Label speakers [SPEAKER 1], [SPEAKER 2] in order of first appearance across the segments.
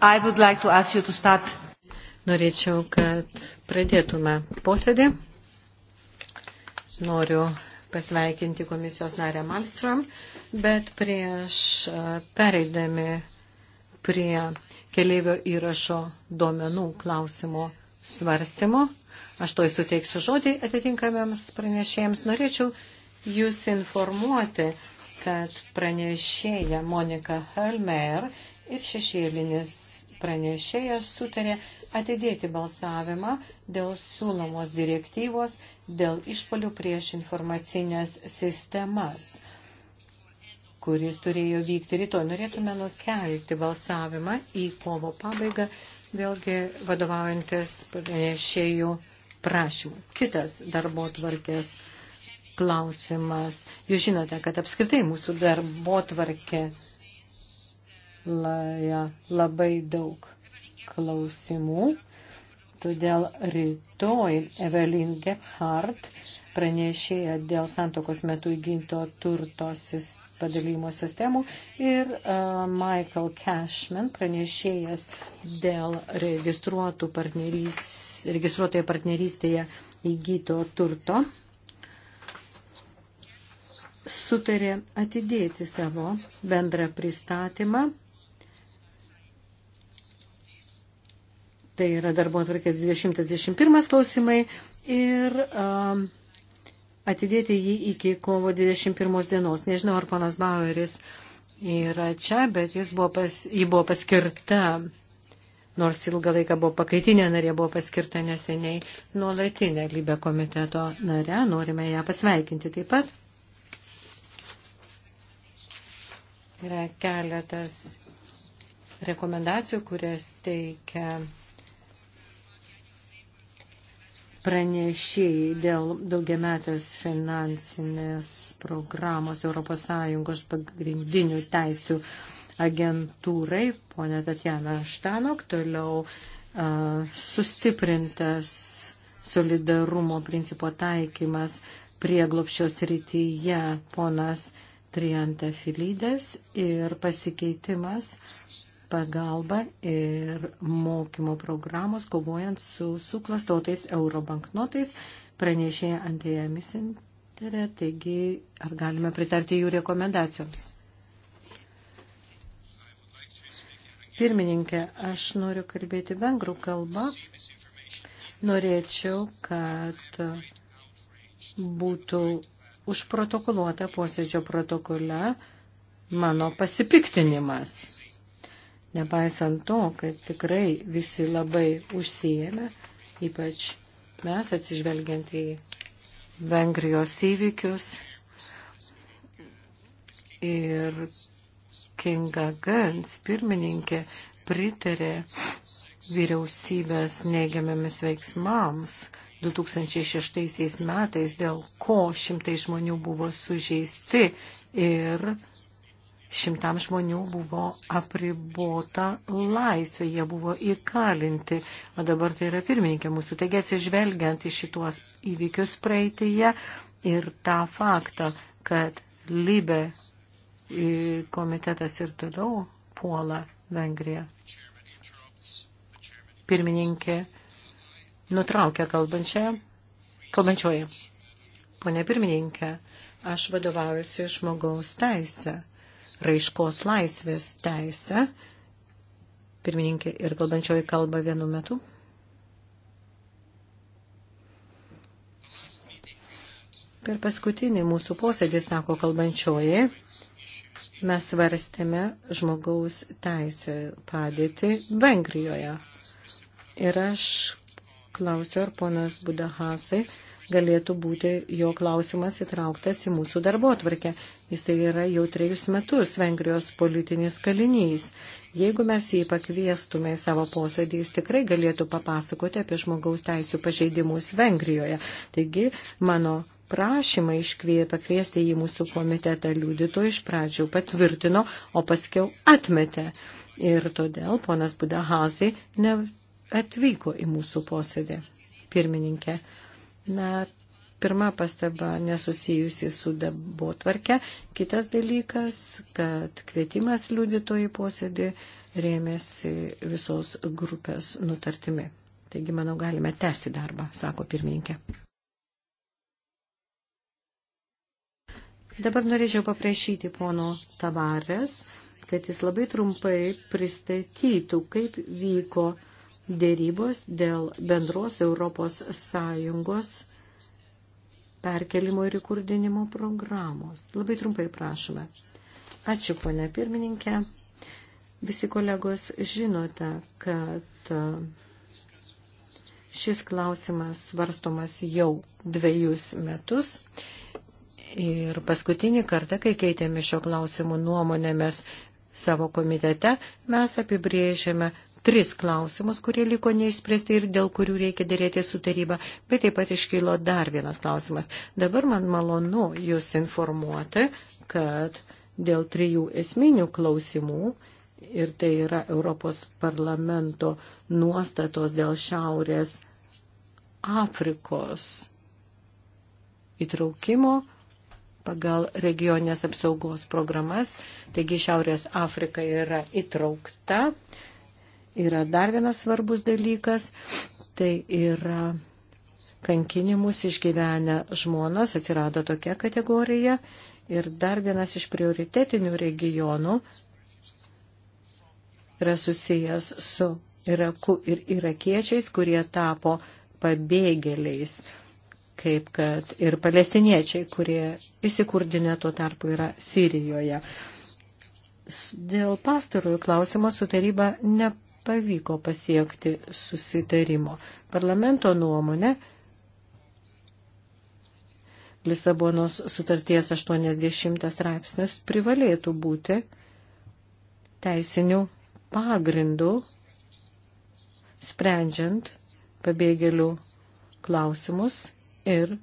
[SPEAKER 1] like Norėčiau, kad pradėtume posėdį. Noriu pasveikinti komisijos narę Malstrom, bet prieš pereidami prie keleivio įrašo duomenų klausimo svarstymo, aš toj suteiksiu žodį atitinkamiems pranešėjams. Norėčiau jūs informuoti, kad pranešėja Monika Helmer ir šešėlinis pranešėjas sutarė atidėti balsavimą dėl siūlomos direktyvos dėl išpolių prieš informacinės sistemas kuris turėjo vykti rytoj. Norėtume nukelti balsavimą į kovo pabaigą, vėlgi vadovaujantis pranešėjų prašymų. Kitas darbo tvarkės klausimas. Jūs žinote, kad apskritai mūsų darbo tvarkė la, labai daug klausimų. Todėl rytoj Evelyn Gephardt pranešėja dėl santokos metu įginto turto padalymo sistemų ir uh, Michael Cashman pranešėjas dėl partnerys, registruotoje partnerystėje įgyto turto sutarė atidėti savo bendrą pristatymą Tai yra darbo atvarkės 20-21 klausimai ir um, atidėti jį iki kovo 21 dienos. Nežinau, ar ponas Baueris yra čia, bet jis buvo, pas, jį buvo paskirta, nors ilgą laiką buvo pakaitinė narė, buvo paskirta neseniai nuolatinė lybė komiteto narė. Norime ją pasveikinti taip pat. Yra keletas rekomendacijų, kurias teikia pranešėjai dėl daugiametės finansinės programos ES pagrindinių teisių agentūrai, ponė Tatjana Štanok, toliau uh, sustiprintas solidarumo principo taikymas prieglopščios rytyje ponas Trianta Filidės ir pasikeitimas pagalba ir mokymo programos kovojant su suklastotais eurobanknotais, pranešė Antėja Misinterė, taigi ar galime pritarti jų rekomendacijoms? Pirmininkė, aš noriu kalbėti vengrų kalbą. Norėčiau, kad būtų užprotokoluota posėdžio protokole mano pasipiktinimas nepaisant to, kad tikrai visi labai užsijėmė, ypač mes atsižvelgiant į Vengrijos įvykius ir Kinga Gans pirmininkė pritarė vyriausybės neigiamiamis veiksmams 2006 metais, dėl ko šimtai žmonių buvo sužeisti ir šimtam žmonių buvo apribota laisvė, jie buvo įkalinti, o dabar tai yra pirmininkė mūsų. Taigi atsižvelgiant į šituos įvykius praeitėje ir tą faktą, kad Libė komitetas ir toliau puola Vengriją. Pirmininkė nutraukė kalbančią, kalbančioje. Pone pirmininkė, aš vadovaujuosi žmogaus teisę raiškos laisvės teisę. Pirmininkė ir kalbančioji kalba vienu metu. Per paskutinį mūsų posėdį, sako kalbančioji, mes svarstėme žmogaus teisę padėti Vengrijoje. Ir aš klausiu, ar ponas Budahasai galėtų būti jo klausimas įtrauktas į mūsų darbo atvarkę. Jisai yra jau trejus metus Vengrijos politinis kalinys. Jeigu mes jį pakviestume į savo posėdį, jis tikrai galėtų papasakoti apie žmogaus teisų pažeidimus Vengrijoje. Taigi, mano prašymą iškvėję pakviesti į mūsų komitetą liūdito iš pradžių patvirtino, o paskiau atmetė. Ir todėl ponas Budahasi neatvyko į mūsų posėdį. Pirmininkė. Na, Pirma pastaba nesusijusi su darbo tvarke. Kitas dalykas, kad kvietimas liudytojų posėdį rėmėsi visos grupės nutartimi. Taigi, manau, galime tęsti darbą, sako pirmininkė. Dabar norėčiau paprašyti pono Tavarės, kad jis labai trumpai pristatytų, kaip vyko dėrybos dėl bendros Europos Sąjungos perkelimo ir įkurdinimo programos. Labai trumpai prašome. Ačiū, ponia pirmininkė. Visi kolegos žinote, kad e, šis klausimas svarstomas jau dviejus metus. Ir paskutinį kartą, kai keitėme šio klausimų nuomonėmis savo komitete, mes apibrėžėme tris klausimus, kurie liko neįspręsti ir dėl kurių reikia dėrėti su taryba, bet taip pat iškylo dar vienas klausimas. Dabar man malonu jūs informuoti, kad dėl trijų esminių klausimų ir tai yra Europos parlamento nuostatos dėl Šiaurės Afrikos įtraukimo pagal regionės apsaugos programas. Taigi Šiaurės Afrika yra įtraukta yra dar vienas svarbus dalykas, tai yra kankinimus išgyvenę žmonas, atsirado tokia kategorija ir dar vienas iš prioritetinių regionų yra susijęs su Iraku ir irakiečiais, kurie tapo pabėgėliais, kaip kad ir palestiniečiai, kurie įsikurdinę tuo tarpu yra Sirijoje. Dėl pastarojo klausimo su taryba ne pavyko pasiekti susitarimo. Parlamento nuomonė Lisabonos sutarties 80 straipsnis privalėtų būti teisinių pagrindų sprendžiant pabėgėlių klausimus ir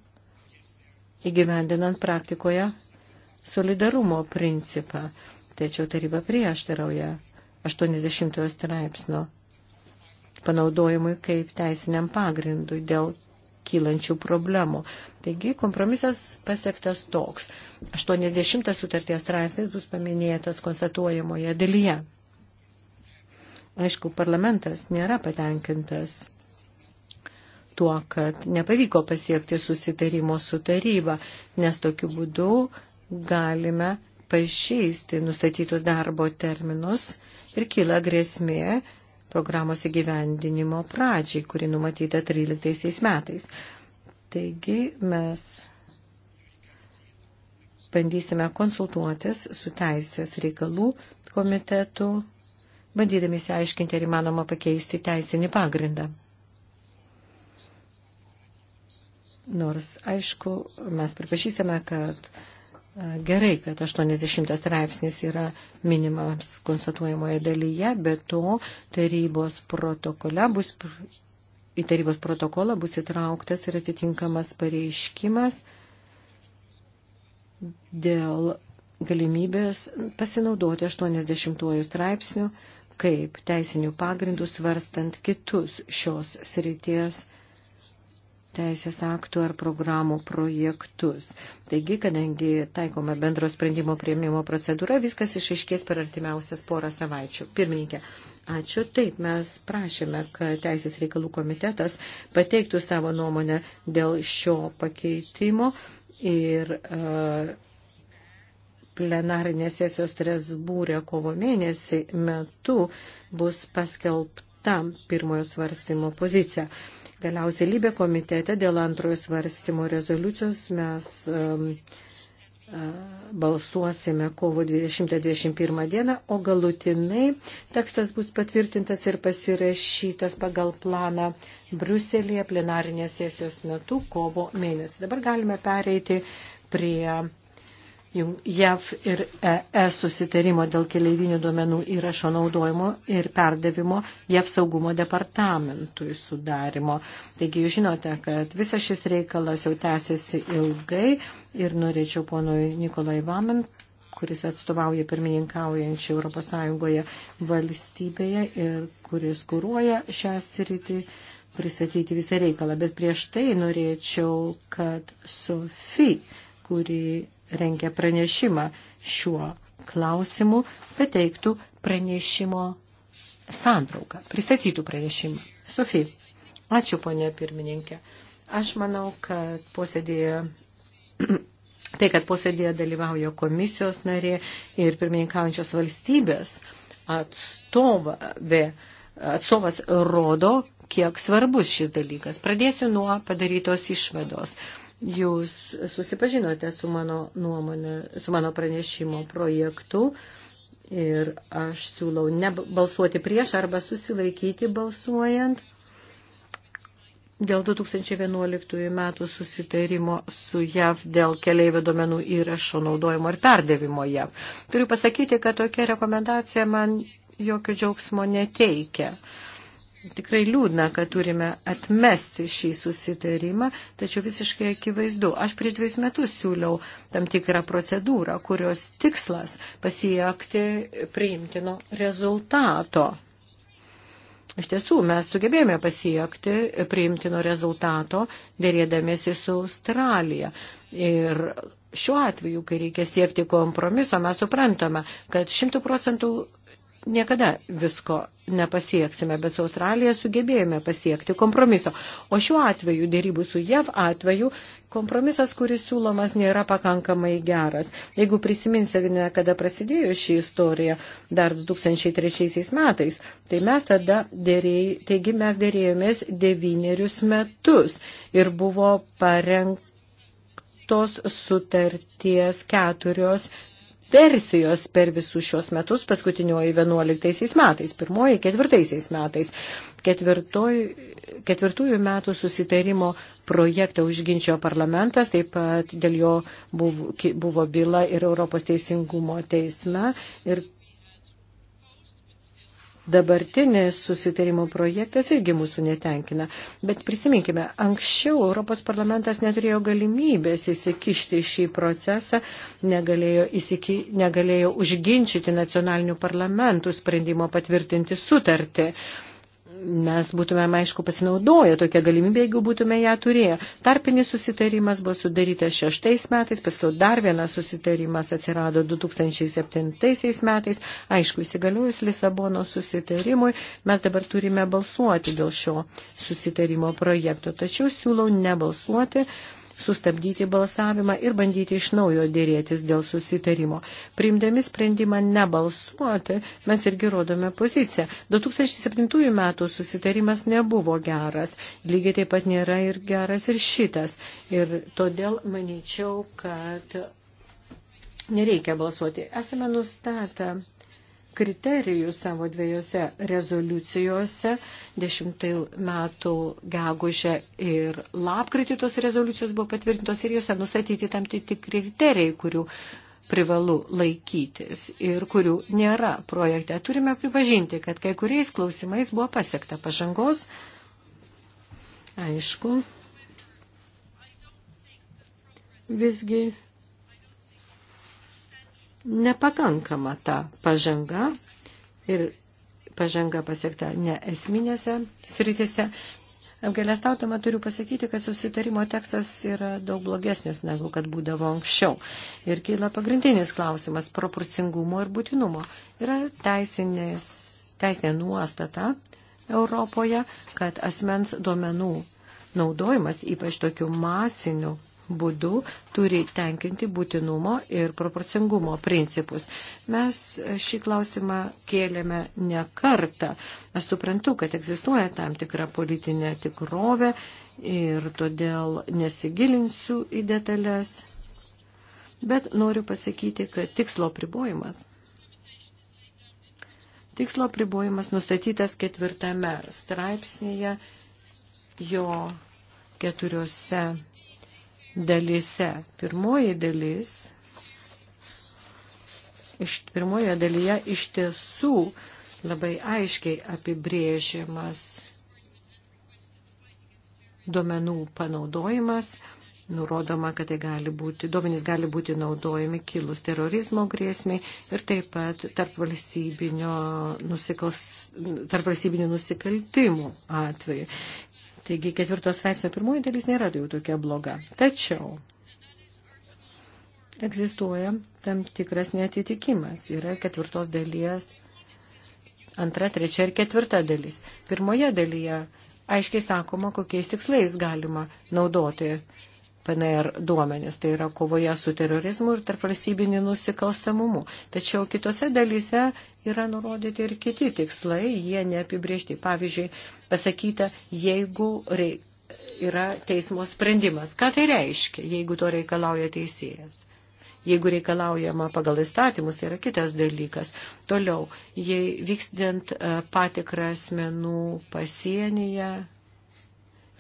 [SPEAKER 1] įgyvendinant praktikoje solidarumo principą. Tačiau taryba prieštarauja 80 straipsnio panaudojimui kaip teisiniam pagrindui dėl kylančių problemų. Taigi kompromisas pasiektas toks. 80 sutarties straipsnis bus paminėtas konstatuojamoje dalyje. Aišku, parlamentas nėra patenkintas tuo, kad nepavyko pasiekti susitarimo su taryba, nes tokiu būdu galime pažeisti nustatytus darbo terminus ir kyla grėsmė programos įgyvendinimo pradžiai, kuri numatyta 13 metais. Taigi mes bandysime konsultuotis su teisės reikalų komitetu, bandydami įsiaiškinti, ar įmanoma pakeisti teisinį pagrindą. Nors, aišku, mes pripažįstame, kad Gerai, kad 80 straipsnis yra minimas konstatuojamoje dalyje, bet to tarybos protokole bus, į tarybos protokolą bus įtrauktas ir atitinkamas pareiškimas dėl galimybės pasinaudoti 80 straipsnių kaip teisinių pagrindų svarstant kitus šios srities teisės aktų ar programų projektus. Taigi, kadangi taikoma bendro sprendimo prieimimo procedūra, viskas išaiškės per artimiausias porą savaičių. Pirmininkė, Ačiū. Taip, mes prašėme, kad Teisės reikalų komitetas pateiktų savo nuomonę dėl šio pakeitimo ir uh, plenarinės sesijos Strasbūrė kovo mėnesį metu bus paskelbta pirmojo svarstymo pozicija. Uh, Galiausiai lybė komitete dėl antrojo svarstymo rezoliucijos mes um, balsuosime kovo 20-21 dieną, o galutinai tekstas bus patvirtintas ir pasirašytas pagal planą Bruselėje plenarinės sesijos metu kovo mėnesį. Dabar galime pereiti prie JAV ir ES susitarimo dėl keleivinių duomenų įrašo naudojimo ir perdavimo JAV saugumo departamentui sudarimo. Taigi jūs žinote, kad visas šis reikalas jau tęsiasi ilgai ir norėčiau ponui Nikolai Vamen kuris atstovauja pirmininkaujančią ES valstybėje ir kuris kūruoja šią sritį, pristatyti visą reikalą. Bet prieš tai norėčiau, kad Sofi, kuri rengia pranešimą šiuo klausimu, pateiktų pranešimo santrauką, pristatytų pranešimą. Sofija, ačiū ponė pirmininkė. Aš manau, kad posėdėje tai, kad posėdėje dalyvauja komisijos narė ir pirmininkaujančios valstybės atstovė, atstovas rodo, kiek svarbus šis dalykas. Pradėsiu nuo padarytos išvados. Jūs susipažinote su mano, nuomonė, su mano pranešimo projektu ir aš siūlau nebalsuoti prieš arba susilaikyti balsuojant dėl 2011 metų susitarimo su JAV dėl keleivio domenų įrašo naudojimo ir perdavimo JAV. Turiu pasakyti, kad tokia rekomendacija man jokio džiaugsmo neteikia. Uh, tikrai liūdna, kad turime atmesti šį susitarimą, tačiau visiškai akivaizdu. Aš prieš dviejus metus siūliau tam tikrą procedūrą, kurios tikslas pasiekti priimtino rezultato. Iš tiesų, mes sugebėjome pasiekti priimtino rezultato, dėrėdamėsi su Australija. Ir šiuo atveju, kai reikia siekti kompromiso, mes suprantame, kad šimtų procentų niekada visko nepasieksime, bet su Australija sugebėjome pasiekti kompromiso. O šiuo atveju, dėrybų su JAV atveju, kompromisas, kuris siūlomas, nėra pakankamai geras. Jeigu prisiminsime, kada prasidėjo ši istorija dar 2003 metais, tai mes tada dėrėj, taigi mes dėrėjomės devynerius metus ir buvo parengtos sutarties keturios versijos per visus šios metus, paskutinioji 11 metais, pirmoji 4 metais. Ketvirtoj, ketvirtųjų metų susitarimo projektą užginčio parlamentas, taip pat dėl jo buvo, buvo byla ir Europos teisingumo teisme. Ir dabartinis susitarimo projektas irgi mūsų netenkina. Bet prisiminkime, anksčiau Europos parlamentas neturėjo galimybės įsikišti šį procesą, negalėjo, įsiki, negalėjo užginčyti nacionalinių parlamentų sprendimo patvirtinti sutartį mes būtume, aišku, pasinaudoję tokią galimybę, jeigu būtume ją turėję. Tarpinis susitarimas buvo sudarytas šeštais metais, paskui dar vienas susitarimas atsirado 2007 metais. Aišku, įsigaliojus Lisabono susitarimui, mes dabar turime balsuoti dėl šio susitarimo projekto. Tačiau siūlau nebalsuoti, sustabdyti balsavimą ir bandyti iš naujo dėrėtis dėl susitarimo. Priimdami sprendimą nebalsuoti, mes irgi rodome poziciją. 2007 metų susitarimas nebuvo geras, lygiai taip pat nėra ir geras ir šitas. Ir todėl manyčiau, kad nereikia balsuoti. Esame nustatę kriterijų savo dviejose rezoliucijose, 10 metų gegužę ir lapkritį tos rezoliucijos buvo patvirtintos ir juose nustatyti tam tikri kriterijai, kurių privalu laikytis ir kurių nėra projekte. Turime pripažinti, kad kai kuriais klausimais buvo pasiekta pažangos. Aišku. Visgi nepakankama ta pažanga ir pažanga pasiekta ne esminėse sritise. Apgailestautama turiu pasakyti, kad susitarimo tekstas yra daug blogesnis negu kad būdavo anksčiau. Ir kyla pagrindinis klausimas - proporcingumo ir būtinumo. Yra teisinės, teisinė nuostata Europoje, kad asmens duomenų naudojimas, ypač tokių masinių būdu turi tenkinti būtinumo ir proporcingumo principus. Mes šį klausimą kėlėme ne kartą. Aš suprantu, kad egzistuoja tam tikra politinė tikrovė ir todėl nesigilinsiu į detalės. Bet noriu pasakyti, kad tikslo pribojimas Tikslo pribojimas nustatytas ketvirtame straipsnėje, jo keturiose dalise. Pirmoji dalis, iš, pirmoje dalyje iš tiesų labai aiškiai apibrėžiamas duomenų panaudojimas, nurodoma, kad tai gali būti, duomenys gali būti naudojami kilus terorizmo grėsmiai ir taip pat tarp valstybinių nusikals, tarp valstybinių nusikaltimų atveju. Taigi ketvirtos straipsnio pirmoji dalis nėra jau tokia bloga. Tačiau egzistuoja tam tikras netitikimas. Yra ketvirtos dalies antra, trečia ir ketvirta dalis. Pirmoje dalyje aiškiai sakoma, kokiais tikslais galima naudoti PNR duomenis, tai yra kovoje su terorizmu ir tarpvalstybiniu nusikalstamumu. Tačiau kitose dalyse yra nurodyti ir kiti tikslai, jie neapibriežti. Pavyzdžiui, pasakyta, jeigu reik, yra teismo sprendimas. Ką tai reiškia, jeigu to reikalauja teisėjas? Jeigu reikalaujama pagal įstatymus, tai yra kitas dalykas. Toliau, jei vykstant e, patikrą asmenų pasienyje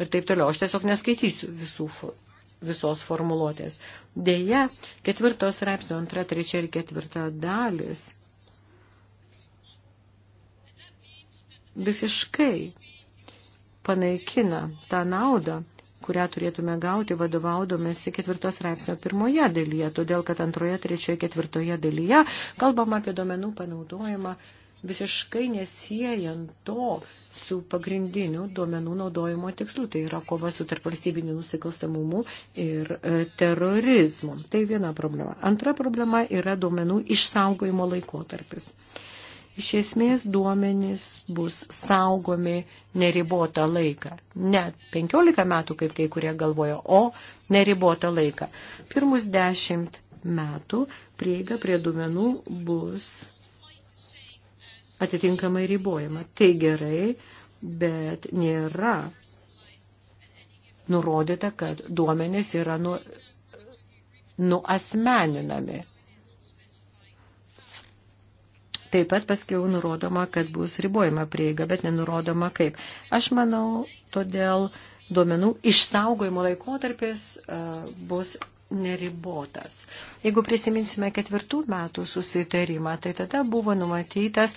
[SPEAKER 1] ir taip toliau, aš tiesiog neskaitysiu visų visos formuluotės. Deja, ketvirtos straipsnio antra, trečia ir ketvirta dalis visiškai panaikina tą naudą, kurią turėtume gauti vadovaudomėsi ketvirtos straipsnio pirmoje dalyje, todėl kad antroje, trečioje, ketvirtoje dalyje kalbam apie domenų panaudojimą visiškai nesiejant to, su pagrindiniu duomenų naudojimo tikslu, tai yra kova su tarpvalstybiniu nusikalstamumu ir e, terorizmu. Tai viena problema. Antra problema yra duomenų išsaugojimo laikotarpis. Iš esmės duomenys bus saugomi neribotą laiką. Ne 15 metų, kaip kai kurie galvoja, o neribotą laiką. Pirmus 10 metų prieiga prie duomenų bus atitinkamai ribojama. Tai gerai, bet nėra nurodyta, kad duomenys yra nu, nuasmeninami. Taip pat paskiau nurodoma, kad bus ribojama prieiga, bet nenurodoma kaip. Aš manau, todėl duomenų išsaugojimo laikotarpis uh, bus neribotas. Jeigu prisiminsime ketvirtų metų susitarimą, tai tada buvo numatytas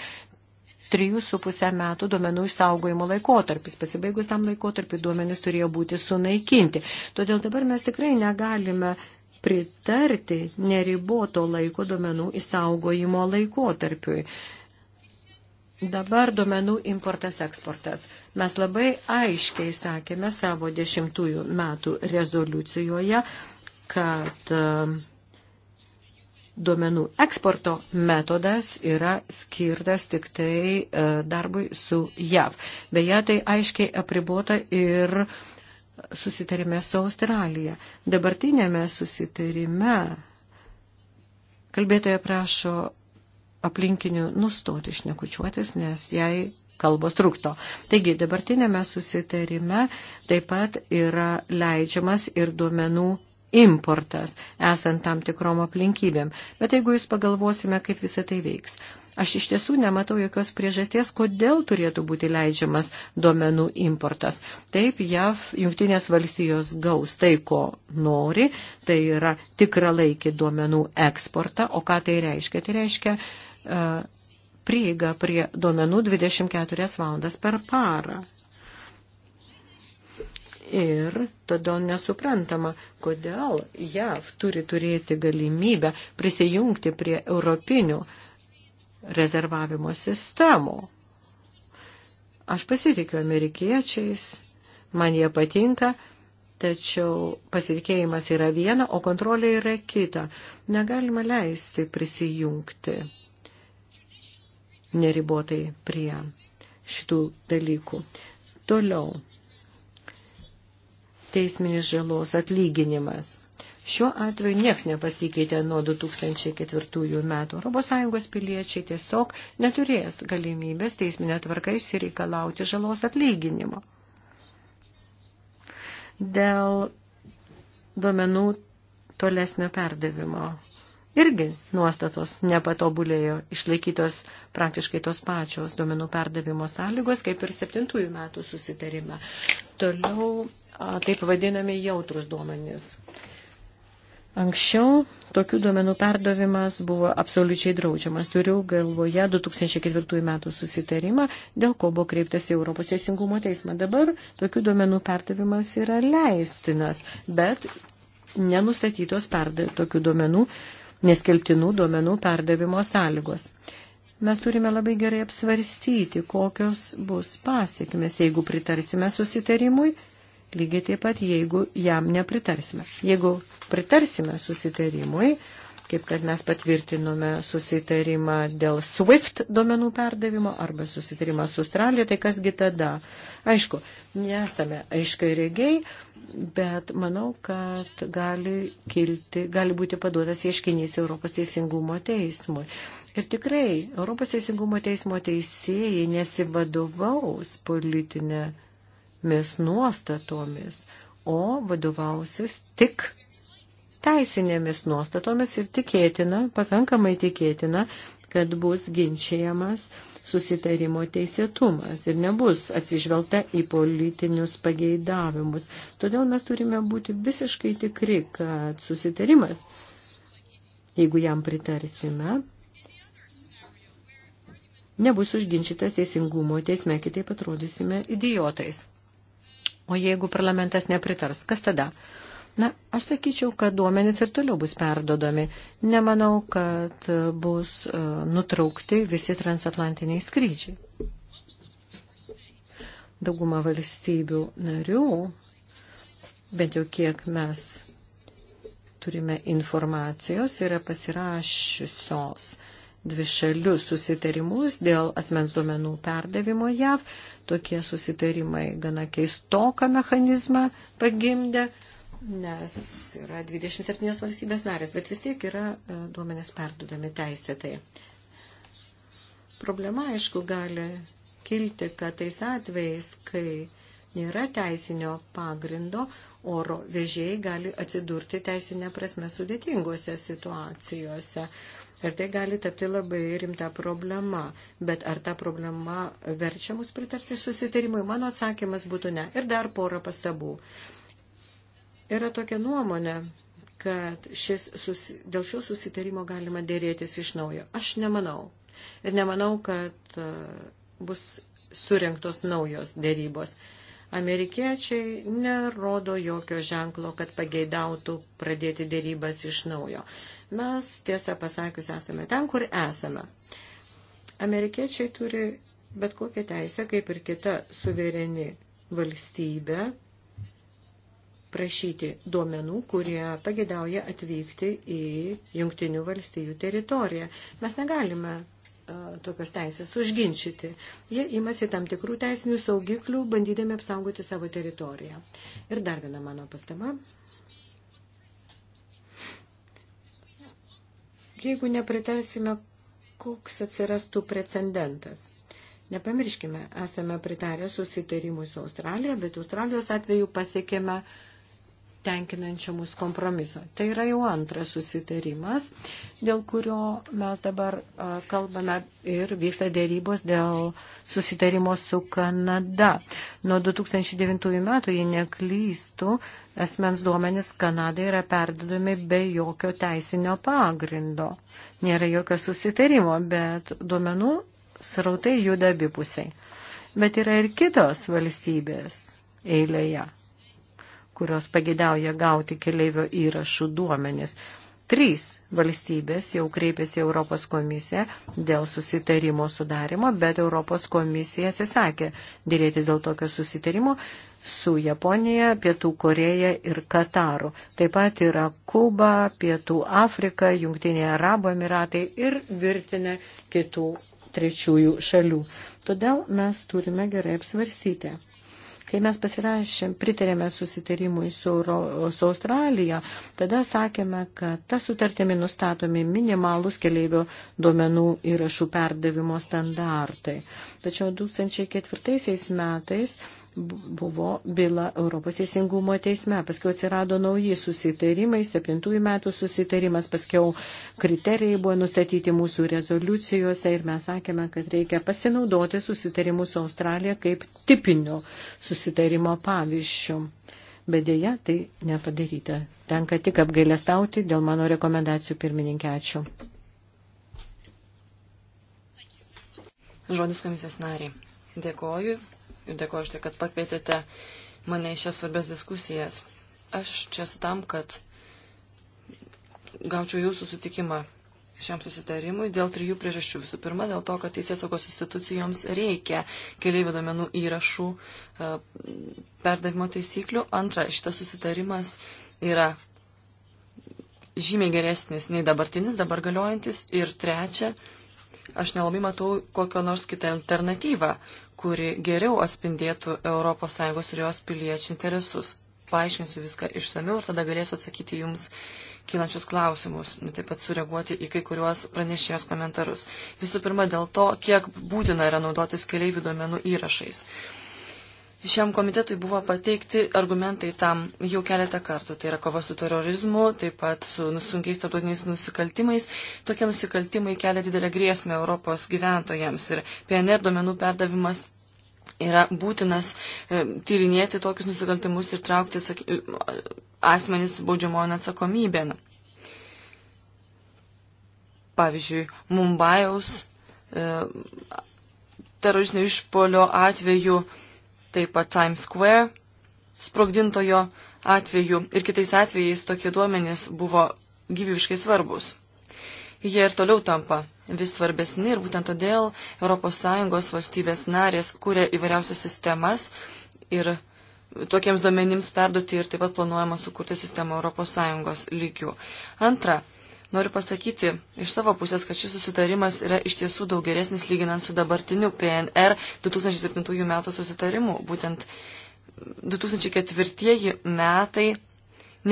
[SPEAKER 1] 3,5 metų duomenų išsaugojimo laikotarpis. Pasibaigus tam laikotarpį duomenys turėjo būti sunaikinti. Todėl dabar mes tikrai negalime pritarti neriboto laiko duomenų išsaugojimo laikotarpiui. Dabar duomenų importas eksportas. Mes labai aiškiai sakėme savo dešimtųjų metų rezoliucijoje, kad uh, duomenų eksporto metodas yra skirtas tik tai e, darbui su JAV. Beje, tai aiškiai apribota ir susitarime su Australija. Dabartinėme susitarime kalbėtoje prašo aplinkinių nustoti šnekučiuotis, nes jai kalbos trukto. Taigi, dabartinėme susitarime taip pat yra leidžiamas ir duomenų importas, esant tam tikrom aplinkybėm. Bet jeigu jūs pagalvosime, kaip visą tai veiks, aš iš tiesų nematau jokios priežasties, kodėl turėtų būti leidžiamas duomenų importas. Taip, JAV jungtinės valstijos gaus tai, ko nori, tai yra tikrą laikį duomenų eksportą, o ką tai reiškia? Tai reiškia uh, e, prieiga prie duomenų 24 valandas per parą. Ir todėl nesuprantama, kodėl JAV turi turėti galimybę prisijungti prie europinių rezervavimo sistemų. Aš pasitikiu amerikiečiais, man jie patinka, tačiau pasitikėjimas yra viena, o kontrolė yra kita. Negalima leisti prisijungti neribotai prie šitų dalykų. Toliau teisminis žalos atlyginimas. Šiuo atveju nieks nepasikeitė nuo 2004 metų. ES piliečiai tiesiog neturės galimybės teisminę tvarką įsireikalauti žalos atlyginimo. Dėl duomenų tolesnio perdavimo irgi nuostatos nepatobulėjo išlaikytos praktiškai tos pačios duomenų perdavimo sąlygos, kaip ir septintųjų metų susitarime. Toliau taip vadinami jautrus duomenys. Anksčiau tokių duomenų perdavimas buvo absoliučiai draudžiamas. Turiu galvoje 2004 metų susitarimą, dėl ko buvo kreiptas į Europos teisingumo teismą. Dabar tokių duomenų perdavimas yra leistinas, bet nenustatytos perda, tokių duomenų, neskelbtinų duomenų perdavimo sąlygos mes turime labai gerai apsvarstyti, kokios bus pasiekmes, jeigu pritarsime susitarimui, lygiai taip pat, jeigu jam nepritarsime. Jeigu pritarsime susitarimui, kaip kad mes patvirtinome susitarimą dėl SWIFT duomenų perdavimo arba susitarimą su Australija, tai kasgi tada? Aišku, nesame aiškai regiai, bet manau, kad gali, kilti, gali būti paduotas ieškinys Europos teisingumo teismui. Ir tikrai Europos teisingumo teismo teisėjai nesivadovaus politinėmis nuostatomis, o vadovausis tik teisinėmis nuostatomis ir tikėtina, pakankamai tikėtina, kad bus ginčiamas susitarimo teisėtumas ir nebus atsižvelgta į politinius pageidavimus. Todėl mes turime būti visiškai tikri, kad susitarimas, jeigu jam pritarsime, nebus užginčytas teisingumo teisme, kitaip atrodysime idiotais. O jeigu parlamentas nepritars, kas tada? Na, aš sakyčiau, kad duomenys ir toliau bus perdodami. Nemanau, kad bus e, nutraukti visi transatlantiniai skrydžiai. Dauguma valstybių narių, bent jau kiek mes turime informacijos, yra pasirašiusios dvišalius susitarimus dėl asmens duomenų perdavimo JAV. Tokie susitarimai gana keistoką mechanizmą pagimdė nes yra 27 valstybės narės, bet vis tiek yra e, duomenės perdudami teisėtai. Problema, aišku, gali kilti, kad tais atvejais, kai nėra teisinio pagrindo, oro vežėjai gali atsidurti teisinė prasme sudėtingose situacijose. Ir tai gali tapti labai rimta problema. Bet ar ta problema verčia mus pritarti susitarimui? Mano atsakymas būtų ne. Ir dar porą pastabų. Yra tokia nuomonė, kad šis, sus, dėl šio susitarimo galima dėrėtis iš naujo. Aš nemanau. Ir nemanau, kad e, bus surinktos naujos dėrybos. Amerikiečiai nerodo jokio ženklo, kad pageidautų pradėti dėrybas iš naujo. Mes, tiesą pasakius, esame ten, kur esame. Amerikiečiai turi bet kokią teisę, kaip ir kita suvereni valstybė, prašyti duomenų, kurie pagėdauja atvykti į jungtinių valstijų teritoriją. Mes negalime tokios teisės užginčyti. Jie imasi tam tikrų teisinių saugiklių, bandydami apsaugoti savo teritoriją. Ir dar viena mano pastaba. Jeigu nepritarsime, koks atsirastų precedentas. Nepamirškime, esame pritarę susitarimui su Australija, bet Australijos atveju pasiekėme uh, tenkinančio mūsų kompromiso. Tai yra jau antras susitarimas, dėl kurio mes dabar kalbame ir vyksta dėrybos dėl susitarimo su Kanada. Nuo 2009 metų, jei neklystų, asmens duomenis Kanadai yra perdodami be jokio teisinio pagrindo. Nėra jokio susitarimo, bet duomenų srautai juda abipusiai. Bet yra ir kitos valstybės eilėje kurios pagėdauja gauti keleivio įrašų duomenis. Trys valstybės jau kreipėsi Europos komisiją dėl susitarimo sudarimo, bet Europos komisija atsisakė dėrėti dėl tokio susitarimo su Japonija, Pietų Koreja ir Kataru. Taip pat yra Kuba, Pietų Afrika, Jungtinė Arabo Emiratai ir virtinė kitų trečiųjų šalių. Todėl mes turime gerai apsvarsyti Kai mes pasirašėm, pritarėme susitarimui su, su Australija, tada sakėme, kad ta sutartimi nustatomi minimalus keleivio duomenų įrašų perdavimo standartai. Tačiau 2004 metais buvo byla Europos teisingumo teisme. Paskiau atsirado nauji susitarimai, septintųjų metų susitarimas, paskiau kriterijai buvo nustatyti mūsų rezoliucijose ir mes sakėme, kad reikia pasinaudoti susitarimu su Australija kaip tipiniu susitarimo pavyzdžiu. Bet dėja, tai nepadaryta. Tenka tik apgailestauti dėl mano rekomendacijų pirmininkė. Ačiū.
[SPEAKER 2] Žodis komisijos nariai. Dėkoju dėkoju už tai, kad pakvietėte mane į šias svarbės diskusijas. Aš čia esu tam, kad gaučiau jūsų sutikimą šiam susitarimui dėl trijų priežasčių. Visų pirma, dėl to, kad teisėsaugos institucijoms reikia keliaivių domenų įrašų e, perdavimo taisyklių. Antra, šitas susitarimas yra žymiai geresnis nei dabartinis, dabar galiojantis. Ir trečia, aš nelabai matau kokią nors kitą alternatyvą, kuri geriau atspindėtų ES ir jos piliečių interesus. Paaiškinsiu viską išsamiau ir tada galėsiu atsakyti jums kylančius klausimus, taip pat sureaguoti į kai kuriuos pranešėjos komentarus. Visų pirma, dėl to, kiek būtina yra naudotis keliaivių duomenų įrašais. Šiam komitetui buvo pateikti argumentai tam jau keletą kartų. Tai yra kova su terorizmu, taip pat su nu, sunkiais tarptautiniais nusikaltimais. Tokie nusikaltimai kelia didelę grėsmę Europos gyventojams ir PNR duomenų perdavimas. Yra būtinas e, tyrinėti tokius nusikaltimus ir traukti sak, e, asmenys baudžiamojo atsakomybėn. Pavyzdžiui, Mumbajaus e, teroristinio išpolio atveju e, taip pat Times Square sprogdintojo atveju ir kitais atvejais tokie duomenys buvo gyvybiškai svarbus. Jie ir toliau tampa vis svarbesni ir būtent todėl ES valstybės narės kūrė įvairiausias sistemas ir tokiems duomenims perduoti ir taip pat planuojama sukurti sistemą ES lygių. Antra, Noriu pasakyti iš savo pusės, kad šis susitarimas yra iš tiesų daug geresnis lyginant su dabartiniu PNR 2007 metų susitarimu. Būtent 2004 metai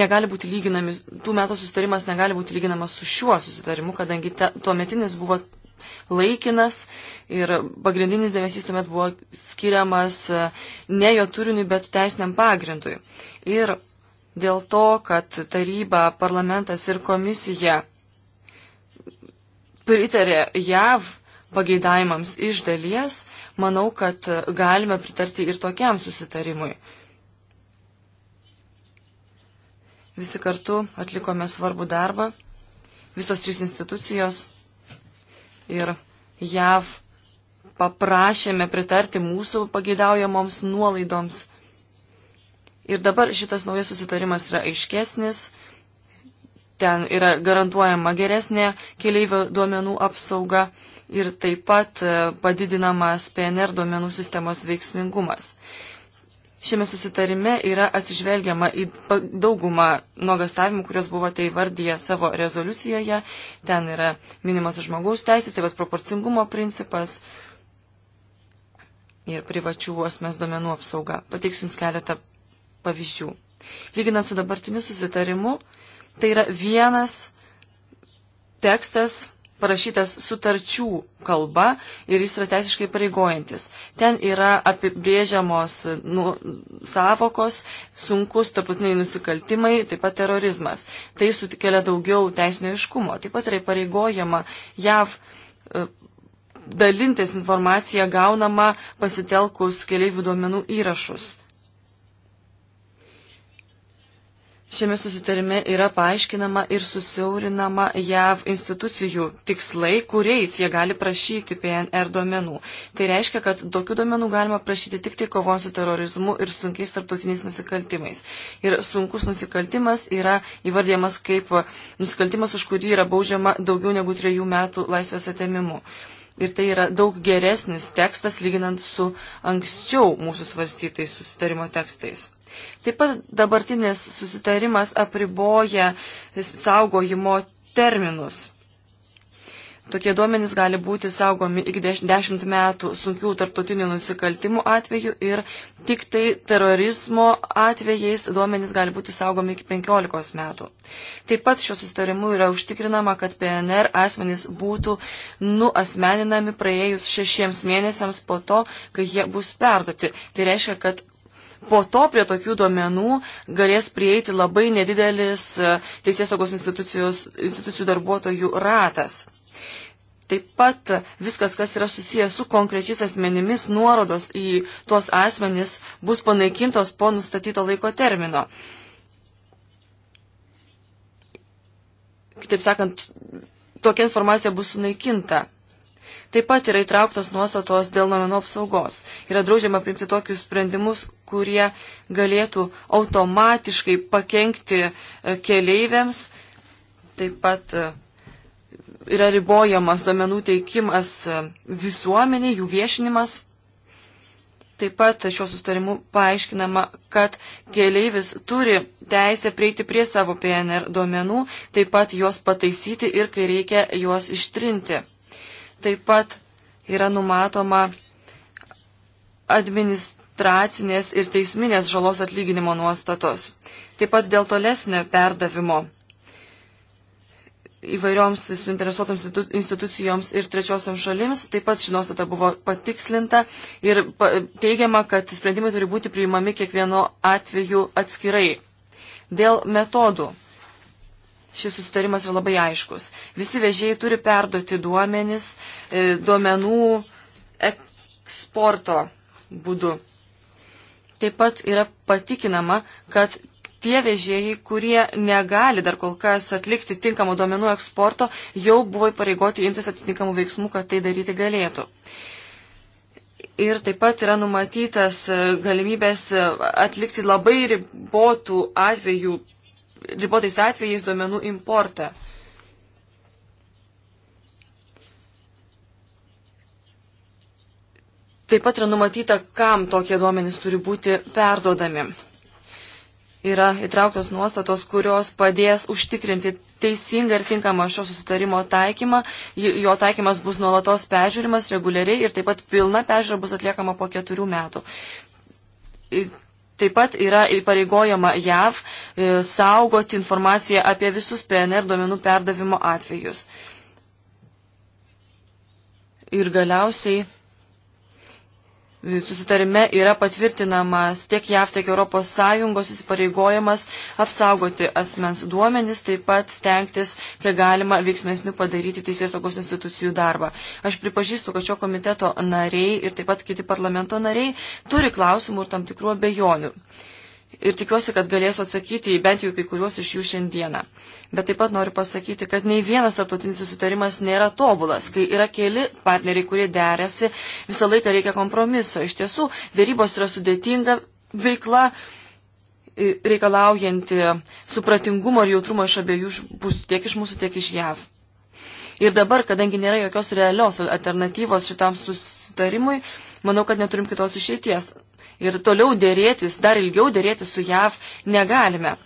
[SPEAKER 2] negali būti lyginami, tų metų susitarimas negali būti lyginamas su šiuo susitarimu, kadangi te, tuo metinis buvo laikinas ir pagrindinis dėmesys tuomet buvo skiriamas e, ne jo turiniui, bet teisiniam pagrindui. Ir dėl to, kad taryba, parlamentas ir komisija pritarė JAV pageidavimams iš dalies, manau, kad galime pritarti ir tokiam susitarimui. Visi kartu atlikome svarbų darbą, visos trys institucijos ir JAV paprašėme pritarti mūsų pageidaujamoms nuolaidoms Ir dabar šitas naujas susitarimas yra aiškesnis, ten yra garantuojama geresnė keleivio duomenų apsauga ir taip pat e, padidinamas PNR duomenų sistemos veiksmingumas. Šiame susitarime yra atsižvelgiama į daugumą nuogastavimų, kurios buvote įvardyję savo rezoliucijoje. Ten yra minimas žmogaus teisės, taip pat proporcingumo principas ir privačių asmens duomenų apsauga. Pateiksiu Jums keletą pavyzdžių. Lyginant su dabartiniu susitarimu, tai yra vienas tekstas parašytas sutarčių kalba ir jis yra teisiškai pareigojantis. Ten yra apibrėžiamos nu, savokos, sunkus tarptautiniai nusikaltimai, taip pat terorizmas. Tai sukelia daugiau teisinio iškumo. Taip pat yra pareigojama JAV e, dalintis informaciją gaunama pasitelkus keliaivių duomenų įrašus. Šiame susitarime yra paaiškinama ir susiaurinama JAV institucijų tikslai, kuriais jie gali prašyti PNR duomenų. Tai reiškia, kad tokių duomenų galima prašyti tik tai kovon su terorizmu ir sunkiais tarptautiniais nusikaltimais. Ir sunkus nusikaltimas yra įvardyjamas kaip nusikaltimas, už kurį yra baudžiama daugiau negu trejų metų laisvės atėmimu. Ir tai yra daug geresnis tekstas lyginant su anksčiau mūsų svarstytais susitarimo tekstais. Taip pat dabartinis susitarimas apriboja saugojimo terminus. Tokie duomenys gali būti saugomi iki 10 metų sunkių tarptautinių nusikaltimų atveju ir tik tai terorizmo atvejais duomenys gali būti saugomi iki 15 metų. Taip pat šiuo sustarimu yra užtikrinama, kad PNR asmenys būtų nuasmeninami praėjus šešiems mėnesiams po to, kai jie bus perduoti. Tai reiškia, kad po to prie tokių duomenų galės prieiti labai nedidelis e, teisės saugos institucijų darbuotojų ratas. Taip pat viskas, kas yra susijęs su konkrečiais asmenimis, nuorodos į tuos asmenis bus panaikintos po nustatyto laiko termino. Kitaip sakant, tokia informacija bus sunaikinta. Taip pat yra įtrauktos nuostatos dėl domenų apsaugos. Yra draudžiama priimti tokius sprendimus, kurie galėtų automatiškai pakenkti e, keleiviams. Taip pat e, yra ribojamas domenų teikimas e, visuomeniai, jų viešinimas. Taip pat šiuo sustarimu paaiškinama, kad keleivis turi teisę prieiti prie savo PNR duomenų, taip pat juos pataisyti ir kai reikia juos ištrinti. Taip pat yra numatoma administracinės ir teisminės žalos atlyginimo nuostatos. Taip pat dėl tolesnio perdavimo įvairioms suinteresuotoms institucijoms ir trečiosiams šalims. Taip pat ši nuostata buvo patikslinta ir teigiama, kad sprendimai turi būti priimami kiekvieno atveju atskirai. Dėl metodų šis susitarimas yra labai aiškus. Visi vežėjai turi perduoti duomenis e, duomenų eksporto būdu. Taip pat yra patikinama, kad tie vežėjai, kurie negali dar kol kas atlikti tinkamo duomenų eksporto, jau buvo įpareigoti imtis atitinkamų veiksmų, kad tai daryti galėtų. Ir taip pat yra numatytas e, galimybės e, atlikti labai ribotų atvejų ribotais atvejais duomenų importą. Taip pat yra numatyta, kam tokie duomenys turi būti perdodami. Yra įtrauktos nuostatos, kurios padės užtikrinti teisingą ir tinkamą šio susitarimo taikymą. Jo taikymas bus nuolatos peržiūrimas reguliariai ir taip pat pilna peržiūra bus atliekama po keturių metų. Taip pat yra įpareigojama JAV e, saugoti informaciją apie visus PNR duomenų perdavimo atvejus. Ir galiausiai Susitarime yra patvirtinamas tiek JAV, tiek ES įsipareigojimas apsaugoti asmens duomenis, taip pat stengtis, kiek galima veiksmesnių padaryti teisės saugos institucijų darbą. Aš pripažįstu, kad šio komiteto nariai ir taip pat kiti parlamento nariai turi klausimų ir tam tikrų abejonių ir tikiuosi, kad galėsiu atsakyti į bent jau kai kuriuos iš jų šiandieną. Bet taip pat noriu pasakyti, kad nei vienas tarptautinis susitarimas nėra tobulas. Kai yra keli partneriai, kurie derėsi, visą laiką reikia kompromiso. Iš tiesų, dėrybos yra sudėtinga veikla reikalaujanti supratingumo ir jautrumo iš abiejų pusių, tiek iš mūsų, tiek iš JAV. Ir dabar, kadangi nėra jokios realios alternatyvos šitam susitarimui, manau, kad neturim kitos išeities ir toliau dėrėtis, dar ilgiau dėrėtis su JAV negalime.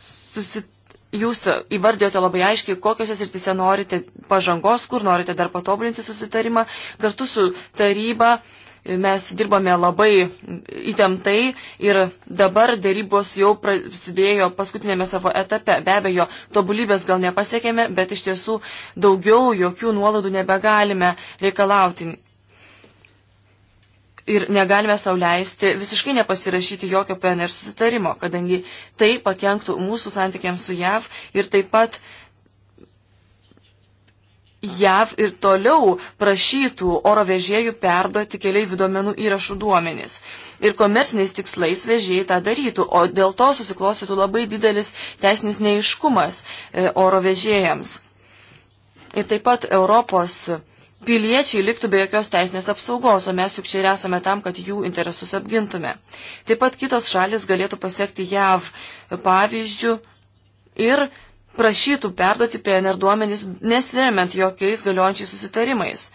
[SPEAKER 2] Susit Jūs įvardėjote labai aiškiai, kokiuose srityse norite pažangos, kur norite dar patobulinti susitarimą. Kartu su taryba mes dirbame labai įtemptai ir dabar dėrybos jau prasidėjo paskutinėme savo etape. Be abejo, tobulybės gal nepasiekėme, bet iš tiesų daugiau jokių nuolaidų nebegalime reikalauti ir negalime sauliaisti visiškai nepasirašyti jokio PNR susitarimo, kadangi tai pakenktų mūsų santykiams su JAV ir taip pat JAV ir toliau prašytų oro vežėjų perduoti keliaivių duomenų įrašų duomenys. Ir komerciniais tikslais vežėjai tą darytų, o dėl to susiklostytų labai didelis teisinis neiškumas e, oro vežėjams. Ir taip pat Europos piliečiai liktų be jokios teisinės apsaugos, o mes juk čia ir esame tam, kad jų interesus apgintume. Taip pat kitos šalis galėtų pasiekti JAV pavyzdžių ir prašytų perduoti PNR duomenys, nesiremiant jokiais galiojančiais susitarimais.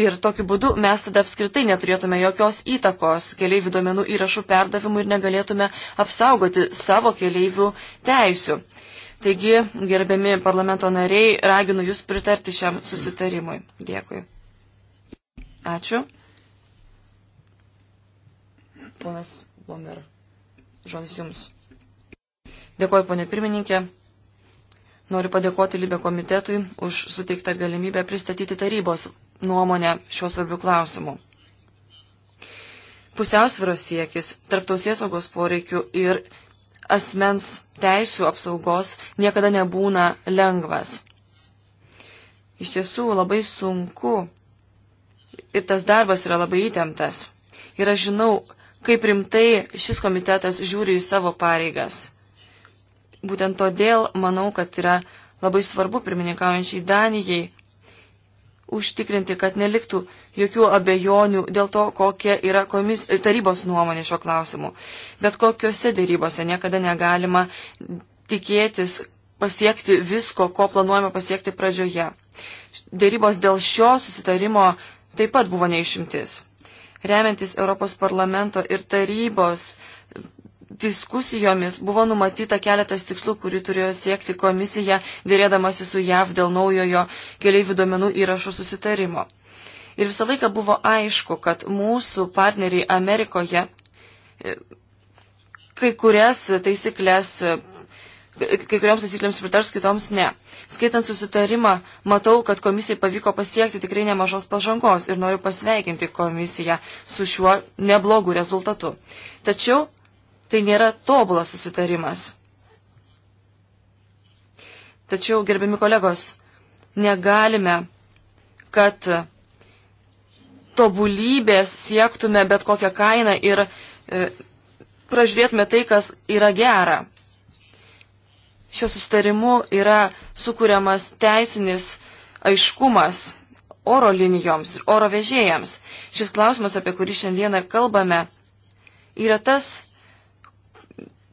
[SPEAKER 2] Ir tokiu būdu mes tada apskritai neturėtume jokios įtakos keliaivių duomenų įrašų perdavimui ir negalėtume apsaugoti savo keliaivių teisių. Taigi, gerbiami parlamento nariai, raginu Jūs pritarti šiam susitarimui. Dėkui. Ačiū. Ponas Bomer, žodis Jums. Dėkuoju, ponė pirmininkė. Noriu padėkoti Libė komitetui už suteiktą galimybę pristatyti tarybos nuomonę šiuo svarbiu klausimu. Pusiausviros siekis tarp tausies saugos poreikių ir asmens teisų apsaugos niekada nebūna lengvas. Iš tiesų labai sunku ir tas darbas yra labai įtemptas. Ir aš žinau, kaip rimtai šis komitetas žiūri į savo pareigas. Būtent todėl manau, kad yra labai svarbu pirmininkaujančiai Danijai užtikrinti, kad neliktų jokių abejonių dėl to, kokia yra komis, tarybos nuomonė šio klausimu. Bet kokiuose dėrybose niekada negalima tikėtis pasiekti visko, ko planuojama pasiekti pradžioje. Dėrybos dėl šio susitarimo taip pat buvo neišimtis. Remiantis Europos parlamento ir tarybos diskusijomis buvo numatyta keletas tikslų, kurių turėjo siekti komisija, dėrėdamasi su JAV dėl naujojo keliaivių duomenų įrašų susitarimo. Ir visą laiką buvo aišku, kad mūsų partneriai Amerikoje e, kai kurias taisyklės, e, kai kuriams taisyklėms pritars, kitoms ne. Skaitant susitarimą, matau, kad komisijai pavyko pasiekti tikrai nemažos pažangos ir noriu pasveikinti komisiją su šiuo neblogu rezultatu. Tačiau Tai nėra tobulas susitarimas. Tačiau, gerbiami kolegos, negalime, kad tobulybės siektume bet kokią kainą ir e, pražiūrėtume tai, kas yra gera. Šiuo sustarimu yra sukūriamas teisinis aiškumas oro linijoms ir oro vežėjams. Šis klausimas, apie kurį šiandieną kalbame, yra tas,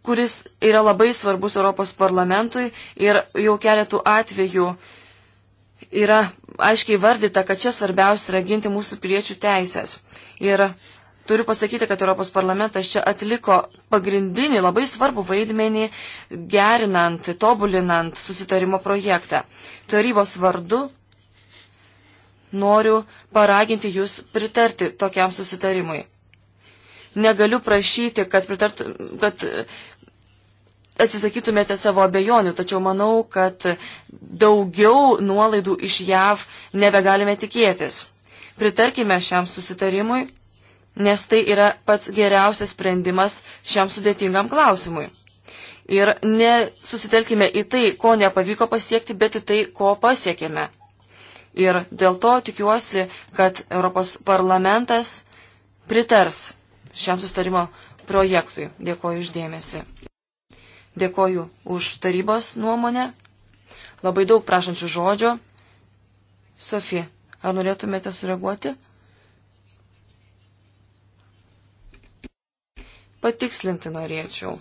[SPEAKER 2] kuris yra labai svarbus Europos parlamentui ir jau keletų atvejų yra aiškiai vardyta, kad čia svarbiausia yra ginti mūsų piliečių teisės. Ir turiu pasakyti, kad Europos parlamentas čia atliko pagrindinį labai svarbų vaidmenį gerinant, tobulinant susitarimo projektą. Tarybos vardu noriu paraginti jūs pritarti tokiam susitarimui negaliu prašyti, kad, pritart, kad atsisakytumėte savo abejonių, tačiau manau, kad daugiau nuolaidų iš JAV nebegalime tikėtis. Pritarkime šiam susitarimui, nes tai yra pats geriausias sprendimas šiam sudėtingam klausimui. Ir nesusitelkime į tai, ko nepavyko pasiekti, bet į tai, ko pasiekėme. Ir dėl to tikiuosi, kad Europos parlamentas pritars šiam sustarimo projektui. Dėkuoju uždėmesi. Dėkoju už tarybos nuomonę. Labai daug prašančių žodžio. Sofija, ar norėtumėte sureaguoti? Patikslinti norėčiau.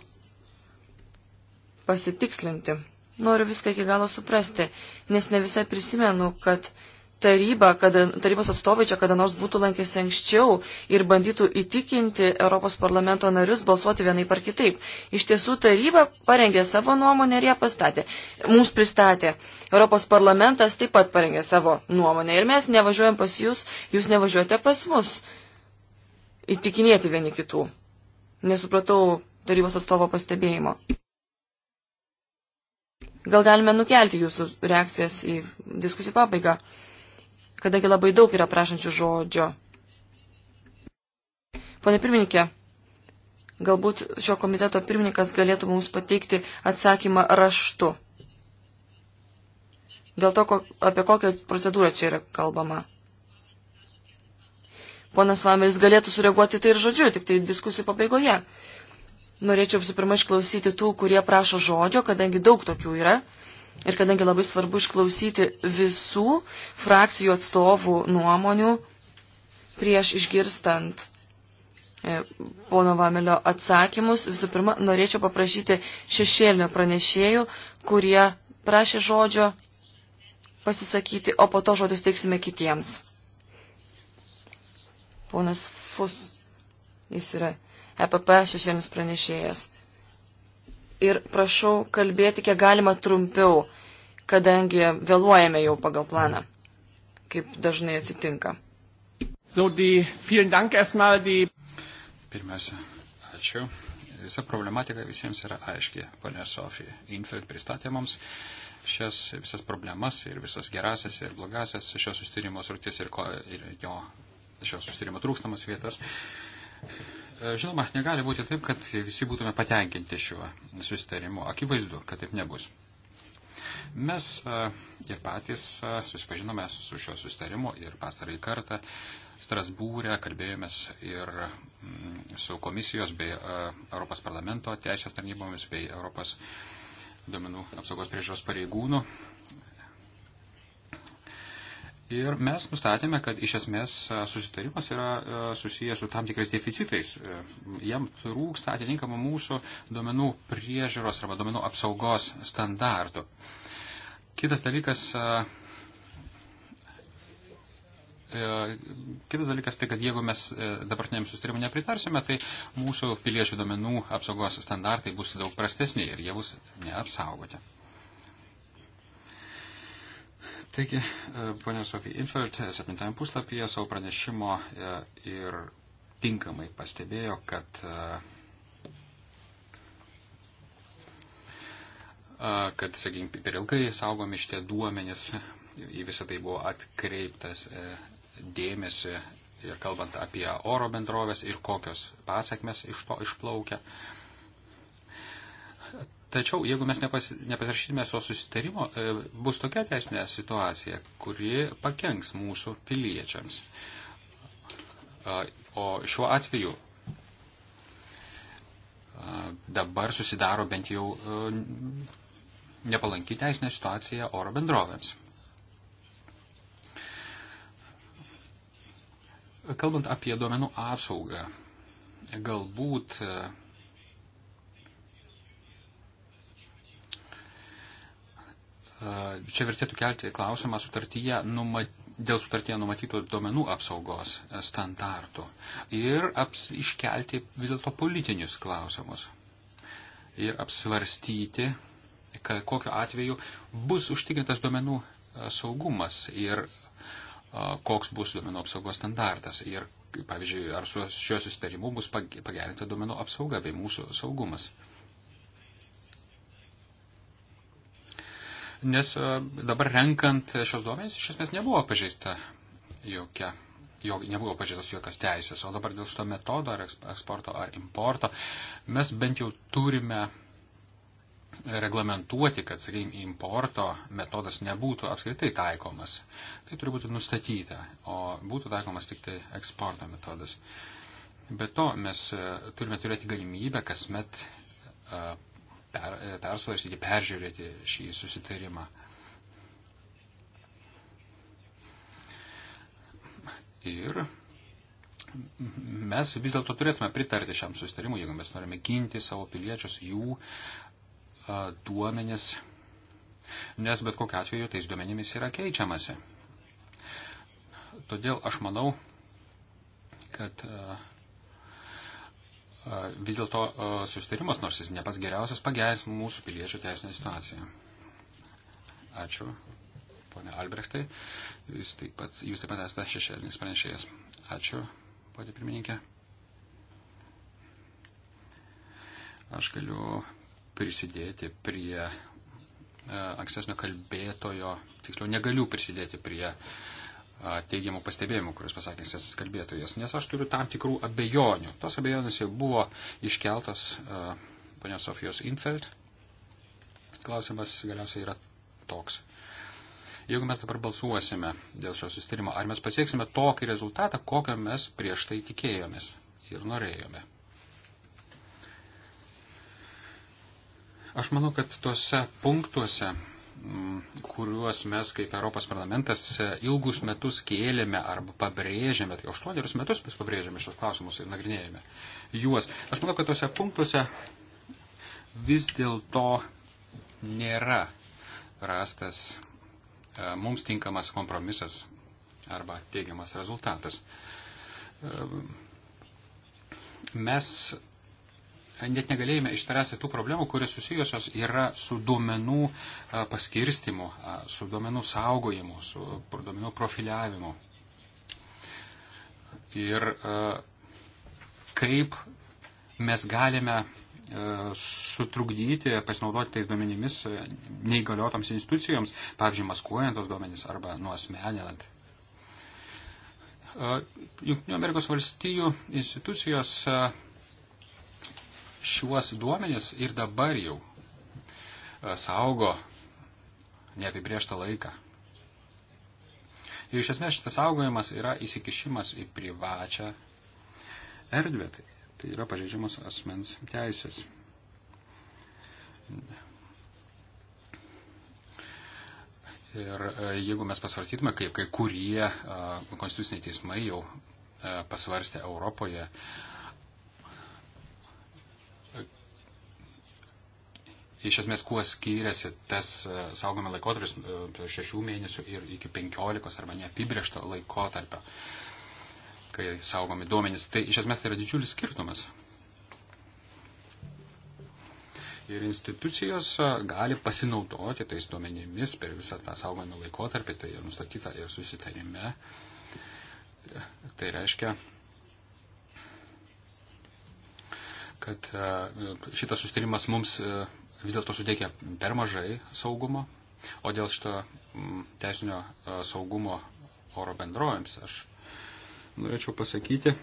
[SPEAKER 2] Pasitikslinti. Noriu viską iki galo suprasti, nes ne visai prisimenu, kad taryba, kada, tarybos atstovai čia kada nors būtų lankėsi anksčiau ir bandytų įtikinti Europos parlamento narius balsuoti vienai par kitaip. Iš tiesų taryba parengė savo nuomonę ir ją pastatė. Mums pristatė. Europos parlamentas taip pat parengė savo nuomonę ir mes nevažiuojam pas jūs, jūs nevažiuojate pas mus. Įtikinėti vieni kitų. Nesupratau tarybos atstovo pastebėjimo. Gal galime nukelti jūsų reakcijas į diskusijų pabaigą kadangi labai daug yra prašančių žodžio. Pone pirmininkė, galbūt šio komiteto pirmininkas galėtų mums pateikti atsakymą raštu. Dėl to, apie kokią procedūrą čia yra kalbama. Ponas Vamelis galėtų sureaguoti tai ir žodžiu, tik tai diskusijų pabaigoje. Norėčiau visų pirma išklausyti tų, kurie prašo žodžio, kadangi daug tokių yra. Ir kadangi labai svarbu išklausyti visų frakcijų atstovų nuomonių prieš išgirstant e, pono Vamelio atsakymus, visų pirma, norėčiau paprašyti šešėlinio pranešėjų, kurie prašė žodžio pasisakyti, o po to žodžius teiksime kitiems. Ponas Fus, jis yra EPP šešėlinis pranešėjas ir prašau kalbėti kiek galima trumpiau, kadangi vėluojame jau pagal planą, kaip dažnai atsitinka. So, die, dank erstmal, die... Pirmiausia,
[SPEAKER 3] ačiū. Visa problematika visiems yra aiški. Pane Sofija Infeld pristatė mums šias visas problemas ir visas gerasias ir blogasias šios sustarimo sritis ir, ko, ir jo šio sustarimo trūkstamas vietas. E, žinoma, negali būti taip, kad visi būtume patenkinti šiuo susitarimu. Akivaizdu, kad taip nebus. Mes e, ir patys e, susipažinome su šiuo susitarimu ir pastarąjį kartą Strasbūrė kalbėjomės ir mm, su komisijos bei Europos parlamento teisės tarnybomis bei Europos duomenų apsaugos priežiūros pareigūnų Ir mes nustatėme, kad iš esmės e, susitarimas yra e, susijęs su tam tikrais deficitais. E, jam trūksta atitinkama mūsų duomenų priežiūros arba duomenų apsaugos standartų. Kitas dalykas. Kitas dalykas tai, kad jeigu mes dabartiniam sustarimui nepritarsime, tai mūsų piliečių domenų apsaugos standartai bus daug prastesni ir jie bus neapsaugoti. Taigi, e, ponia Sofija Infeld, septintame puslapyje savo pranešimo e, ir tinkamai pastebėjo, kad e, kad, sakykime, per ilgai saugomi šitie duomenys, į visą tai buvo atkreiptas dėmesį ir kalbant apie oro bendrovės ir kokios pasiekmes iš to išplaukia. Uh, Tačiau, jeigu mes nepas, nepasirašytume su susitarimo, e, bus tokia teisinė situacija, kuri pakenks mūsų piliečiams. O šiuo atveju dabar susidaro bent jau e, nepalanki teisinė situacija oro bendrovėms. Kalbant apie duomenų apsaugą, galbūt e, Čia vertėtų kelti klausimą sutartyje numat, dėl sutartyje numatytų duomenų apsaugos standartų ir aps, iškelti vis dėlto politinius klausimus ir apsvarstyti, ka, kokiu atveju bus užtikrintas duomenų e, saugumas ir a, e, koks bus duomenų apsaugos standartas ir, pavyzdžiui, ar su šiuo susitarimu bus pagerinta duomenų apsauga bei mūsų saugumas. nes e, dabar renkant šios duomenys iš esmės nebuvo pažeista jokia. Jo, nebuvo pažeistos jokios teisės, o dabar dėl šito metodo ar eksporto ar importo mes bent jau turime reglamentuoti, kad, sakykime, importo metodas nebūtų apskritai taikomas. Tai turi būti nustatyta, o būtų taikomas tik tai eksporto metodas. Be to, mes e, turime turėti galimybę kasmet e, per, e, persvarstyti, peržiūrėti šį susitarimą. Ir mes vis dėlto turėtume pritarti šiam susitarimui, jeigu mes norime ginti savo piliečius, jų a, e, duomenis, nes bet kokiu atveju tais duomenimis yra keičiamasi. Todėl aš manau, kad a, e, vis dėlto susitarimas, nors jis ne pats geriausias, pagerins mūsų piliečių teisinę situaciją. Ačiū, ponė Albrechtai. Jūs taip pat, jūs taip pat esate šešėlinis pranešėjas. Ačiū, ponė pirmininkė. Aš galiu prisidėti prie ankstesnio kalbėtojo, tiksliau negaliu prisidėti prie uh, teigiamų pastebėjimų, kuriuos pasakė sesis kalbėtojas, nes aš turiu tam tikrų abejonių. Tos abejonės jau buvo iškeltos uh, ponios Sofijos Infeld. Klausimas galiausiai yra toks. Jeigu mes dabar balsuosime dėl šio sustarimo, ar mes pasieksime tokį rezultatą, kokio mes prieš tai tikėjomės ir norėjome? Aš manau, kad tuose punktuose kuriuos mes kaip Europos parlamentas e, ilgus metus kėlėme arba pabrėžėme, tai aštuonerius metus mes pabrėžėme šios klausimus ir nagrinėjame juos. Aš manau, kad tose punktuose vis dėlto nėra rastas e, mums tinkamas kompromisas arba teigiamas rezultatas. E, mes net negalėjome išspręsti tų problemų, kurios susijusios yra su duomenų paskirstimu, su duomenų saugojimu, su duomenų profiliavimu. Ir kaip mes galime sutrukdyti, pasinaudoti tais duomenimis neįgaliotoms institucijoms, pavyzdžiui, maskuojant tos duomenys arba nuosmeninant. Junktinių Amerikos valstijų institucijos šiuos duomenis ir dabar jau e, saugo neapibrieštą laiką. Ir iš esmės šitas saugojimas yra įsikišimas į privačią erdvę. Tai, tai yra pažeidžiamos asmens teisės. Ir e, jeigu mes pasvarstytume, kaip kai kurie a, e, konstituciniai teismai jau a, pasvarstė Europoje a, iš esmės kuo skiriasi tas e, saugome laikotarpis e, šešių mėnesių ir iki penkiolikos arba neapibriešto laikotarpio, kai saugomi duomenys. Tai iš esmės tai yra didžiulis skirtumas. Ir institucijos e, gali pasinaudoti tais duomenimis per visą tą saugojimo laikotarpį, tai yra nustatyta ir susitarime. Tai reiškia, kad šitas sustarimas mums vis dėlto suteikia per mažai saugumo, o dėl šito mm, teisinio e, saugumo oro bendrovėms aš norėčiau pasakyti,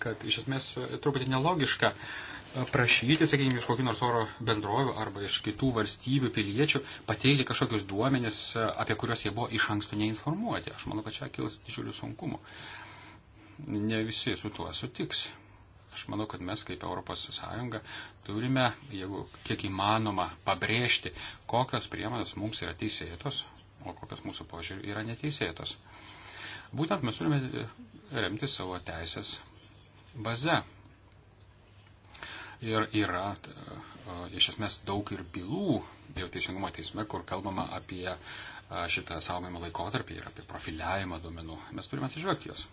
[SPEAKER 3] kad iš esmės e, truputį nelogiška e, prašyti, sakykime, iš kokių nors oro bendrovių arba iš kitų valstybių piliečių pateikti kažkokius duomenis, apie kuriuos jie buvo iš anksto neinformuoti. Aš manau, kad čia kils didžiulių sunkumų. Ne visi su tuo sutiks. Aš manau, kad mes kaip ES turime, jeigu kiek įmanoma, pabrėžti, kokios priemonės mums yra teisėtos, o kokios mūsų požiūrį yra neteisėtos. Būtent mes turime remti savo teisės baze. Ir yra e, e, iš esmės daug ir bylų dėl teisingumo teisme, kur kalbama apie e, šitą saugojimo laikotarpį ir apie profiliavimą duomenų. Mes turime atsižvelgti jos.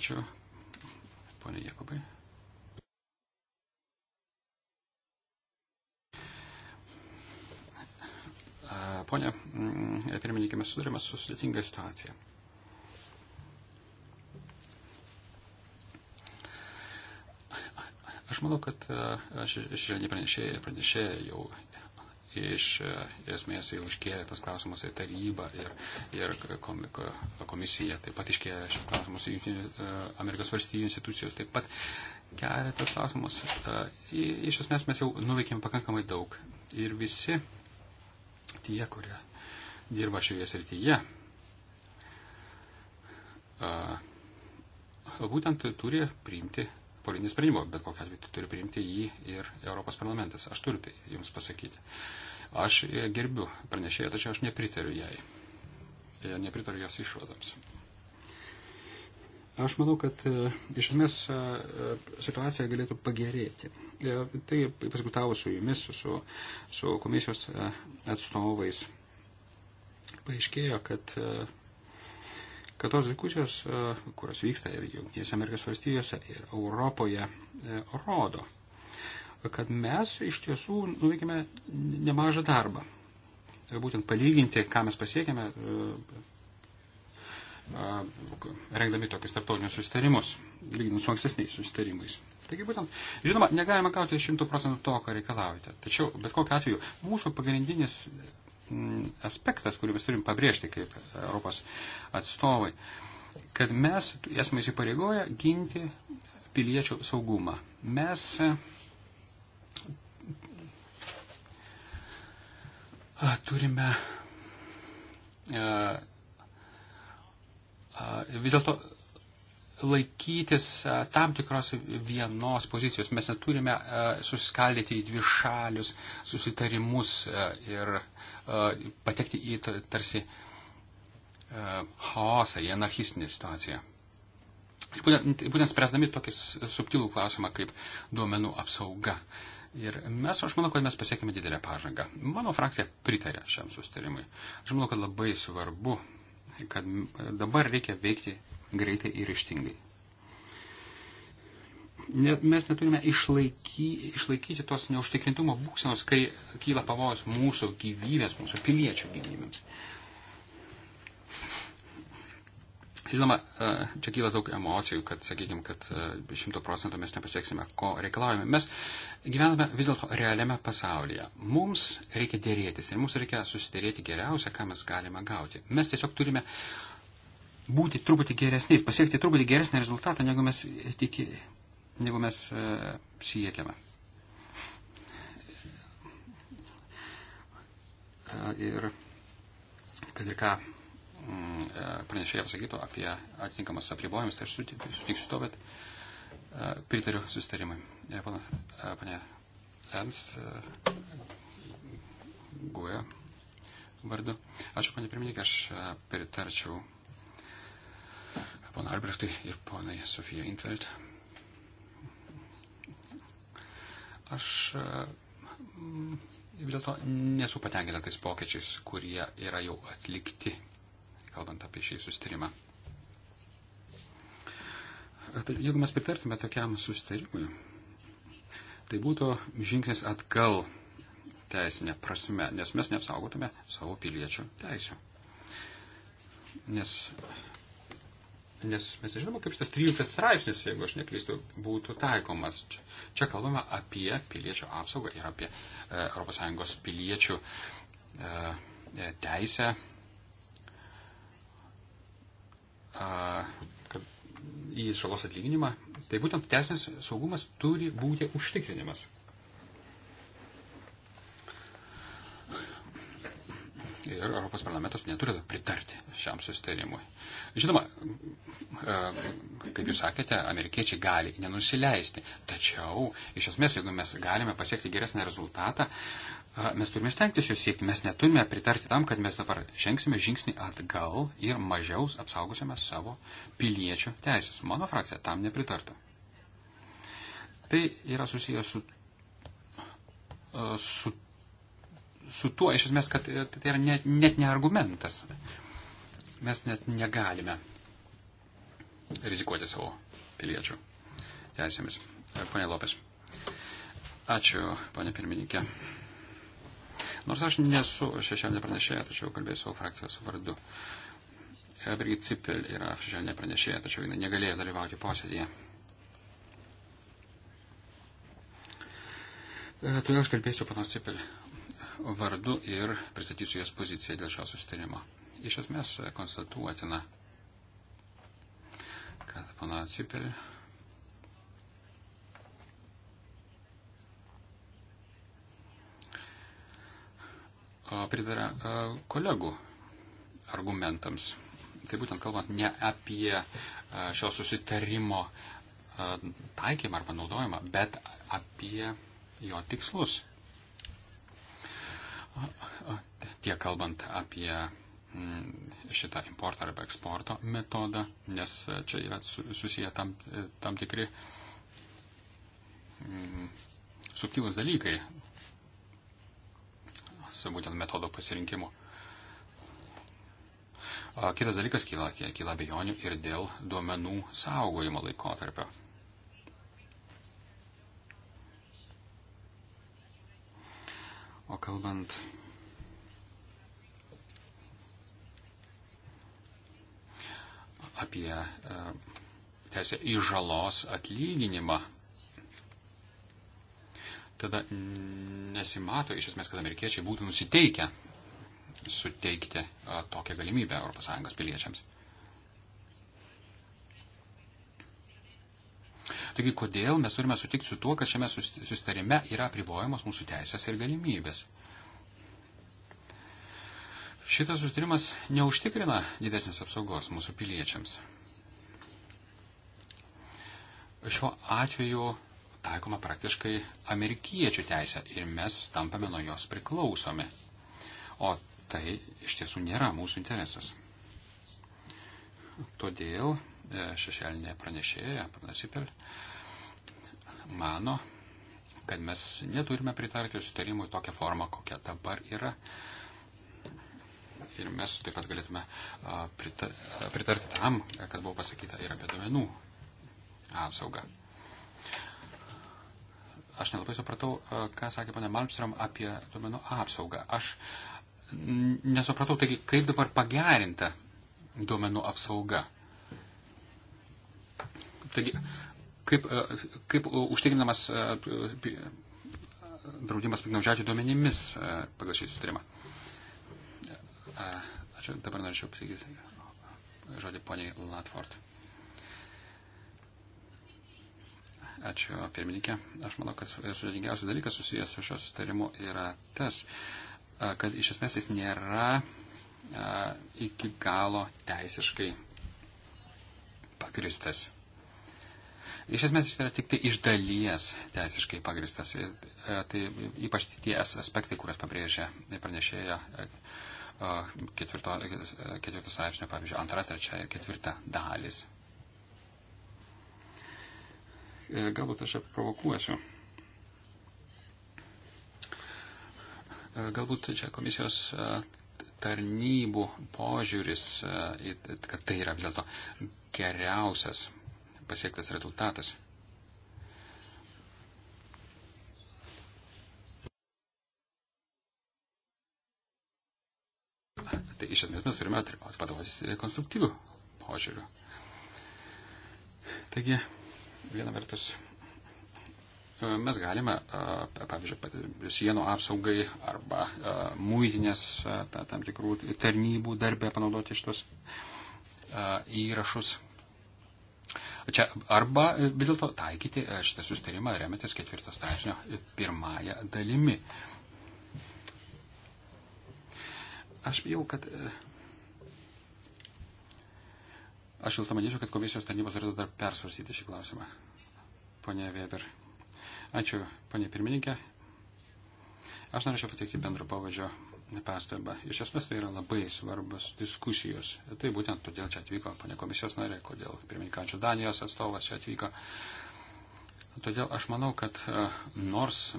[SPEAKER 3] Ačiū, ponė Jekobai. Pone mm, pirmininkė, mes sudarėme su sudėtinga situacija. Aš manau, kad šešėlį pranešėjai pranešėjai jau iš esmės jau iškėlė tos klausimus į tarybą ir, ir komisija, taip pat iškėlė šios klausimus į Amerikos valstybių institucijos, taip pat kelia tos klausimus. Iš esmės mes jau nuveikėme pakankamai daug ir visi tie, kurie dirba šioje srityje, būtent turi priimti politinį sprendimą, bet kokią atveju turi priimti jį ir Europos parlamentas. Aš turiu tai jums pasakyti. Aš gerbiu pranešėją, tačiau aš nepritariu jai. Nepritariu jos išvadams. Aš manau, kad e, iš esmės e, e, situacija galėtų pagerėti. E, tai pasikultavo su jumis, su, su komisijos e, atstovais. Paaiškėjo, kad, e, kad tos diskusijos, kurios vyksta ir Junktinėse Amerikos valstijose, ir Europoje, rodo, kad mes iš tiesų nuveikėme nemažą darbą. Būtent palyginti, ką mes pasiekėme, rengdami tokius tarptautinius susitarimus, lyginant su ankstesniais susitarimais. Taigi būtent, žinoma, negalima gauti 100 procentų to, ką reikalaujate. Tačiau, bet kokiu atveju, mūsų pagrindinis mm, aspektas, kurį mes turim pabrėžti kaip Europos atstovai, kad mes esame įsipareigoję ginti piliečių saugumą. Mes turime vis dėlto laikytis e, tam tikros vienos pozicijos. Mes neturime e, suskaldyti į dvi šalius susitarimus e, ir patekti į tarsi chaosą, į anarchistinę situaciją. Ir būtent, būtent spręsdami tokį subtilų klausimą kaip duomenų apsauga. Ir mes, aš manau, kad mes pasiekime didelę pažangą. Mano frakcija pritarė šiam sustarimui. Aš manau, kad labai svarbu, kad dabar reikia veikti greitai ir ištingai. Net mes neturime išlaiky, išlaikyti tos neužtikrintumo būksenos, kai kyla pavojus mūsų gyvybės, mūsų piliečių gyvybėms. Žinoma, e, čia kyla daug emocijų, kad, sakykime, kad e, šimto procentų mes nepasieksime, ko reikalaujame. Mes gyvename vis dėlto realiame pasaulyje. Mums reikia dėrėtis ir mums reikia susidėrėti geriausią, ką mes galime gauti. Mes tiesiog turime būti truputį geresniais, pasiekti truputį geresnį rezultatą, negu mes, tiki, negu mes uh, siekiame. Uh, ir kad ir ką mm, e, pranešėja pasakytų apie atitinkamas apribojimus, tai aš sutiksiu to, bet uh, pritariu sustarimui. Ja, pana, uh, pana Ernst uh, Guja vardu. Ačiū, panė pirmininkė, aš uh, pritarčiau pana Albrechtui ir ponai Sofija Intveld. Aš e, vis dėlto nesu patenkinta tais pokyčiais, kurie yra jau atlikti, kalbant apie šį sustarimą. E, tai jeigu mes pritartume tokiam sustarimui, tai būtų žingsnis atgal teisinė prasme, nes mes neapsaugotume savo piliečių teisų. Nes Nes mes žinome, kaip šitas 13 straipsnis, jeigu aš neklystu, būtų taikomas. Čia, čia kalbame apie piliečių apsaugą ir apie e, ES piliečių e, e, teisę, e, kad į žalos atlyginimą. Tai būtent teisinis saugumas turi būti užtikrinimas. ir Europos parlamentas neturi pritarti šiam susitarimui. Žinoma, e, kaip jūs sakėte, amerikiečiai gali nenusileisti, tačiau iš esmės, jeigu mes galime pasiekti geresnį rezultatą, e, mes turime stengtis jo siekti, mes neturime pritarti tam, kad mes dabar žengsime žingsnį atgal ir mažiau apsaugosime savo piliečių teisės. Mano frakcija tam nepritartų. Tai yra susijęs su, e, su su tuo, iš esmės, kad e, tai yra net, net ne argumentas. Mes net negalime rizikuoti savo piliečių teisėmis. E, pane Lopes. Ačiū, pane pirmininkė. Nors aš nesu šešėlinė pranešėja, tačiau kalbėsiu savo frakcijos vardu. Brigit Cipel yra šešėlinė pranešėja, tačiau jinai negalėjo dalyvauti posėdėje. E, todėl aš kalbėsiu panos Cipel vardu ir pristatysiu jos poziciją dėl šio sustarimo. Iš esmės konstatuotina, kad pana Cipel pritarė kolegų argumentams. Tai būtent kalbant ne apie šio susitarimo taikymą ar panaudojimą, bet apie jo tikslus tiek kalbant apie mm, šitą importo arba eksporto metodą, nes čia yra susiję tam, tam tikri mm, subtilus dalykai su būtent metodo pasirinkimu. Kitas dalykas kyla, kyla abejonių ir dėl duomenų saugojimo laikotarpio. O kalbant apie e, teisę į žalos atlyginimą, tada nesimato iš esmės, kad amerikiečiai būtų nusiteikę suteikti e, tokią galimybę ES piliečiams. Taigi, kodėl mes turime sutikti su tuo, kad šiame sustarime yra apribojamos mūsų teisės ir galimybės? Šitas sustarimas neužtikrina didesnės apsaugos mūsų piliečiams. Šiuo atveju taikoma praktiškai amerikiečių teisė ir mes tampame nuo jos priklausomi. O tai iš tiesų nėra mūsų interesas. Todėl E, šešėlinė pranešėja, pranasipel, mano, kad mes neturime pritarti sutarimui tokią formą, kokia dabar yra. Ir mes taip pat galėtume pritarti tam, kad buvo pasakyta ir apie duomenų apsaugą. Aš nelabai supratau, ką sakė ponė Malmstrom apie duomenų apsaugą. Aš nesupratau, taigi kaip dabar pagerinta duomenų apsauga. Taigi, kaip, e, kaip užtikrinamas e, draudimas piknaudžiauti duomenimis e, pagal šį sustarimą? Ačiū, dabar norėčiau pasakyti žodį poniai Latford. Ačiū, pirmininkė. Aš manau, kad sudėtingiausias dalykas susijęs su šios sustarimu yra tas, kad iš esmės jis nėra iki galo teisiškai pagristas. Iš esmės jis yra tik tai iš dalies teisiškai pagristas. E, tai ypač tie aspektai, kurias pabrėžia pranešėja e, e, ketvirto, ketvirto straipsnio, pavyzdžiui, antra, trečia ir ketvirta dalis. Galbūt aš provokuosiu. Galbūt čia komisijos tarnybų požiūris, kad tai yra vis dėlto geriausias pasiektas rezultatas. Tai iš esmės mes turime vadovautis konstruktyvių požiūrių. Taigi, viena vertus, mes galime, pavyzdžiui, sienų apsaugai arba muitinės tam tikrų tarnybų darbę panaudoti šitos įrašus. Čia arba vis dėlto taikyti šitą sustarimą remiantis ketvirtos straipsnio pirmąją dalimi. Aš bijau, kad. Aš dėl to manyčiau, kad komisijos tarnybos turėtų dar persvarsyti šį klausimą. Pone Weber. Ačiū, ponė pirmininkė. Aš norėčiau pateikti bendro pavadžio pastabą. Iš esmės tai yra labai svarbus diskusijos. Tai būtent todėl čia atvyko panė komisijos narė, kodėl pirmininkančio Danijos atstovas čia atvyko. Todėl aš manau, kad e, nors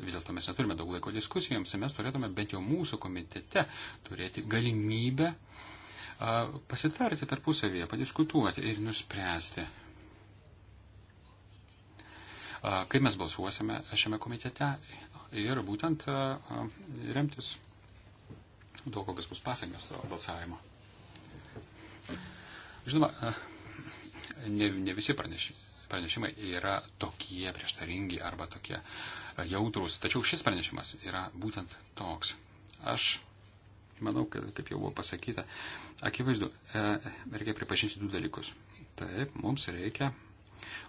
[SPEAKER 3] vis dėlto mes neturime daug laiko diskusijoms, mes turėtume bent jau mūsų komitete turėti galimybę e, pasitarti tarpusavėje, padiskutuoti ir nuspręsti, e, kaip mes balsuosime šiame komitete ir būtent remtis to, kokios bus pasiekmes to balsavimo. Žinoma, ne, ne visi pranešimai pranešimai yra tokie prieštaringi arba tokie jautrus. Tačiau šis pranešimas yra būtent toks. Aš manau, kad, kaip jau buvo pasakyta, akivaizdu, e, reikia pripažinti du dalykus. Taip, mums reikia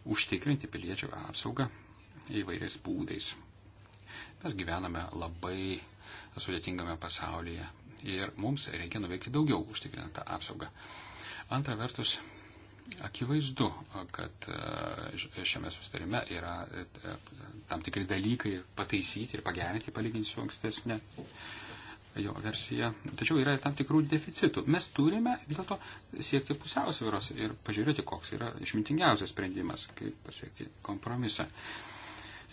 [SPEAKER 3] užtikrinti piliečių apsaugą įvairiais būdais. Mes gyvename labai sudėtingame pasaulyje ir mums reikia nuveikti daugiau užtikrinant tą apsaugą. Antra vertus, akivaizdu, kad e, šiame sustarime yra e, e, tam tikri dalykai pataisyti ir pagerinti palyginti su ankstesnė jo versija. Tačiau yra ir tam tikrų deficitų. Mes turime vis dėlto siekti pusiausvėros ir pažiūrėti, koks yra išmintingiausias sprendimas, kaip pasiekti kompromisą.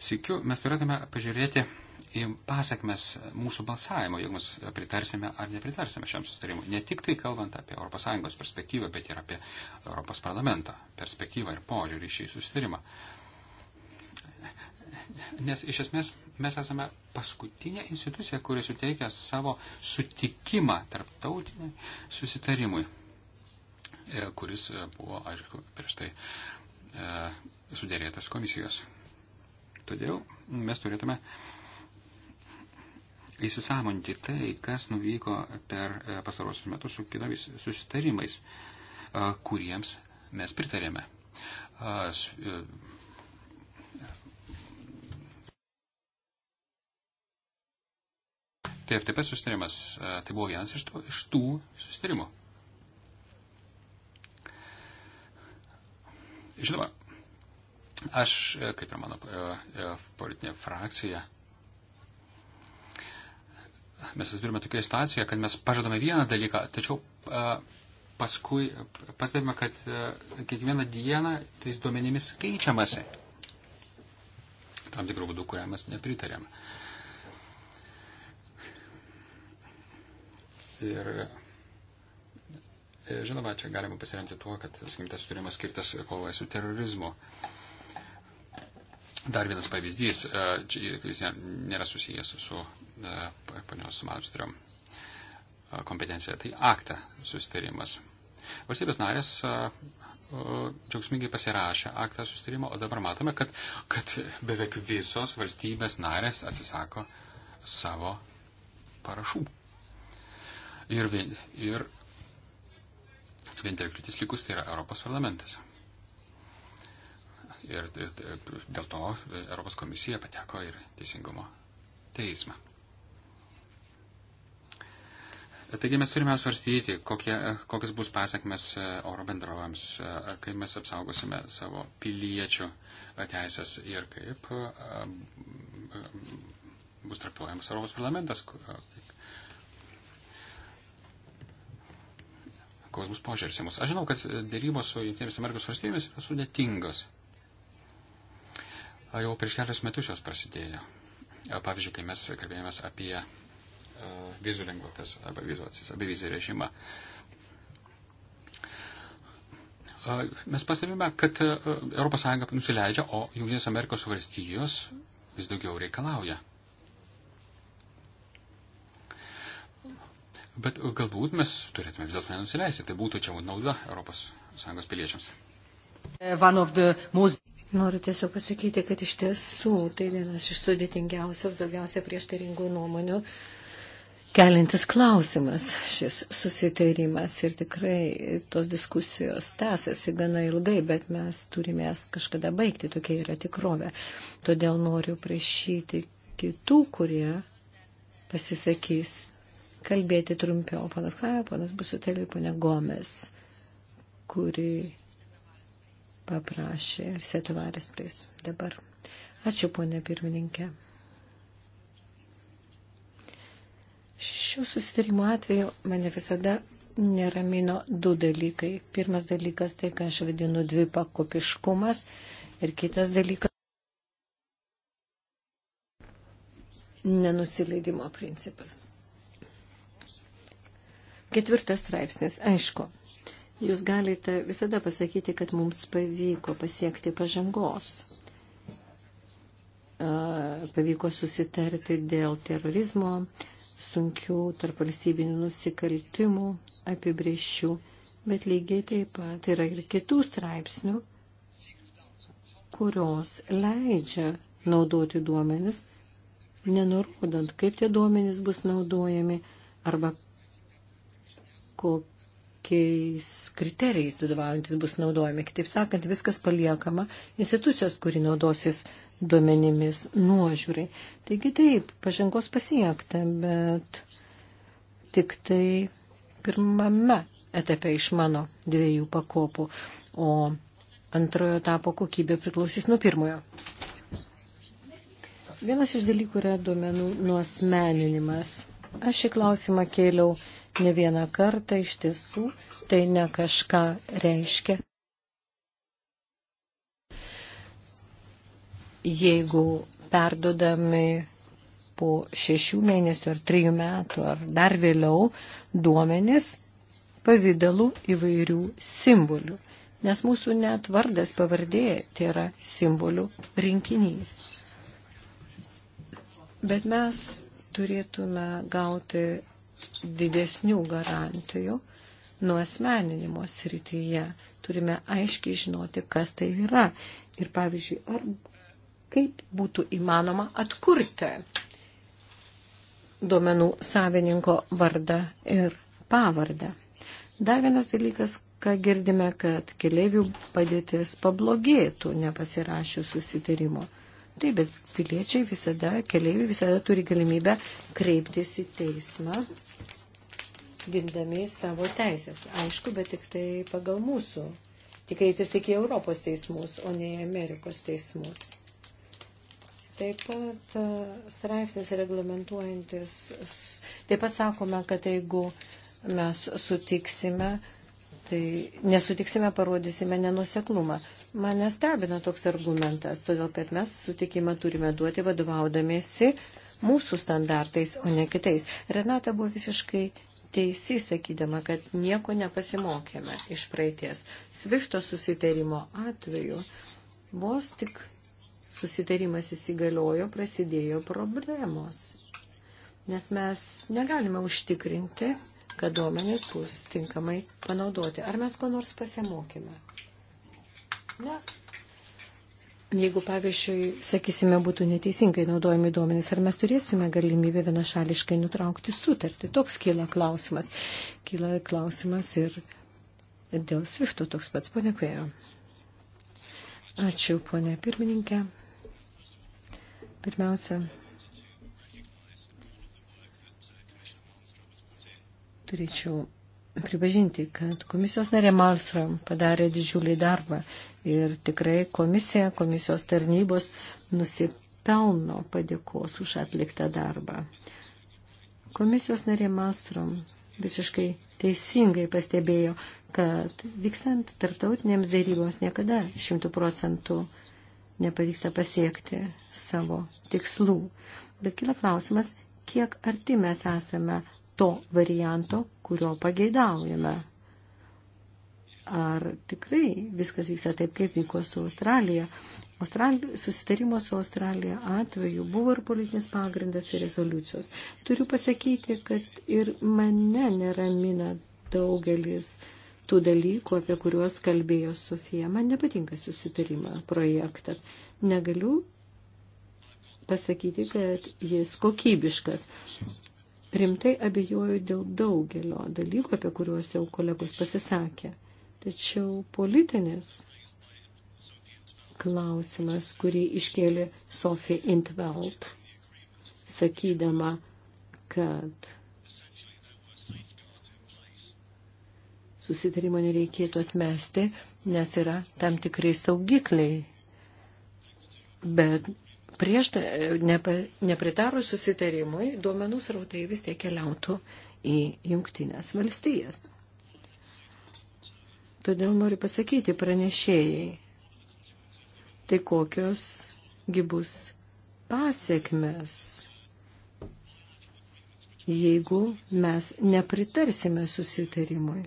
[SPEAKER 3] Sikiu, mes turėtume pažiūrėti į pasakmes mūsų balsavimo, jeigu mes pritarsime ar nepritarsime šiam sustarimui. Ne tik tai kalbant apie ES perspektyvą, bet ir apie ES parlamentą perspektyvą ir požiūrį į šį sustarimą. Nes iš esmės mes esame paskutinė institucija, kuri suteikia savo sutikimą tarptautiniai susitarimui, e, kuris e, buvo, aišku, prieš tai e, sudėrėtas komisijos. Todėl mes turėtume uh, įsisamonti tai, kas nuvyko per e, pasarosius metus su kitomis susitarimais, e, kuriems mes pritarėme. E, TFTP susitarimas tai buvo vienas iš tų, iš tų susitarimų. Žinoma, aš, kaip ir mano politinė frakcija, mes susidurime tokia situacija, kad mes pažadame vieną dalyką, tačiau paskui pastebime, kad kiekvieną dieną tais duomenimis keičiamasi. Tam tikrų būdų, kuriam mes nepritarėme. Ir e, žinoma, čia galima pasiremti tuo, kad skimtas turimas skirtas kovai su terorizmu. Uh, Dar vienas pavyzdys, jis e, nėra susijęs su e, ponios Malmström e, kompetencija, tai aktą susitarimas. Valstybės narės džiaugsmingai pasirašė aktą susitarimą, o dabar matome, kad, kad beveik visos valstybės narės atsisako savo parašų. Ir, vien, ir vienintelis kliūtis likus tai yra Europos parlamentas. Ir dėl to e, Europos komisija pateko ir teisingumo teismą. Taigi mes turime svarstyti, kokie, kokias bus pasiekmes e, oro bendrovams, e, kai mes apsaugosime savo piliečių teisės ir kaip bus traktuojamas Europos parlamentas, koks bus požiūris į mus. Aš žinau, kad dėrybos su Junktinėmis Amerikos valstybėmis yra sudėtingos jau prieš kelius metus jos prasidėjo. Pavyzdžiui, kai mes kalbėjomės apie e, vizų lengvatas arba vizų atsis, apie vizų režimą. Mes pastebime, kad ES nusileidžia, o Junktinės Amerikos valstijos vis daugiau reikalauja. Bet galbūt mes turėtume vis dėlto nenusileisti, tai būtų čia nauda ES piliečiams.
[SPEAKER 1] Most... Noriu tiesiog pasakyti, kad iš tiesų tai vienas iš sudėtingiausių ir daugiausia prieštaringų nuomonių kelintis klausimas šis susitarimas ir tikrai tos diskusijos tęsiasi gana ilgai, bet mes turime jas kažkada baigti, tokia yra tikrovė. Todėl noriu prašyti kitų, kurie pasisakys kalbėti trumpiau. Panas Kaja, panas Busutelė ir pana Gomes, kuri paprašė Setuvarės pris dabar. Ačiū, ponė pirmininkė. Šių susitarimų atveju mane visada neramino du dalykai. Pirmas dalykas tai, ką aš vadinu dvipakopiškumas ir kitas dalykas nenusileidimo principas. Ketvirtas straipsnis. Aišku, Jūs galite visada pasakyti, kad mums pavyko pasiekti pažangos. Pavyko susitarti dėl terorizmo, sunkių tarp valstybinių nusikaltimų, apibrėžčių, bet lygiai taip pat yra ir kitų straipsnių, kurios leidžia naudoti duomenis, nenurodant, kaip tie duomenys bus naudojami arba kokie kokiais kriterijais vadovaujantis bus naudojami. Kitaip sakant, viskas paliekama institucijos, kuri naudosis duomenimis nuožiūrai. Taigi taip, pažangos pasiekta, bet tik tai pirmame etape iš mano dviejų pakopų, o antrojo etapo kokybė priklausys nuo pirmojo. Vienas iš dalykų yra duomenų nuosmeninimas. Aš šį klausimą kėliau ne vieną kartą iš tiesų tai ne kažką reiškia. Jeigu perdodami po šešių mėnesių ar trijų metų ar dar vėliau duomenis pavydalų įvairių simbolių, nes mūsų net vardas pavardė tai yra simbolių rinkinys. Bet mes turėtume gauti didesnių garantijų nuosmeninimo srityje. Turime aiškiai žinoti, kas tai yra. Ir pavyzdžiui, ar kaip būtų įmanoma atkurti duomenų savininko vardą ir pavardę. Dar vienas dalykas, ką girdime, kad keliaivių padėtis pablogėtų nepasirašius susitarimo. Taip, bet piliečiai visada, keliaiviai visada turi galimybę kreiptis į teismą gindami savo teisės. Aišku, bet tik tai pagal mūsų. Tik reitis tik į Europos teismus, o ne į Amerikos teismus. Taip pat e, straipsnis reglamentuojantis, taip pat sakome, kad jeigu mes sutiksime, tai nesutiksime, parodysime nenuseklumą. Mane stebina toks argumentas, todėl kad mes sutikimą turime duoti vadovaudamėsi mūsų standartais, o ne kitais. Renata buvo visiškai teisi, sakydama, kad nieko nepasimokėme iš praeities. Svifto susitarimo atveju vos tik susitarimas įsigaliojo, prasidėjo problemos. Nes mes negalime užtikrinti, kad duomenys bus tinkamai panaudoti. Ar mes ko nors pasimokėme? Ne, Jeigu, pavyzdžiui, sakysime, būtų neteisingai naudojami duomenys, ar mes turėsime galimybę vienašališkai nutraukti sutartį? Toks kyla klausimas. Kyla klausimas ir dėl svifto toks pats, ponia Kvėjo. Ačiū, ponia pirmininkė. Pirmiausia, turėčiau pripažinti, kad komisijos narė Malstrom padarė didžiulį darbą ir tikrai komisija, komisijos tarnybos nusipelno padėkos už atliktą darbą. Komisijos narė Malstrom visiškai teisingai pastebėjo, kad vykstant tarptautinėms dėryboms niekada šimtų procentų nepavyksta pasiekti savo tikslų. Bet kila klausimas, kiek arti mes esame to varianto, kurio pageidaujame. Ar tikrai viskas vyksta taip, kaip vyko su Australija? Australi... Susitarimo su Australija atveju buvo ir politinis pagrindas ir rezoliucijos. Turiu pasakyti, kad ir mane neramina daugelis tų dalykų, apie kuriuos kalbėjo Sofija. Man nepatinka susitarimo projektas. Negaliu pasakyti, kad jis kokybiškas rimtai abejoju dėl daugelio dalykų, apie kuriuos jau kolegos pasisakė. Tačiau politinis klausimas, kurį iškėlė Sofija Intveld, sakydama, kad susitarimo nereikėtų atmesti, nes yra tam tikrai saugikliai. Bet prieš nepritarus susitarimui duomenų srautai vis tiek keliautų į jungtinės valstijas. Todėl noriu pasakyti pranešėjai, tai kokios gybus pasiekmes, jeigu mes nepritarsime susitarimui.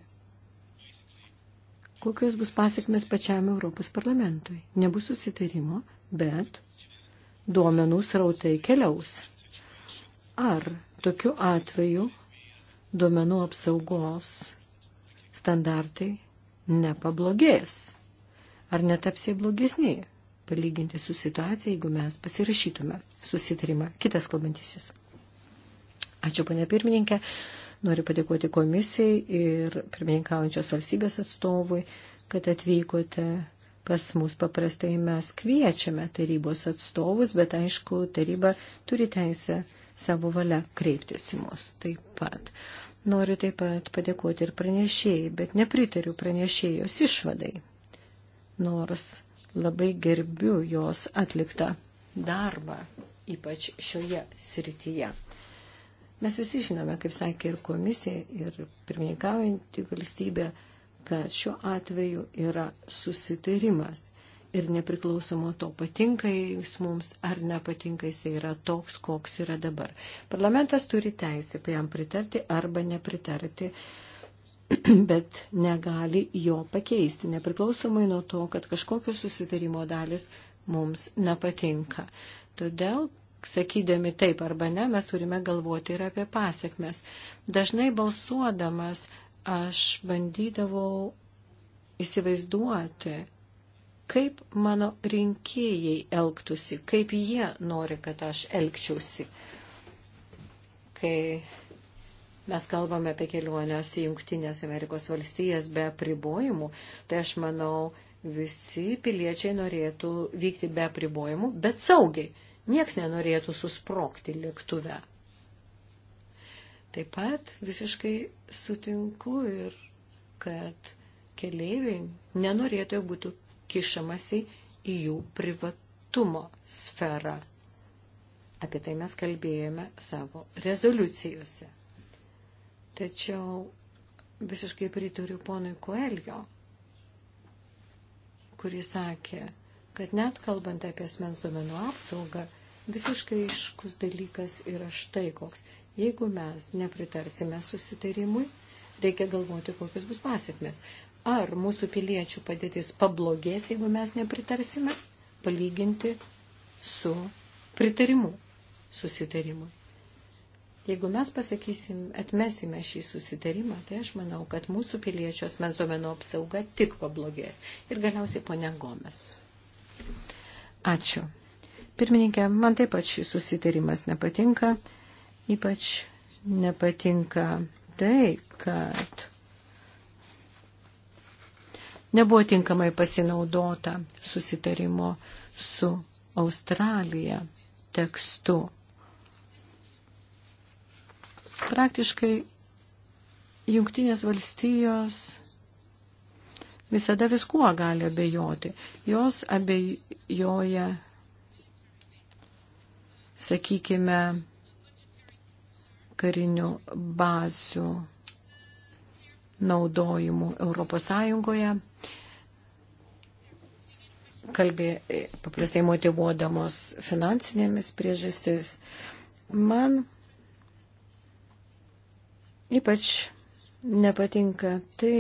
[SPEAKER 1] Kokios bus pasiekmes pačiam Europos parlamentui? Nebus susitarimo, bet duomenų srautai keliaus. Ar tokiu atveju duomenų apsaugos standartai nepablogės? Ar netapsiai blogesni, palyginti su situacija, jeigu mes pasirašytume susitarimą? Kitas kalbantisis. Ačiū, ponė pirmininkė. Noriu padėkoti komisijai ir pirmininkaujančios valstybės atstovui, kad atvykote Pas mus paprastai mes kviečiame tarybos atstovus, bet aišku, taryba turi teisę savo valia kreiptis į mus taip pat. Noriu taip pat padėkoti ir pranešėjai, bet nepritariu pranešėjos išvadai, nors labai gerbiu jos atliktą darbą, ypač šioje srityje. Mes visi žinome, kaip sakė ir komisija, ir pirmininkaujantį valstybę, kad šiuo atveju yra susitarimas ir nepriklausomo to patinka jis mums ar nepatinka jis yra toks, koks yra dabar. Parlamentas turi teisę jam pritarti arba nepritarti, bet negali jo pakeisti, nepriklausomai nuo to, kad kažkokio susitarimo dalis mums nepatinka. Todėl sakydami taip arba ne, mes turime galvoti ir apie pasiekmes. Dažnai balsuodamas aš bandydavau įsivaizduoti, kaip mano rinkėjai elgtųsi, kaip jie nori, kad aš elgčiausi. Kai mes kalbame apie keliones į Junktinės Amerikos valstijas be pribojimų, tai aš manau, visi piliečiai norėtų vykti be pribojimų, bet saugiai. Niekas nenorėtų susprokti lėktuve. Taip pat visiškai sutinku ir kad keleiviai nenorėtų, jog būtų kišamasi į jų privatumo sferą. Apie tai mes kalbėjome savo rezoliucijose. Tačiau visiškai pritariu ponui Koelgio, kuris sakė, kad net kalbant apie asmens duomenų apsaugą, visiškai iškus dalykas yra štai koks. Jeigu mes nepritarsime susitarimui, reikia galvoti, kokios bus pasiekmes. Ar mūsų piliečių padėtis pablogės, jeigu mes nepritarsime, palyginti su pritarimu susitarimui. Jeigu mes pasakysim, atmesime šį susitarimą, tai aš manau, kad mūsų piliečios mes domeno apsauga tik pablogės. Ir galiausiai ponia Gomes. Ačiū. Pirmininkė, man taip pat šis susitarimas nepatinka Ypač nepatinka tai, kad nebuvo tinkamai pasinaudota susitarimo su Australija tekstu. Praktiškai jungtinės valstijos visada viskuo gali abejoti. Jos abejoja, sakykime, karinių bazių naudojimu Europos Sąjungoje, kalbė paprastai motivuodamos finansinėmis priežastis. Man ypač nepatinka tai,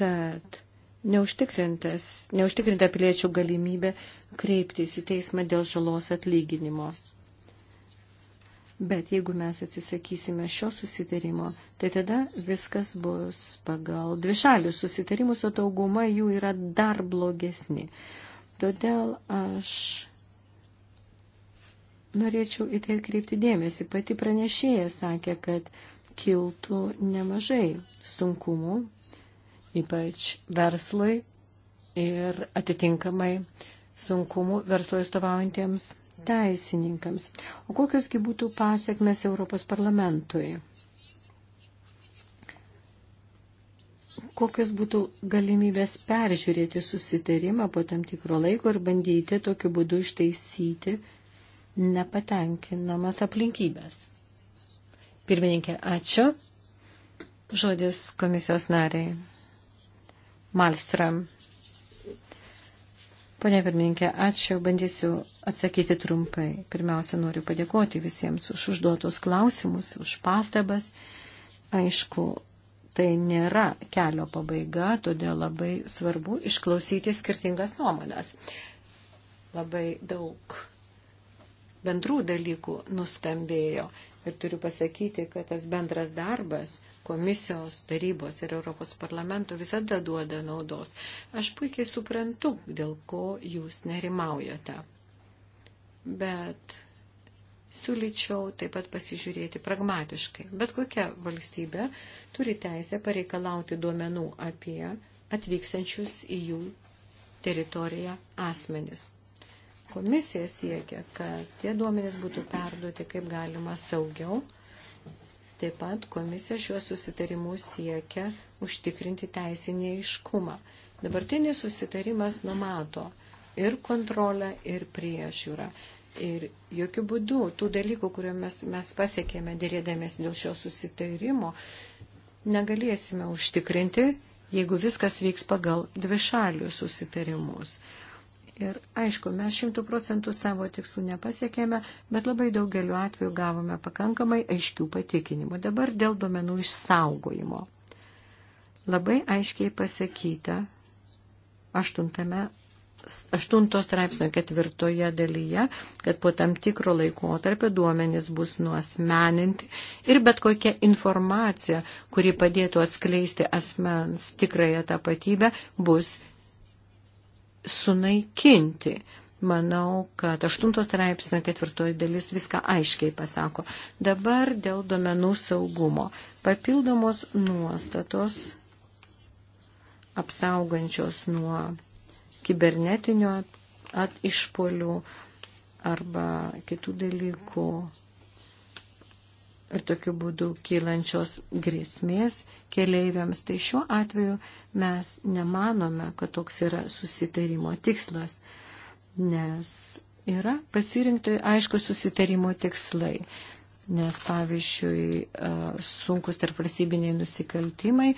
[SPEAKER 1] kad neužtikrinta piliečių galimybė kreiptis į teismą dėl žalos atlyginimo. Bet jeigu mes atsisakysime šio susitarimo, tai tada viskas bus pagal dvišalius susitarimus, o dauguma jų yra dar blogesni. Todėl aš norėčiau į tai atkreipti dėmesį. Pati pranešėja sakė, kad kiltų nemažai sunkumų, ypač verslui ir atitinkamai sunkumų verslo įstovaujantiems teisininkams. O kokiosgi būtų pasiekmes Europos parlamentui? Kokios būtų galimybės peržiūrėti susitarimą po tam tikro laiko ir bandyti tokiu būdu ištaisyti nepatenkinamas aplinkybės? Pirmininkė, ačiū. Žodis komisijos nariai. Malstram. Pone pirmininkė, ačiū, bandysiu atsakyti trumpai. Pirmiausia, noriu padėkoti visiems už užduotus klausimus, už pastabas. Aišku, tai nėra kelio pabaiga, todėl labai svarbu išklausyti skirtingas nuomonas. Labai daug bendrų dalykų nuskambėjo Ir turiu pasakyti, kad tas bendras darbas komisijos tarybos ir Europos parlamento visada duoda naudos. Aš puikiai suprantu, dėl ko jūs nerimaujate. Bet siūlyčiau taip pat pasižiūrėti pragmatiškai. Bet kokia valstybė turi teisę pareikalauti duomenų apie atvykstančius į jų teritoriją asmenis. Komisija siekia, kad tie duomenys būtų perduoti kaip galima saugiau. Taip pat komisija šiuo susitarimu siekia užtikrinti teisinį iškumą. Dabartinis susitarimas numato ir kontrolę, ir priežiūrą. Ir jokių būdų tų dalykų, kuriuo mes, mes pasiekėme dėrėdamės dėl šio susitarimo, negalėsime užtikrinti, jeigu viskas vyks pagal dvišalių susitarimus. Ir aišku, mes šimtų procentų savo tikslų nepasiekėme, bet labai daugeliu atveju gavome pakankamai aiškių patikinimų. Dabar dėl domenų išsaugojimo. Labai aiškiai pasakyta aštuntame. Aštuntos straipsnio ketvirtoje dalyje, kad po tam tikro laiko tarp duomenys bus nuosmeninti ir bet kokia informacija, kuri padėtų atskleisti asmens tikrąją tapatybę, bus sunaikinti. Manau, kad 8 straipsnio ketvirtoji dalis viską aiškiai pasako. Dabar dėl domenų saugumo. Papildomos nuostatos apsaugančios nuo kibernetinio atišpolių arba kitų dalykų ir tokiu būdu kylančios grėsmės keleiviams. Tai šiuo atveju mes nemanome, kad toks yra susitarimo tikslas, nes yra pasirinkti aišku susitarimo tikslai. Nes pavyzdžiui, sunkus tarp valstybiniai nusikaltimai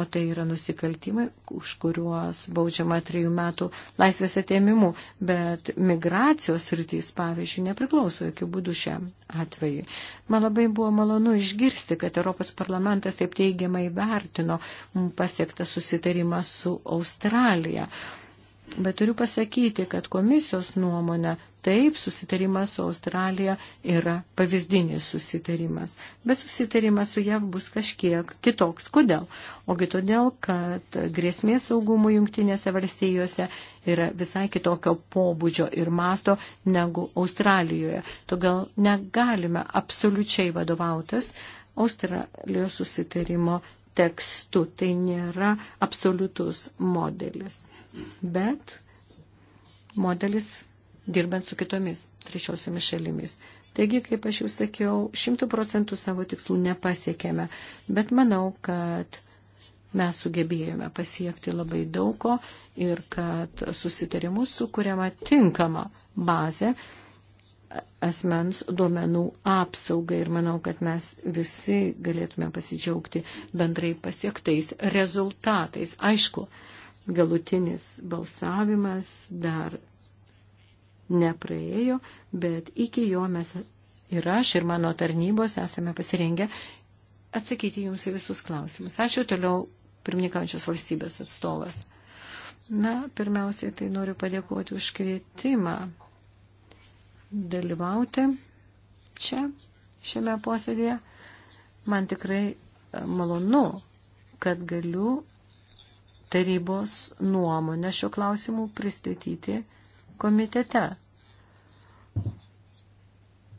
[SPEAKER 1] o tai yra nusikaltimai, už kuriuos baudžiama trijų metų laisvės atėmimu, bet migracijos rytys, pavyzdžiui, nepriklauso jokių būdų šiam atveju. Man labai buvo malonu išgirsti, kad Europos parlamentas taip teigiamai vertino pasiektą susitarimą su Australija. Uh, Bet turiu pasakyti, kad komisijos nuomonė taip susitarimas su Australija yra pavyzdinis susitarimas. Bet susitarimas su JAV bus kažkiek kitoks. Kodėl? Ogi todėl, kad grėsmės saugumo jungtinėse valstijose yra visai kitokio pobūdžio ir masto negu Australijoje. Todėl negalime absoliučiai vadovautis Australijos susitarimo tekstu. Tai nėra absoliutus modelis bet modelis dirbant su kitomis trečiosiomis šalimis. Taigi, kaip aš jau sakiau, šimtų procentų savo tikslų nepasiekėme, bet manau, kad mes sugebėjome pasiekti labai daugo ir kad susitarimus sukūrėma tinkama bazė asmens duomenų apsaugai ir manau, kad mes visi galėtume pasidžiaugti bendrai pasiektais rezultatais. Aišku, Galutinis balsavimas dar nepraėjo, bet iki jo mes ir aš, ir mano tarnybos esame pasirengę atsakyti jums į visus klausimus. Ačiū toliau pirmininkaujančios valstybės atstovas. Na, pirmiausiai tai noriu padėkoti už kvietimą dalyvauti čia, šiame posėdėje. Man tikrai e, malonu, kad galiu tarybos nuomonę šiuo klausimu pristatyti komitete.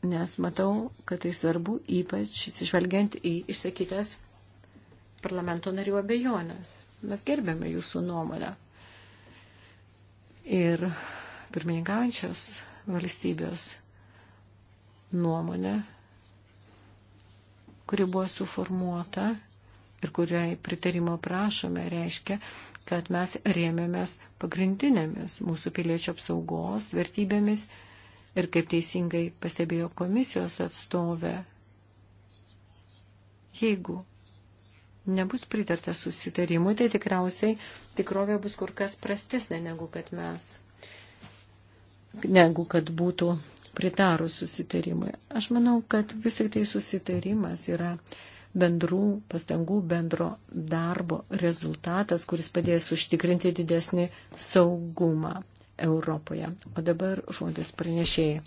[SPEAKER 1] Nes matau, kad tai svarbu ypač atsižvelgiant į išsakytas parlamento narių abejonės. Mes gerbėme jūsų nuomonę. Ir pirmininkaujančios valstybės nuomonė, kuri buvo suformuota ir kuriai pritarimo prašome, reiškia, kad mes rėmėmės pagrindinėmis mūsų piliečio apsaugos vertybėmis ir kaip teisingai pastebėjo komisijos atstovė, jeigu nebus pritarta susitarimui, tai tikriausiai tikrovė bus kur kas prastesnė negu kad mes, negu kad būtų pritarus susitarimui. Aš manau, kad vis tik tai susitarimas yra bendrų pastangų, bendro darbo rezultatas, kuris padės užtikrinti didesnį saugumą Europoje. O dabar žodis pranešėjai.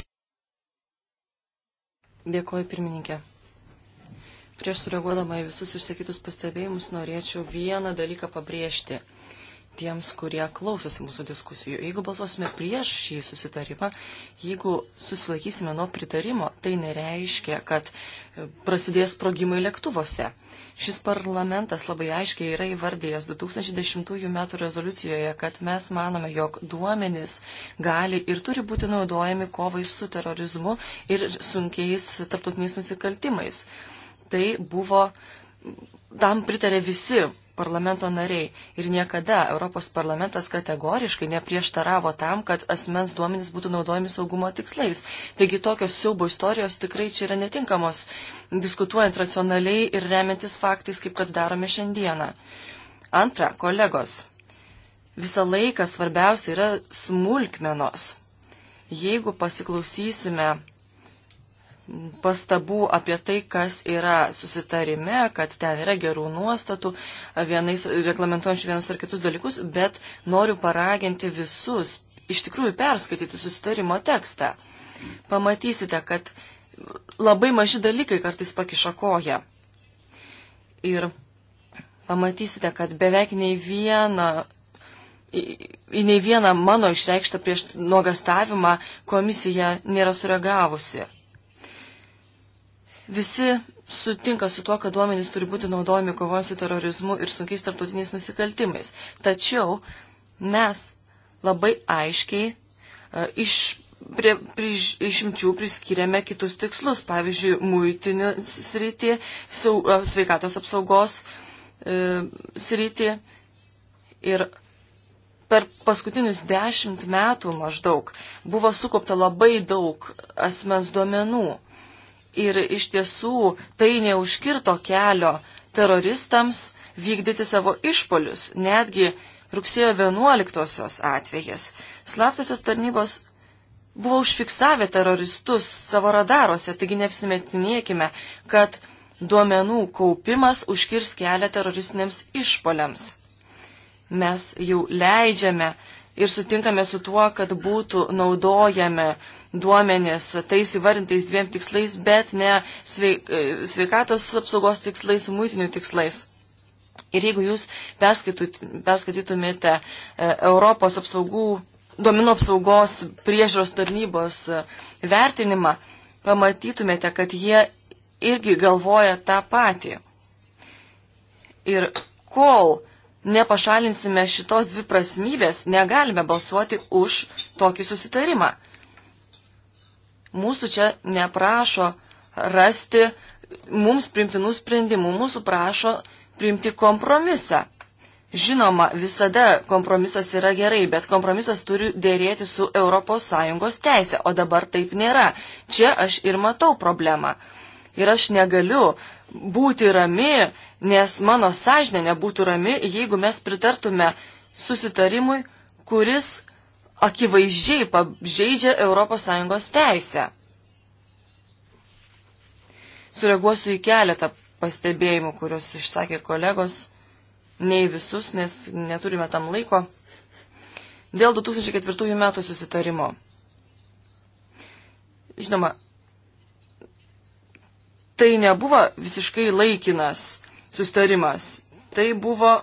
[SPEAKER 2] Dėkuoju, pirmininkė. Prieš sureaguodama į visus išsakytus pastebėjimus norėčiau vieną dalyką pabrėžti – tiems, kurie klausosi mūsų diskusijų. Jeigu balsuosime prieš šį susitarimą, jeigu susilaikysime nuo pritarimo, tai nereiškia, kad e, prasidės sprogimai lėktuvose. Šis parlamentas labai aiškiai yra įvardėjęs 2010 m. rezoliucijoje, kad mes manome, jog duomenys gali ir turi būti naudojami kovai su terorizmu ir sunkiais tarptautiniais nusikaltimais. Tai buvo, tam pritarė visi parlamento nariai ir niekada Europos parlamentas kategoriškai neprieštaravo tam, kad asmens duomenys būtų naudojami saugumo tikslais. Taigi tokios siaubo istorijos tikrai čia yra netinkamos, diskutuojant racionaliai ir remiantis faktais, kaip kad darome šiandieną. Antra, kolegos, visą laiką svarbiausia yra smulkmenos. Jeigu pasiklausysime pastabų apie tai, kas yra susitarime, kad ten yra gerų nuostatų, vienais, reglamentuojančių vienus ar kitus dalykus, bet noriu paraginti visus iš tikrųjų perskaityti susitarimo tekstą. Pamatysite, kad labai maži dalykai kartais pakiša koją. Ir pamatysite, kad beveik nei vieną į, į nei vieną mano išreikštą prieš nuogastavimą komisija nėra sureagavusi. Visi sutinka su tuo, kad duomenys turi būti naudojami kovojant su terorizmu ir sunkiais tarptautiniais nusikaltimais. Tačiau mes labai aiškiai e, iš, prie, prie, išimčių priskiriame kitus tikslus, pavyzdžiui, muitinių sritį, sau, e, sveikatos apsaugos e, sritį. Ir per paskutinius dešimt metų maždaug buvo sukopta labai daug asmens duomenų ir iš tiesų tai neužkirto kelio teroristams vykdyti savo išpolius, netgi rugsėjo 11-osios atvejas. Slaptosios tarnybos buvo užfiksavę teroristus savo radaruose, taigi neapsimetinėkime, kad duomenų kaupimas užkirs kelią teroristiniams išpoliams. Mes jau leidžiame ir sutinkame su tuo, kad būtų naudojami duomenis tais įvardintais dviem tikslais, bet ne e, sveikatos apsaugos tikslais, muitinių tikslais. Ir jeigu jūs perskaitytumėte e, Europos apsaugų, domino apsaugos priežiūros tarnybos e, vertinimą, pamatytumėte, kad jie irgi galvoja tą patį. Ir kol nepašalinsime šitos dviprasmybės, negalime balsuoti už tokį susitarimą. Mūsų čia neprašo rasti mums primtinų sprendimų, mūsų prašo priimti kompromisą. Žinoma, visada kompromisas yra gerai, bet kompromisas turi dėrėti su ES teisė, o dabar taip nėra. Čia aš ir matau problemą. Ir aš negaliu būti rami, nes mano sąžinė nebūtų rami, jeigu mes pritartume susitarimui, kuris akivaizdžiai pažeidžia ES teisę. Sureaguosiu į keletą pastebėjimų, kuriuos išsakė kolegos, nei visus, nes neturime tam laiko, dėl 2004 metų susitarimo. Žinoma, tai nebuvo visiškai laikinas susitarimas, tai buvo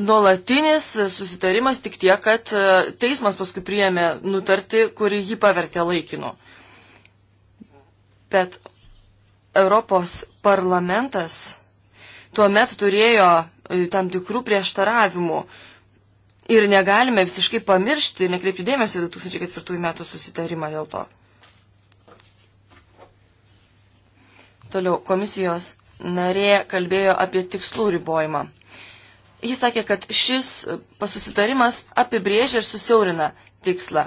[SPEAKER 2] nuolatinis susitarimas tik tiek, kad e, teismas paskui priėmė nutartį, kuri jį pavertė laikinu. Bet Europos parlamentas tuo metu turėjo e, tam tikrų prieštaravimų ir negalime visiškai pamiršti ir nekreipti dėmesio 2004 metų susitarimą dėl to. Toliau komisijos narė kalbėjo apie tikslų ribojimą. Jis sakė, kad šis pasusitarimas apibrėžia ir susiaurina tikslą.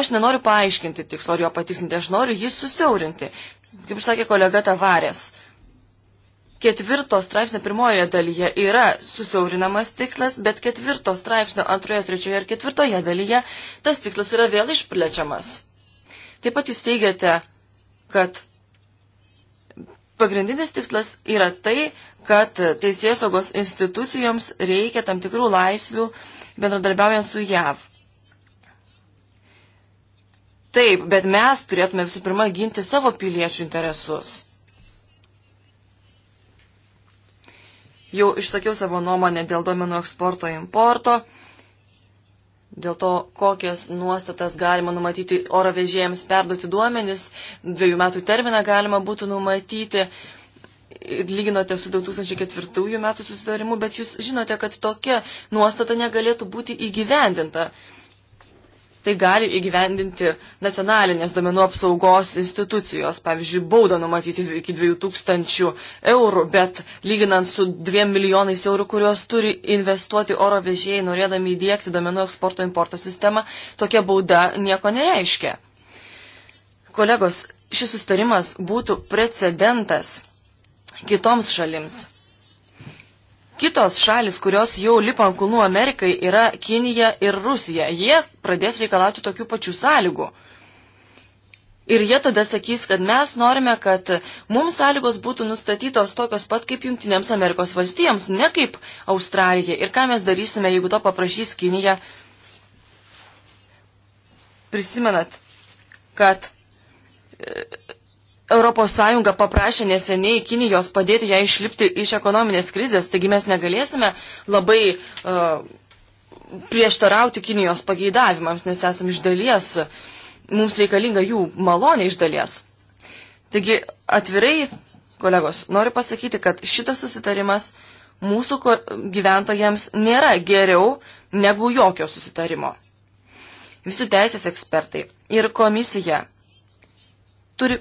[SPEAKER 2] Aš nenoriu paaiškinti tikslo ir jo patikslinti, aš noriu jį susiaurinti. Kaip sakė kolega Tavarės, ketvirto straipsnio pirmojoje dalyje yra susiaurinamas tikslas, bet ketvirto straipsnio antroje, trečioje ir ketvirtoje dalyje tas tikslas yra vėl išplečiamas. Taip pat jūs teigiate, kad pagrindinis tikslas yra tai, kad teisės saugos institucijoms reikia tam tikrų laisvių bendradarbiaujant su JAV. Taip, bet mes turėtume visų pirma ginti savo piliečių interesus. Jau išsakiau savo nuomonę dėl domenų eksporto importo, dėl to, kokias nuostatas galima numatyti oro vežėjams perduoti duomenis, dviejų metų terminą galima būtų numatyti. Uh, ir lyginote su 2004 metų susidarimu, bet jūs žinote, kad tokia nuostata negalėtų būti įgyvendinta. Tai gali įgyvendinti nacionalinės domenų apsaugos institucijos, pavyzdžiui, baudą numatyti iki 2000 eurų, bet lyginant su 2 milijonais eurų, kuriuos turi investuoti oro vežėjai, norėdami įdėkti domenų eksporto importo sistemą, tokia bauda nieko nereiškia. Kolegos, šis sustarimas būtų precedentas kitoms šalims. Kitos šalis, kurios jau lipa ant kulnų Amerikai, yra Kinija ir Rusija. Jie pradės reikalauti tokių pačių sąlygų. Ir jie tada sakys, kad mes norime, kad mums sąlygos būtų nustatytos tokios pat kaip Junktinėms Amerikos valstijoms, ne kaip Australija. Ir ką mes darysime, jeigu to paprašys Kinija? Prisimenat, kad. E, ES paprašė neseniai Kinijos padėti ją išlipti iš ekonominės krizės, taigi mes negalėsime labai uh, prieštarauti Kinijos pageidavimams, nes esam iš dalies, mums reikalinga jų malonė iš dalies. Taigi atvirai, kolegos, noriu pasakyti, kad šitas susitarimas mūsų gyventojams nėra geriau negu jokio susitarimo. Visi teisės ekspertai ir komisija turi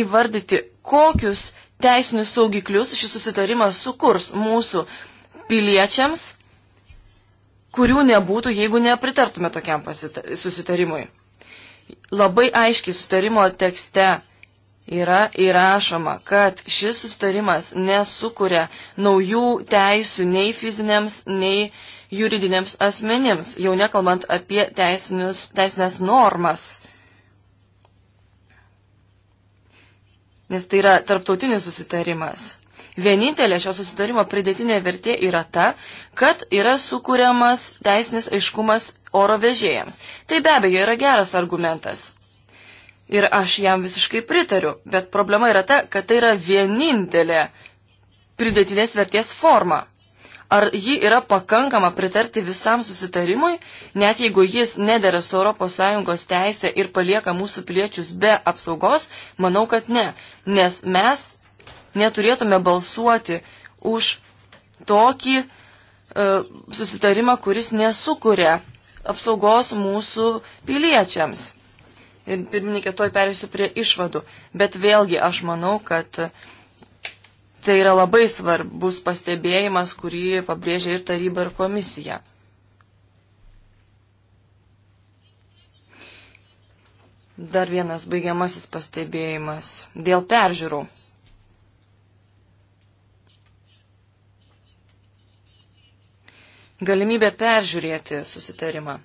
[SPEAKER 2] įvardyti, kokius teisinius saugiklius šis susitarimas sukurs mūsų piliečiams, kurių nebūtų, jeigu nepritartume tokiam susitarimui. Labai aiškiai susitarimo tekste yra įrašoma, kad šis susitarimas nesukuria naujų teisių nei fiziniams, nei juridiniams asmenims, jau nekalbant apie teisinius, teisinės normas nes tai yra tarptautinis susitarimas. Vienintelė šio susitarimo pridėtinė vertė yra ta, kad yra sukūriamas teisinis aiškumas oro vežėjams. Tai be abejo yra geras argumentas. Ir aš jam visiškai pritariu, bet problema yra ta, kad tai yra vienintelė pridėtinės vertės forma ar ji yra pakankama pritarti visam susitarimui, net jeigu jis nedėra su ES teisė ir palieka mūsų piliečius be apsaugos, manau, kad ne, nes mes neturėtume balsuoti už tokį e, susitarimą, kuris nesukuria apsaugos mūsų piliečiams. Ir pirmininkė, toj perėsiu prie išvadų, bet vėlgi aš manau, kad e, Tai yra labai svarbus pastebėjimas, kurį pabrėžia ir taryba, ir komisija. Dar vienas baigiamasis pastebėjimas dėl peržiūrų. Galimybė peržiūrėti susitarimą.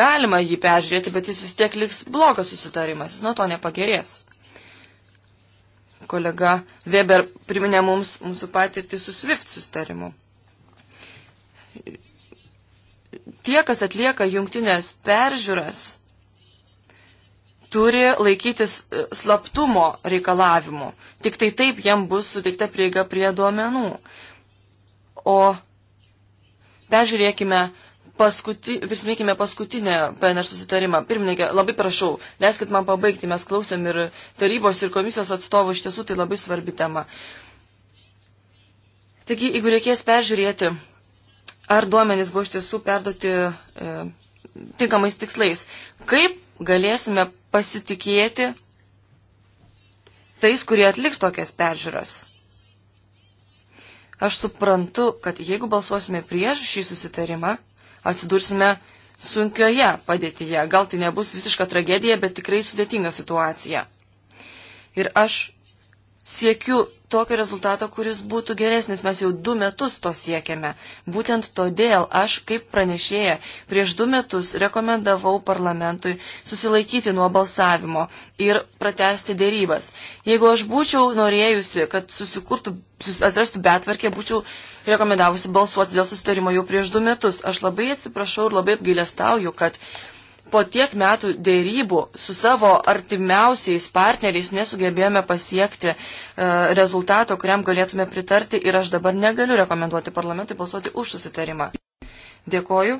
[SPEAKER 2] Galima jį peržiūrėti, bet jis vis tiek liks blogas susitarimas, jis nuo to nepagerės kolega Weber priminė mums mūsų patirtį su SWIFT sustarimu. Tie, kas atlieka jungtinės peržiūras, turi laikytis e, slaptumo reikalavimų. Tik tai taip jam bus suteikta prieiga prie duomenų. O peržiūrėkime paskuti, prisiminkime paskutinę PNR susitarimą. Pirmininkė, labai prašau, leiskit man pabaigti, mes klausėm ir tarybos, ir komisijos atstovų, iš tiesų tai labai svarbi tema. Taigi, jeigu reikės peržiūrėti, ar duomenys buvo iš tiesų perduoti e, tinkamais tikslais, kaip galėsime pasitikėti tais, kurie atliks tokias peržiūras? Aš suprantu, kad jeigu balsuosime prieš šį susitarimą, atsidursime sunkioje padėtyje. Gal tai nebus visiška tragedija, bet tikrai sudėtinga situacija. Ir aš siekiu tokio rezultato, kuris būtų geresnis. Mes jau du metus to siekiame. Būtent todėl aš, kaip pranešėja, prieš du metus rekomendavau parlamentui susilaikyti nuo balsavimo ir pratesti dėrybas. Jeigu aš būčiau norėjusi, kad susikurtų, atsirastų betvarkė, būčiau rekomendavusi balsuoti dėl susitarimo jau prieš du metus. Aš labai atsiprašau ir labai apgailestauju, kad po tiek metų dėrybų su savo artimiausiais partneriais nesugebėjome pasiekti e, rezultato, kuriam galėtume pritarti ir aš dabar negaliu rekomenduoti parlamentui balsuoti už susitarimą. Dėkoju.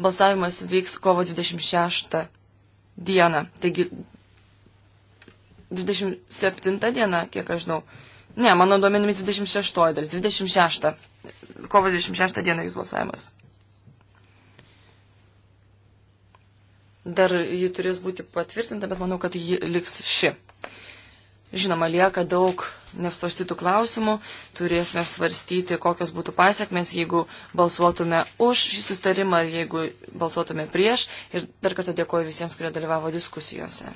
[SPEAKER 2] Balsavimas vyks kovo 26 dieną. Taigi 27 diena, kiek aš žinau. Ne, mano duomenimis 26, 26. Kovo 26 diena vyks balsavimas. Dar ji turės būti patvirtinta, bet manau, kad ji liks ši. Žinoma, lieka daug nesvarstytų klausimų, turėsime svarstyti, kokios būtų pasiekmes, jeigu balsuotume už šį sustarimą ar jeigu balsuotume prieš. Ir dar kartą dėkoju visiems, kurie dalyvavo diskusijose.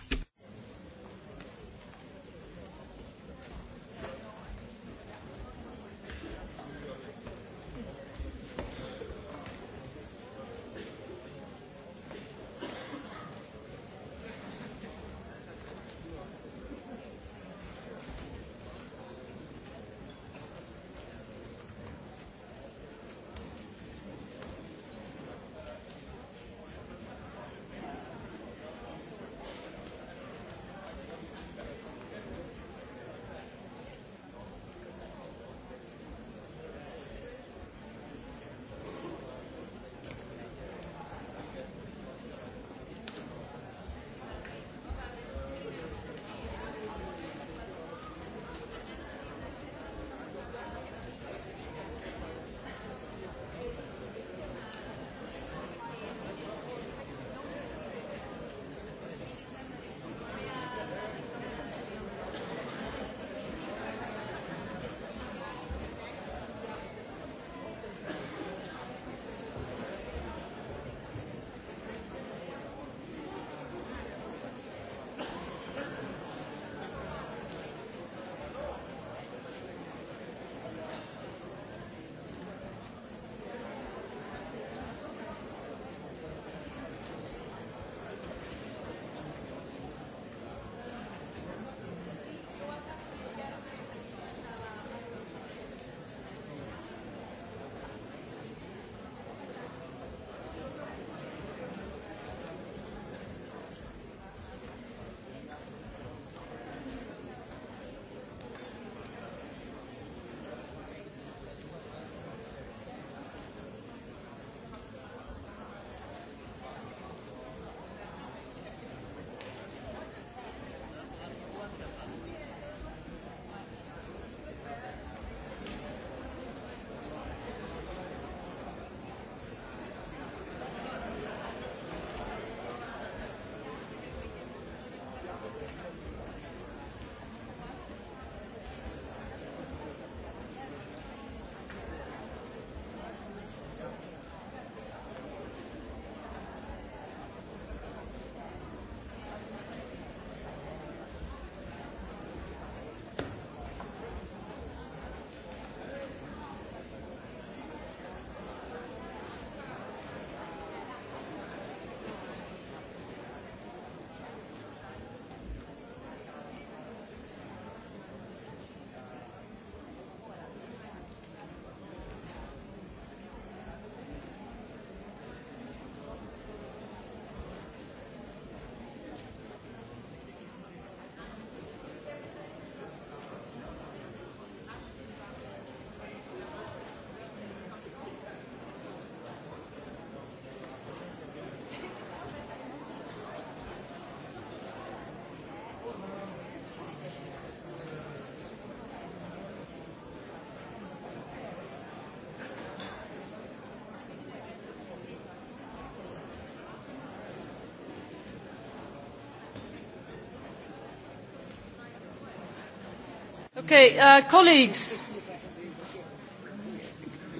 [SPEAKER 2] Okay, uh, colleagues,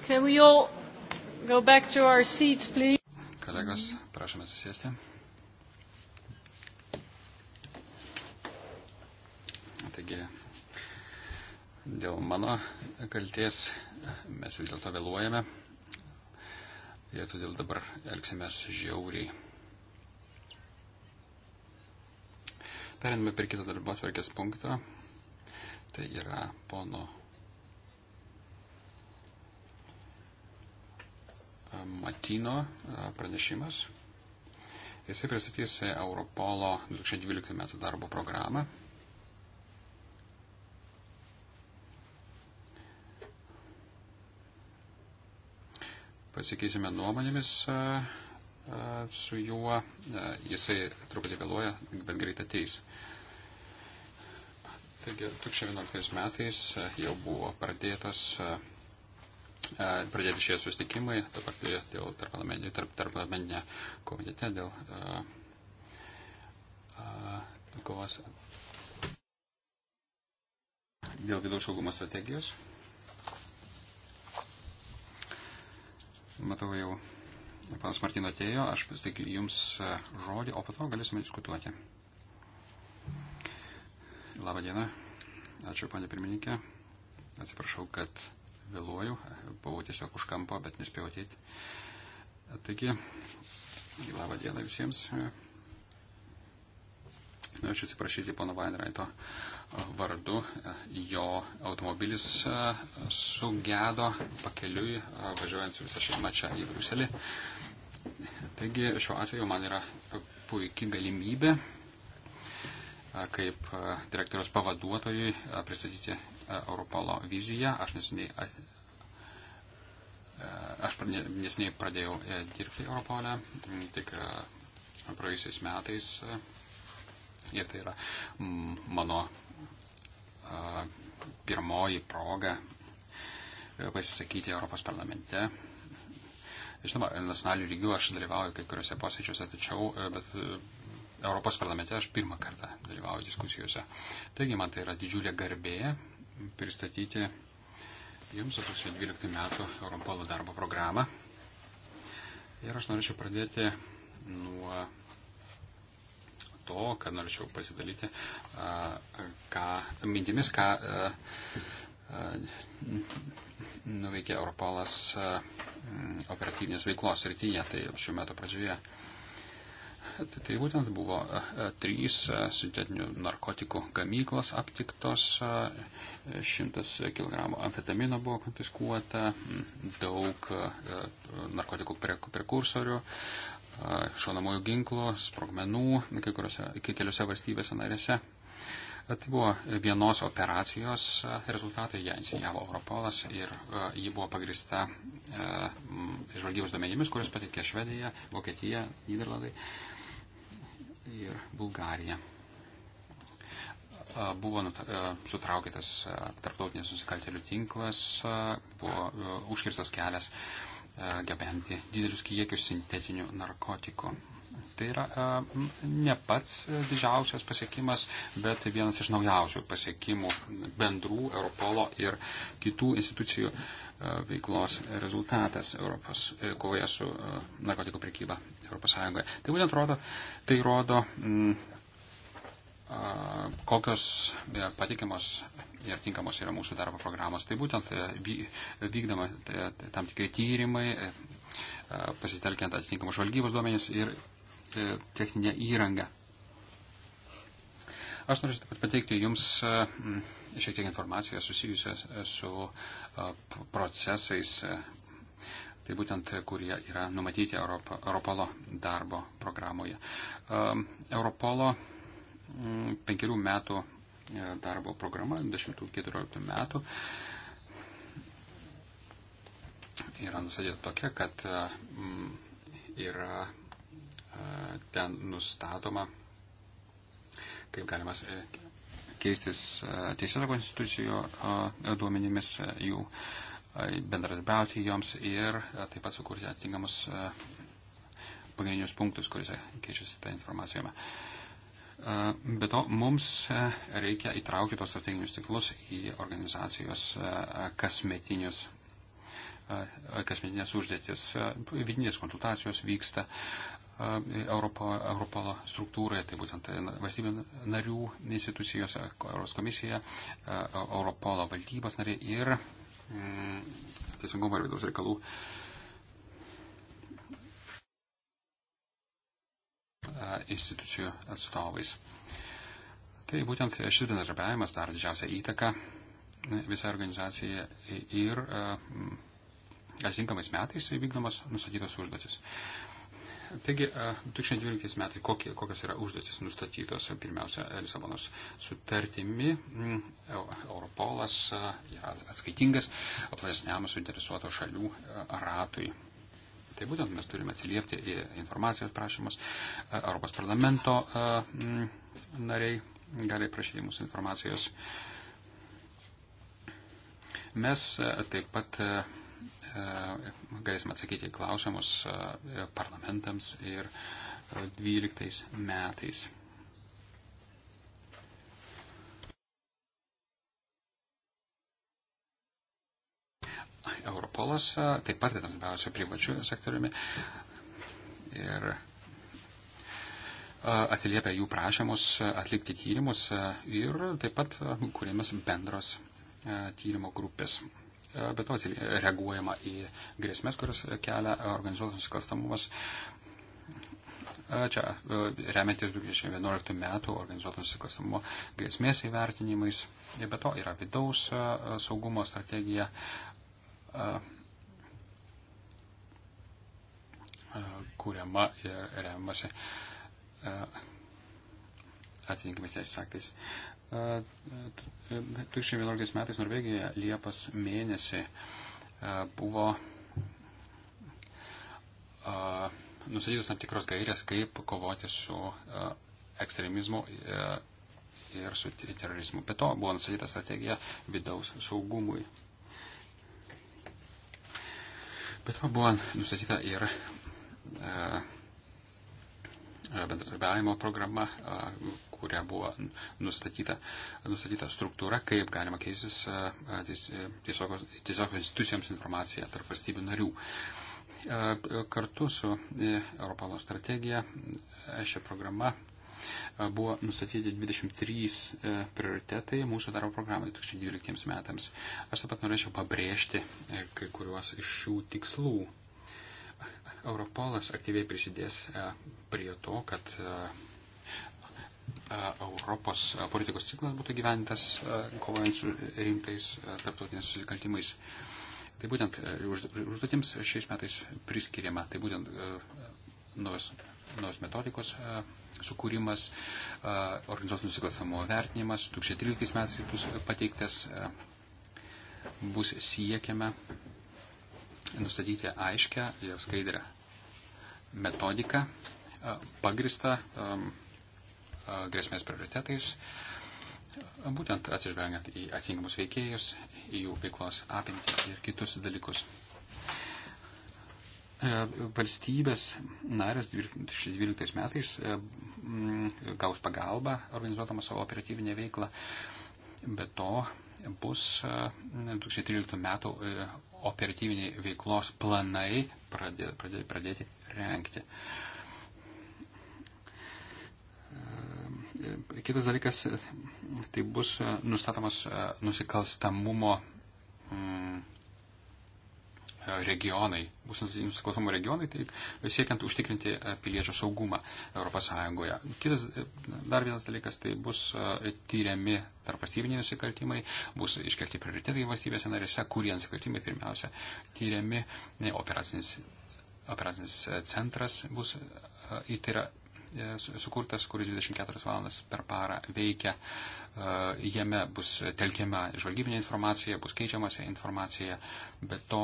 [SPEAKER 2] can we all go back to our seats, please?
[SPEAKER 3] Kolegos, prašome susėsti. Taigi, dėl mano kalties mes vis dėlto vėluojame. Ir todėl dabar elgsimės žiauriai. Perėmėme prie kito darbo atvarkės punkto. Tai yra pono Matino e, pranešimas. Jisai pristatys Europolo 2012 metų darbo programą. Pasikeisime nuomonėmis e, e, su juo. Jisai truputį vėluoja, bet greit ateis. Taigi 2011 metais e, jau buvo pradėtas e, e, pradėti šie susitikimai, dabar tai dėl tarpalamentinio tarp, tarp komitete, dėl a, a, kovos dėl vidaus saugumo strategijos. Matau jau, panas Martino atėjo, aš pasitikiu jums žodį, o po to galėsime diskutuoti. Labą dieną. Ačiū, panė pirmininkė. Atsiprašau, kad vėluoju. Buvau tiesiog už kampo, bet nespėjau ateiti. Taigi, labą dieną visiems. Norėčiau atsiprašyti pono Vainraito vardu. Jo automobilis sugedo pakeliui, važiuojant su visa šeima čia į Bruselį. Taigi šiuo atveju man yra puikia galimybė kaip direktoriaus pavaduotojui pristatyti Europolo viziją. Aš nesiniai, aš nesiniai pradėjau e, dirbti Europolę, tik praėjusiais metais. Ir tai yra mano pirmoji proga e, pasisakyti Europos parlamente. Žinoma, nacionalinių lygių aš dalyvauju kai kuriuose posėdžiuose, tačiau, e, bet Europos parlamente aš pirmą kartą dalyvauju diskusijose. Taigi man tai yra didžiulė garbė pristatyti Jums 2012 metų Europolo darbo programą. Ir aš norėčiau pradėti nuo to, kad norėčiau pasidalyti ką, mintimis, ką nuveikė Europolas operatyvinės veiklos rytyje, tai šiuo metu pradžioje. Tai, tai būtent buvo e, e, trys e, sintetinių narkotikų gamyklos aptiktos, šimtas kilogramų amfetamino buvo konfiskuota, daug narkotikų prekursorių, šaunamojų ginklų, sprogmenų kai kuriuose, keliose valstybėse narėse. Tai buvo vienos operacijos rezultatai, ją inicijavo Europolas ir ji buvo pagrista žvalgybos duomenimis, kurias patikė Švedija, Vokietija, Niderlandai ir Bulgarija. Buvo sutraukytas tarptautinės nusikaltelių tinklas, buvo užkirstas kelias gabenti didelius kiekius sintetinių narkotikų. Tai yra e, ne pats e, didžiausias pasiekimas, bet tai vienas iš naujausių pasiekimų bendrų Europolo ir kitų institucijų e, veiklos rezultatas Europos kovoje su narkotikų prekyba ES. Tai būtent rodo, tai rodo, m, a, kokios patikimos ir tinkamos yra mūsų darbo programos. Tai būtent vykdama tam tikri tyrimai, pasitelkiant atitinkamus žvalgybos duomenys ir E, techninę įrangą. Aš noriu taip pat pateikti Jums e, šiek tiek informaciją susijusią e, su procesais, tai būtent kurie yra numatyti Europo, Europolo darbo programoje. Europolo penkerių metų darbo programa, 10-14 metų, yra nusadėta tokia, kad yra ten nustatoma, kaip galima e, keistis e, teisėto konstitucijų e, duomenimis, jų bendradarbiauti joms ir taip pat sukurti atitinkamus pagrindinius punktus, kuriuose keičiasi ta informacija. Be to, mums reikia įtraukti tos strateginius tiklus į organizacijos kasmetinius kasmetinės uždėtis, vidinės konsultacijos vyksta, Europo, Europolo struktūroje, tai būtent e, valstybių narių institucijose, Europos komisija, Europolo valdybos nariai ir mm, Teisingumo ir vidaus reikalų institucijų atstovais. Tai būtent šis bendradarbiavimas daro didžiausią įtaką e, visą organizaciją ir atitinkamais metais vykdomas nusatytos užduotis. Taigi, 2012 metai, kokie, kokios yra užduotis nustatytos? Pirmiausia, Lisabonos sutartimi Europolas yra atskaitingas platesniam suinteresuoto šalių ratui. Tai būtent mes turime atsiliepti į informacijos prašymus. Europos parlamento nariai gali prašyti mūsų informacijos. Mes taip pat E, galėsime atsakyti klausimus e, parlamentams ir 12 e, metais. Europolas taip pat bendradarbiauja privačiu sektoriumi ir atsiliepia jų prašymus atlikti tyrimus ir taip pat kuriamas bendros tyrimo grupės. E, bet to reaguojama į grėsmės, kurias kelia organizuotas nusikalstamumas. E, čia e, remiantis 2011 metų organizuotas nusikalstamumo grėsmės įvertinimais, bet to yra vidaus saugumo strategija kuriama ir remiamasi atitinkimais teisės aktais. 2011 metais Norvegijoje Liepos mėnesį buvo nusatytos tam tikros gairės, kaip kovoti su ekstremizmu ir su terorizmu. Be to buvo nusatyta strategija vidaus saugumui. Be to buvo nustatyta ir uh, bendradarbiavimo programa, kuria buvo nustatyta, nustatyta struktūra, kaip galima keistis tiesiog, tiesiog institucijoms informacija tarp valstybių narių. Kartu su e, Europolo strategija e, šia programa buvo nustatyti 23 e, prioritetai mūsų darbo programai 2012 metams. Aš taip pat norėčiau pabrėžti kai kuriuos iš šių tikslų Europolas aktyviai prisidės e, prie to, kad e, e, Europos politikos ciklas būtų gyventas kovojant su rimtais tarptautiniais susikaltimais. Tai būtent užduotims šiais metais priskiriama. Tai būtent naujos, naujos metodikos sukūrimas, organizuotų nusikalstamumo vertinimas, 2013 metais bus pateiktas, bus siekiama nustatyti aiškę ir skaidrę metodiką, pagristą grėsmės prioritetais, būtent atsižvelgiant į atitinkamus veikėjus, į jų veiklos apimtį ir kitus dalykus. Valstybės narės 2012 metais gaus pagalbą organizuodamas savo operatyvinę veiklą, bet to bus 2013 e, metų e, operatyviniai veiklos planai pradė, pradė, pradėti renkti. E, kitas dalykas, tai bus nustatomas nusikalstamumo mm, E, regionai, bus nusikalstamų regionai, tai siekiant užtikrinti e, piliečio saugumą ES. Kitas e, dar vienas dalykas, tai bus tyriami tarpvalstybiniai nusikaltimai, bus iškelti prioritetai valstybėse narėse, kurie nusikaltimai pirmiausia tyriami, operacinis, operacinis centras bus, tai yra sukurtas, kuris 24 valandas per parą veikia. Jame bus telkiama žvalgybinė informacija, bus keičiamasi informacija, bet to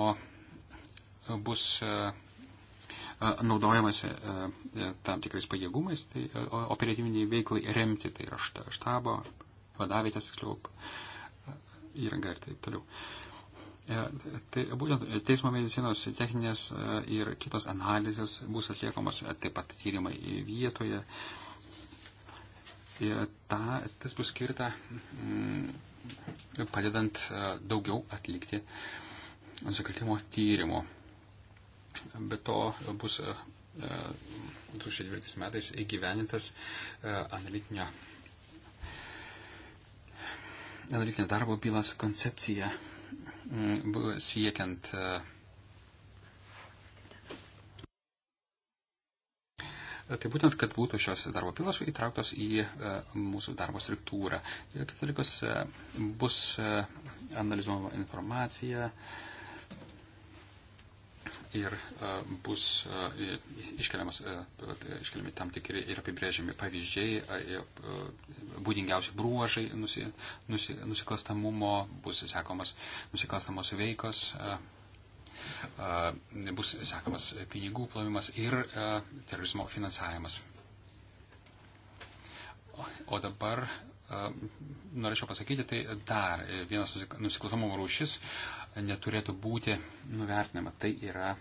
[SPEAKER 3] bus e, e, naudojamasi e, tam tikrais pajėgumais, tai operatyviniai veiklai remti, tai yra štabo, vadavietės, tiksliau, įranga ir taip toliau. Tai būtent teismo medicinos techninės ir kitos analizės bus atliekamos, taip pat tyrimai vietoje. Ta, tas bus skirta mm, padedant daugiau atlikti nusikaltimo tyrimo. Be to bus 2012 e, e, metais įgyvenintas e, analitinio analitinės darbo bylos koncepcija siekiant Tai būtent, kad būtų šios darbo pilos įtrauktos į mūsų darbo struktūrą. Kitas dalykas bus analizuojama informacija, ir e, bus e, iškeliamas, e, iškeliami tam tikri ir apibrėžiami pavyzdžiai, būdingiausi bruožai nusi, nusi, nusikalstamumo, bus sekomas nusikalstamos veikos, bus sekamas pinigų plovimas ir terorizmo finansavimas. O dabar norėčiau pasakyti, tai dar vienas nusikalstamumo rūšis neturėtų būti nuvertinama. Tai yra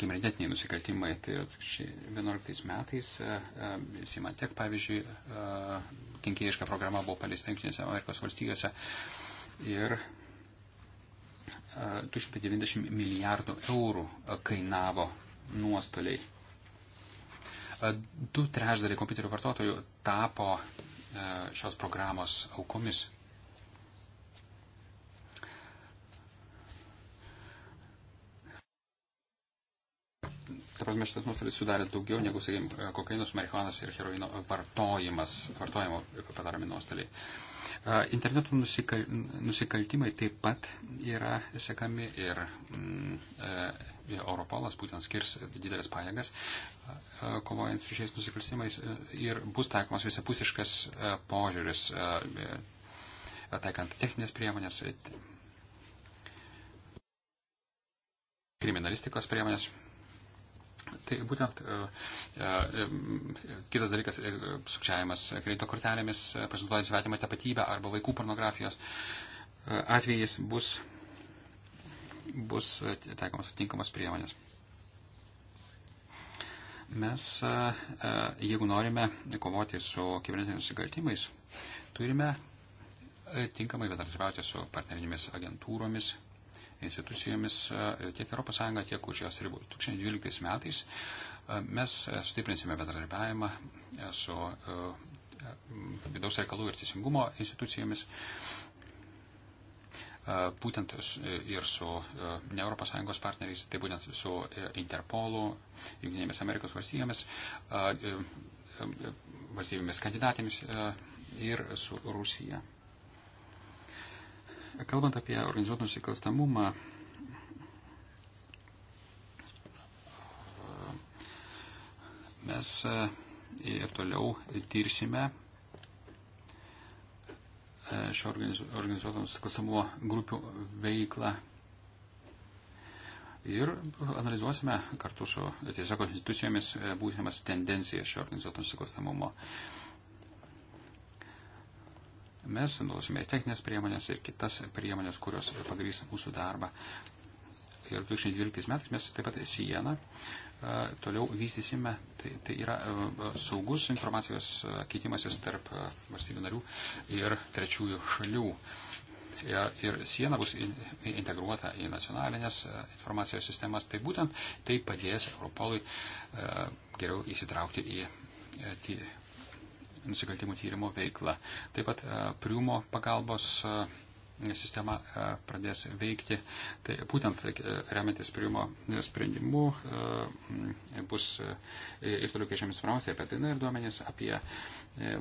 [SPEAKER 3] kibernetiniai nusikaltimai. Tai 2011 metais e, e, Simantek, pavyzdžiui, e, kenkėjiška programa buvo paleista Junktinėse Amerikos valstijose ir 290 milijardų eurų kainavo nuostoliai. Du trešdaliai kompiuterių vartotojų tapo šios programos aukomis. Ta prasme, šitas nuostolis sudarė daugiau negu, sakykime, kokainos, marihuanos ir heroino vartojimas, vartojimo padaromi nuostoliai. Interneto nusikal, nusikaltimai taip pat yra sekami ir mm, e, Europolas būtent skirs didelės pajėgas e, kovojant su šiais nusikaltimais e, ir bus taikomas visapusiškas e, požiūris, e, e taikant techninės priemonės, e, kriminalistikos priemonės. E, Tai būtent e, e, e, kitas dalykas - sukčiavimas kredito kortelėmis, pasinaudojimas svetimą tapatybę arba vaikų pornografijos atvejais bus, bus taikomas atinkamos priemonės. Mes, jeigu norime kovoti su kibernetiniais nusikaltimais, turime tinkamai bendradarbiauti su partnerinėmis agentūromis, institucijomis e, tiek ES, tiek už jos ribų. 2012 metais e, mes stiprinsime bendradarbiavimą e, su vidaus reikalų ir teisingumo institucijomis, būtent ir su ne ES partneriais, tai būtent su Interpolu, Junktinėmis Amerikos valstybėmis, valstybėmis kandidatėmis ir su Rusija. Kalbant apie organizuotą nusikalstamumą, mes e, ir toliau tirsime e, šio organizuoto nusikalstamumo grupių veiklą ir analizuosime kartu su tiesiog institucijomis e, būsimas tendencijas šio organizuoto nusikalstamumo. Uh, Mes naudosime techninės priemonės ir kitas priemonės, kurios pagrys mūsų darbą. Ir 2012 metais mes taip pat sieną e, toliau vystysime. Tai, tai yra e, saugus informacijos e, keitimasis tarp valstybių narių ir trečiųjų šalių. Ir siena bus integruota į nacionalinės informacijos sistemas. Tai būtent tai padės Europolui geriau įsitraukti į nusikaltimų tyrimo veiklą. Taip pat e, priumo pagalbos e, sistema e, pradės veikti. Tai būtent remiantis priimo sprendimu bus ir toliau keičiama informacija apie tai, na ir duomenys apie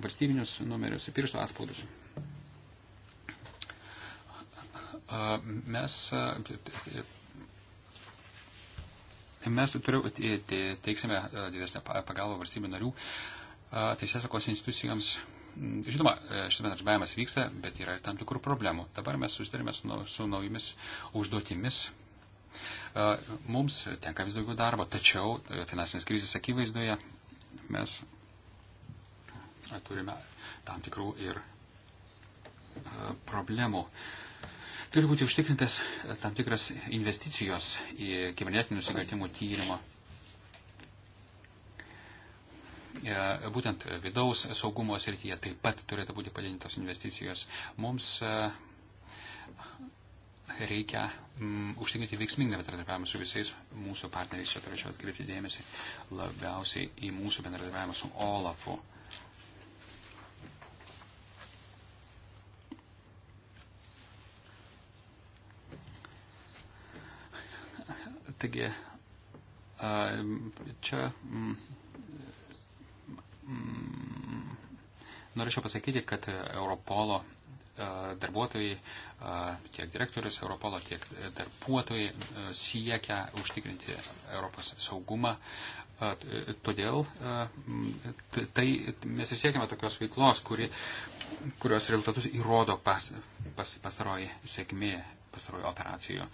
[SPEAKER 3] valstybinius numerius, piršto atspaudus. Mes Mes turiu teiksime didesnę pagalbą valstybių narių uh, teisėsakos institucijams. Žinoma, e, šis bendradarbiavimas vyksta, bet yra ir tam tikrų problemų. Dabar mes susitarėme su, su naujomis užduotimis. Mums tenka vis daugiau darbo, tačiau e, finansinės krizės akivaizdoje mes turime tam tikrų ir problemų. Turi būti užtikrintas e, tam tikras investicijos į kibernetinių nusikaltimų tyrimo E, būtent vidaus saugumo srityje taip pat turėtų būti padidintos investicijos. Mums e, reikia mm, užtikrinti veiksmingą bendradarbiavimą su visais mūsų partneriais. Čia turėčiau atkreipti dėmesį labiausiai į mūsų bendradarbiavimą su Olafu. Taigi, e, čia mm, Mm. norėčiau pasakyti, kad Europolo e, darbuotojai, e, tiek direktorius Europolo, tiek darbuotojai e, siekia užtikrinti Europos saugumą. Todėl tai mes ir siekime tokios veiklos, kuri, kurios rezultatus įrodo pas, pas, pastaroji sėkmė, pastaroji operacijų.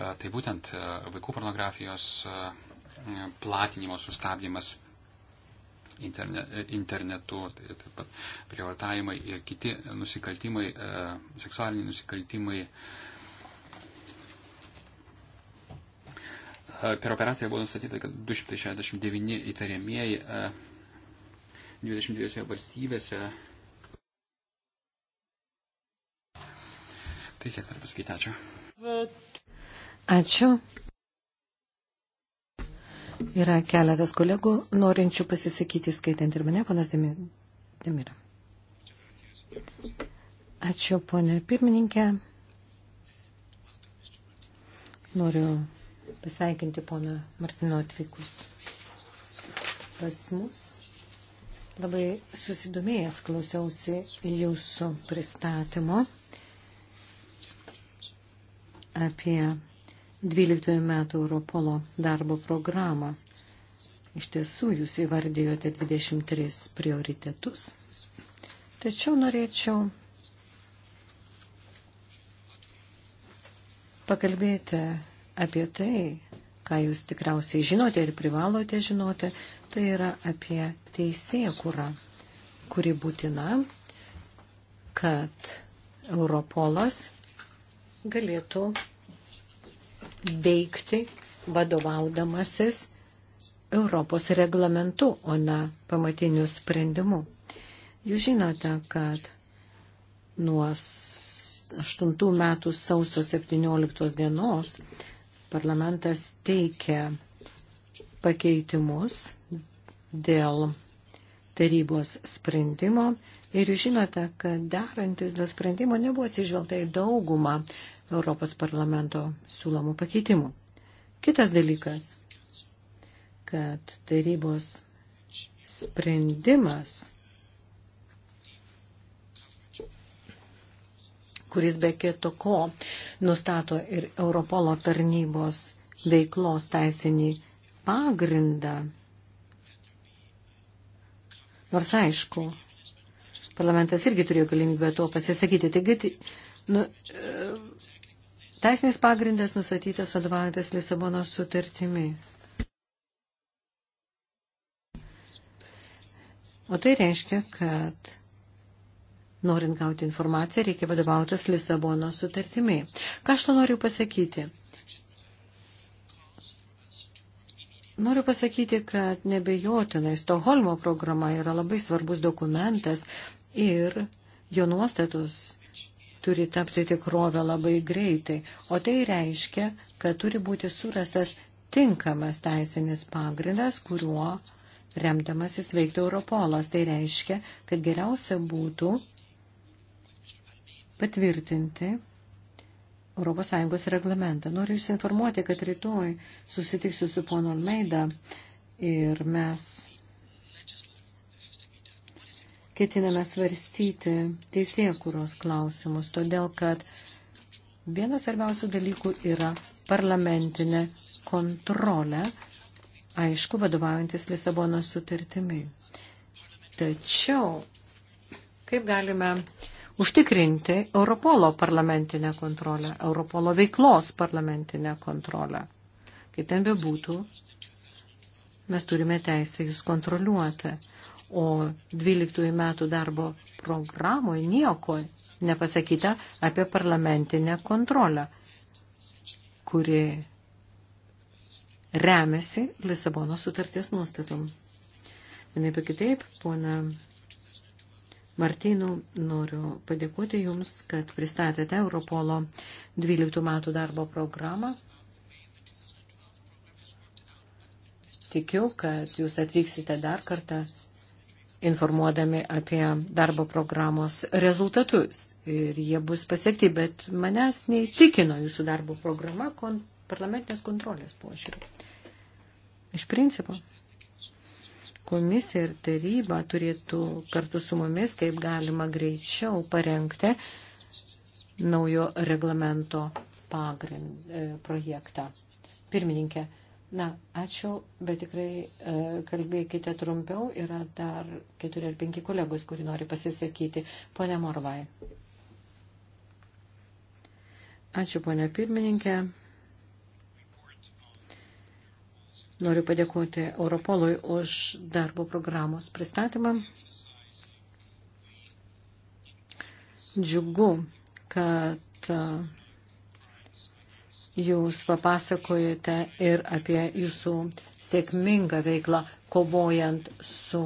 [SPEAKER 3] Tai būtent vaikų pornografijos platinimo sustabdymas interne, internetu, tai taip pat prievartavimai ir kiti nusikaltimai, e, seksualiniai nusikaltimai. E, per operaciją buvo nustatyta, kad 269 įtariamieji 22 e, valstybėse. Tai tiek dar pasakyti, ačiū.
[SPEAKER 1] Ačiū. Yra keletas kolegų norinčių pasisakyti, skaitant ir mane, panas Demira. Ačiū, ponė pirmininkė. Noriu pasveikinti poną Martino atvykus pas mus. Labai susidomėjęs klausiausi jūsų pristatymo apie 12 metų Europolo darbo programą. Iš tiesų, jūs įvardėjote 23 prioritetus. Tačiau norėčiau pakalbėti apie tai, ką jūs tikriausiai žinote ir privalote žinoti, tai yra apie teisėkurą, kuri būtina, kad Europolas galėtų veikti vadovaudamasis Europos reglamentu, o ne pamatiniu sprendimu. Jūs žinote, kad nuo 8 metų sausio 17 dienos parlamentas teikia pakeitimus dėl tarybos sprendimo ir jūs žinote, kad darantis dėl sprendimo nebuvo atsižvelgta į daugumą Europos parlamento siūlomų pakeitimų. Kitas dalykas, kad tarybos sprendimas, kuris be kito ko nustato ir Europolo tarnybos veiklos teisinį pagrindą, nors aišku, parlamentas irgi turėjo galimybę tuo pasisakyti. Taigi, nu, Teisinis pagrindas nusatytas vadovaujantis Lisabonos sutartimi. O tai reiškia, kad norint gauti informaciją, reikia vadovautas Lisabono sutartimi. Ką aš to noriu pasakyti? Noriu pasakyti, kad nebejotinai Stoholmo programa yra labai svarbus dokumentas ir jo nuostatus turi tapti tikrovę labai greitai, o tai reiškia, kad turi būti surastas tinkamas teisinis pagrindas, kuriuo remdamasis veikti Europolas. Tai reiškia, kad geriausia būtų patvirtinti ES reglamentą. Noriu Jūs informuoti, kad rytoj susitiksiu su ponu Almeida ir mes ketiname svarstyti teisėkūros klausimus, todėl kad vienas svarbiausių dalykų yra parlamentinė kontrolė, aišku, vadovaujantis Lisabonos sutartimi. Tačiau, kaip galime užtikrinti Europolo parlamentinę kontrolę, Europolo veiklos parlamentinę kontrolę? Kaip ten bebūtų, mes turime teisę jūs kontroliuoti. O 12 metų darbo programoje nieko nepasakyta apie parlamentinę kontrolę, kuri remiasi Lisabono sutarties nuostatom. Vienaip ir kitaip, pona Martynų, noriu padėkoti Jums, kad pristatėte Europolo 12 metų darbo programą. Tikiu, kad Jūs atvyksite dar kartą informuodami apie darbo programos rezultatus. Ir jie bus pasiekti, bet manęs neįtikino jūsų darbo programa kon, parlamentinės kontrolės požiūriu. Iš principo, komisija ir taryba turėtų kartu su mumis, kaip galima greičiau, parengti naujo reglamento pagrind, e, projektą. Pirmininkė, Na, ačiū, bet tikrai e, kalbėkite trumpiau. Yra dar keturi ar penki kolegos, kuri nori pasisakyti. Pone Morvai. Ačiū, ponė pirmininkė. Noriu padėkoti Europolui už darbo programos pristatymą. Džiugu, kad jūs papasakojate ir apie jūsų sėkmingą veiklą kovojant su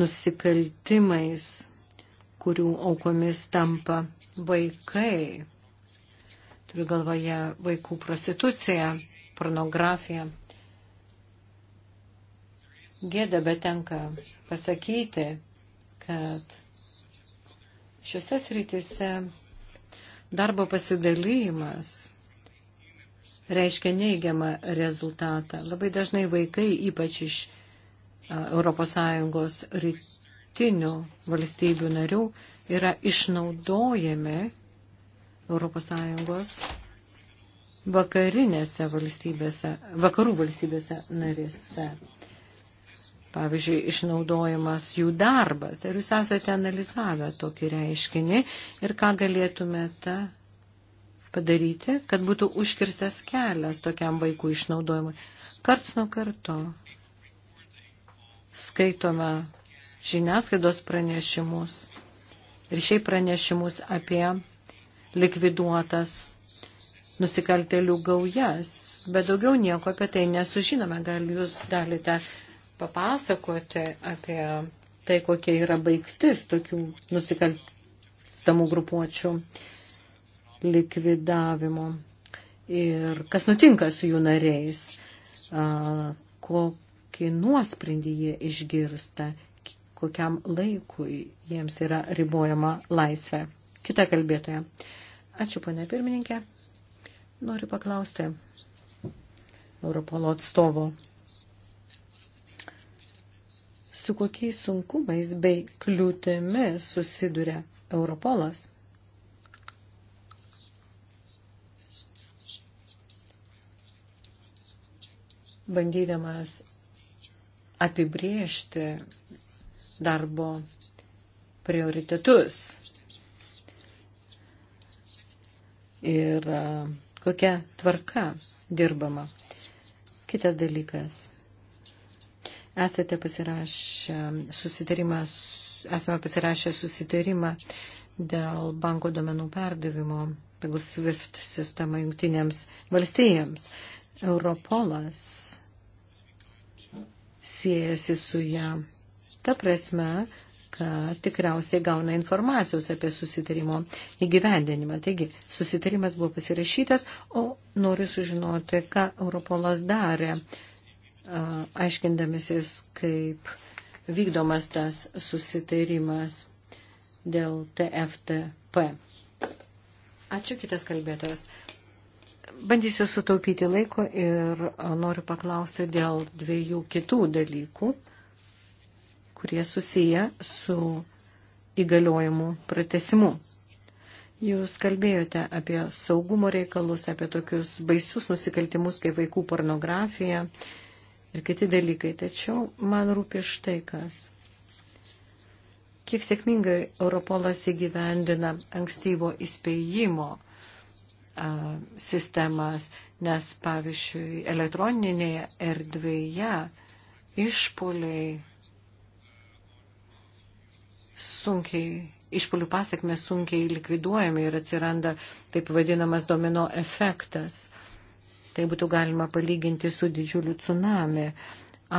[SPEAKER 1] nusikaltimais, kurių aukomis tampa vaikai. Turiu galvoje vaikų prostituciją, pornografiją. Gėda betenka pasakyti, kad šiuose srityse darbo pasidalymas reiškia neigiamą rezultatą. Labai dažnai vaikai, ypač iš ES rytinių valstybių narių, yra išnaudojami ES vakarinėse valstybėse, vakarų valstybėse narėse pavyzdžiui, išnaudojamas jų darbas. Ar jūs esate analizavę tokį reiškinį ir ką galėtumėte padaryti, kad būtų užkirstas kelias tokiam vaikų išnaudojimui? Karts nuo karto skaitome žiniasklaidos pranešimus ir šiai pranešimus apie likviduotas nusikaltelių gaujas, bet daugiau nieko apie tai nesužinome. Gal jūs galite papasakoti apie tai, kokia yra baigtis tokių nusikalstamų grupuočių likvidavimo ir kas nutinka su jų nariais, kokį nuosprendį jie išgirsta, kokiam laikui jiems yra ribojama laisvė. Kita kalbėtoja. Ačiū, ponė pirmininkė. Noriu paklausti Europolo atstovo su kokiais sunkumais bei kliūtėmis susiduria Europolas. Bandydamas apibriežti darbo prioritetus ir e, kokia tvarka dirbama. Kitas dalykas esate pasirašę susitarimą, esame pasirašę susitarimą dėl banko domenų perdavimo pagal SWIFT sistemą jungtinėms valstijams. Europolas siejasi su ją. Ta prasme, kad tikriausiai gauna informacijos apie susitarimo įgyvendinimą. Taigi, susitarimas buvo pasirašytas, o noriu sužinoti, ką Europolas darė aiškindamasis, kaip vykdomas tas susitarimas dėl TFTP. Ačiū kitas kalbėtojas. Bandysiu sutaupyti laiko ir noriu paklausti dėl dviejų kitų dalykų, kurie susiję su įgaliojimų pratesimu. Jūs kalbėjote apie saugumo reikalus, apie tokius baisius nusikaltimus kaip vaikų pornografija, uh, ir kiti dalykai. Tačiau man rūpi štai kas. Kiek sėkmingai Europolas įgyvendina ankstyvo įspėjimo a, sistemas, nes, pavyzdžiui, elektroninėje erdvėje išpoliai sunkiai, išpolių pasiekmes sunkiai likviduojami ir atsiranda taip vadinamas domino efektas. Tai būtų galima palyginti su didžiuliu tsunami.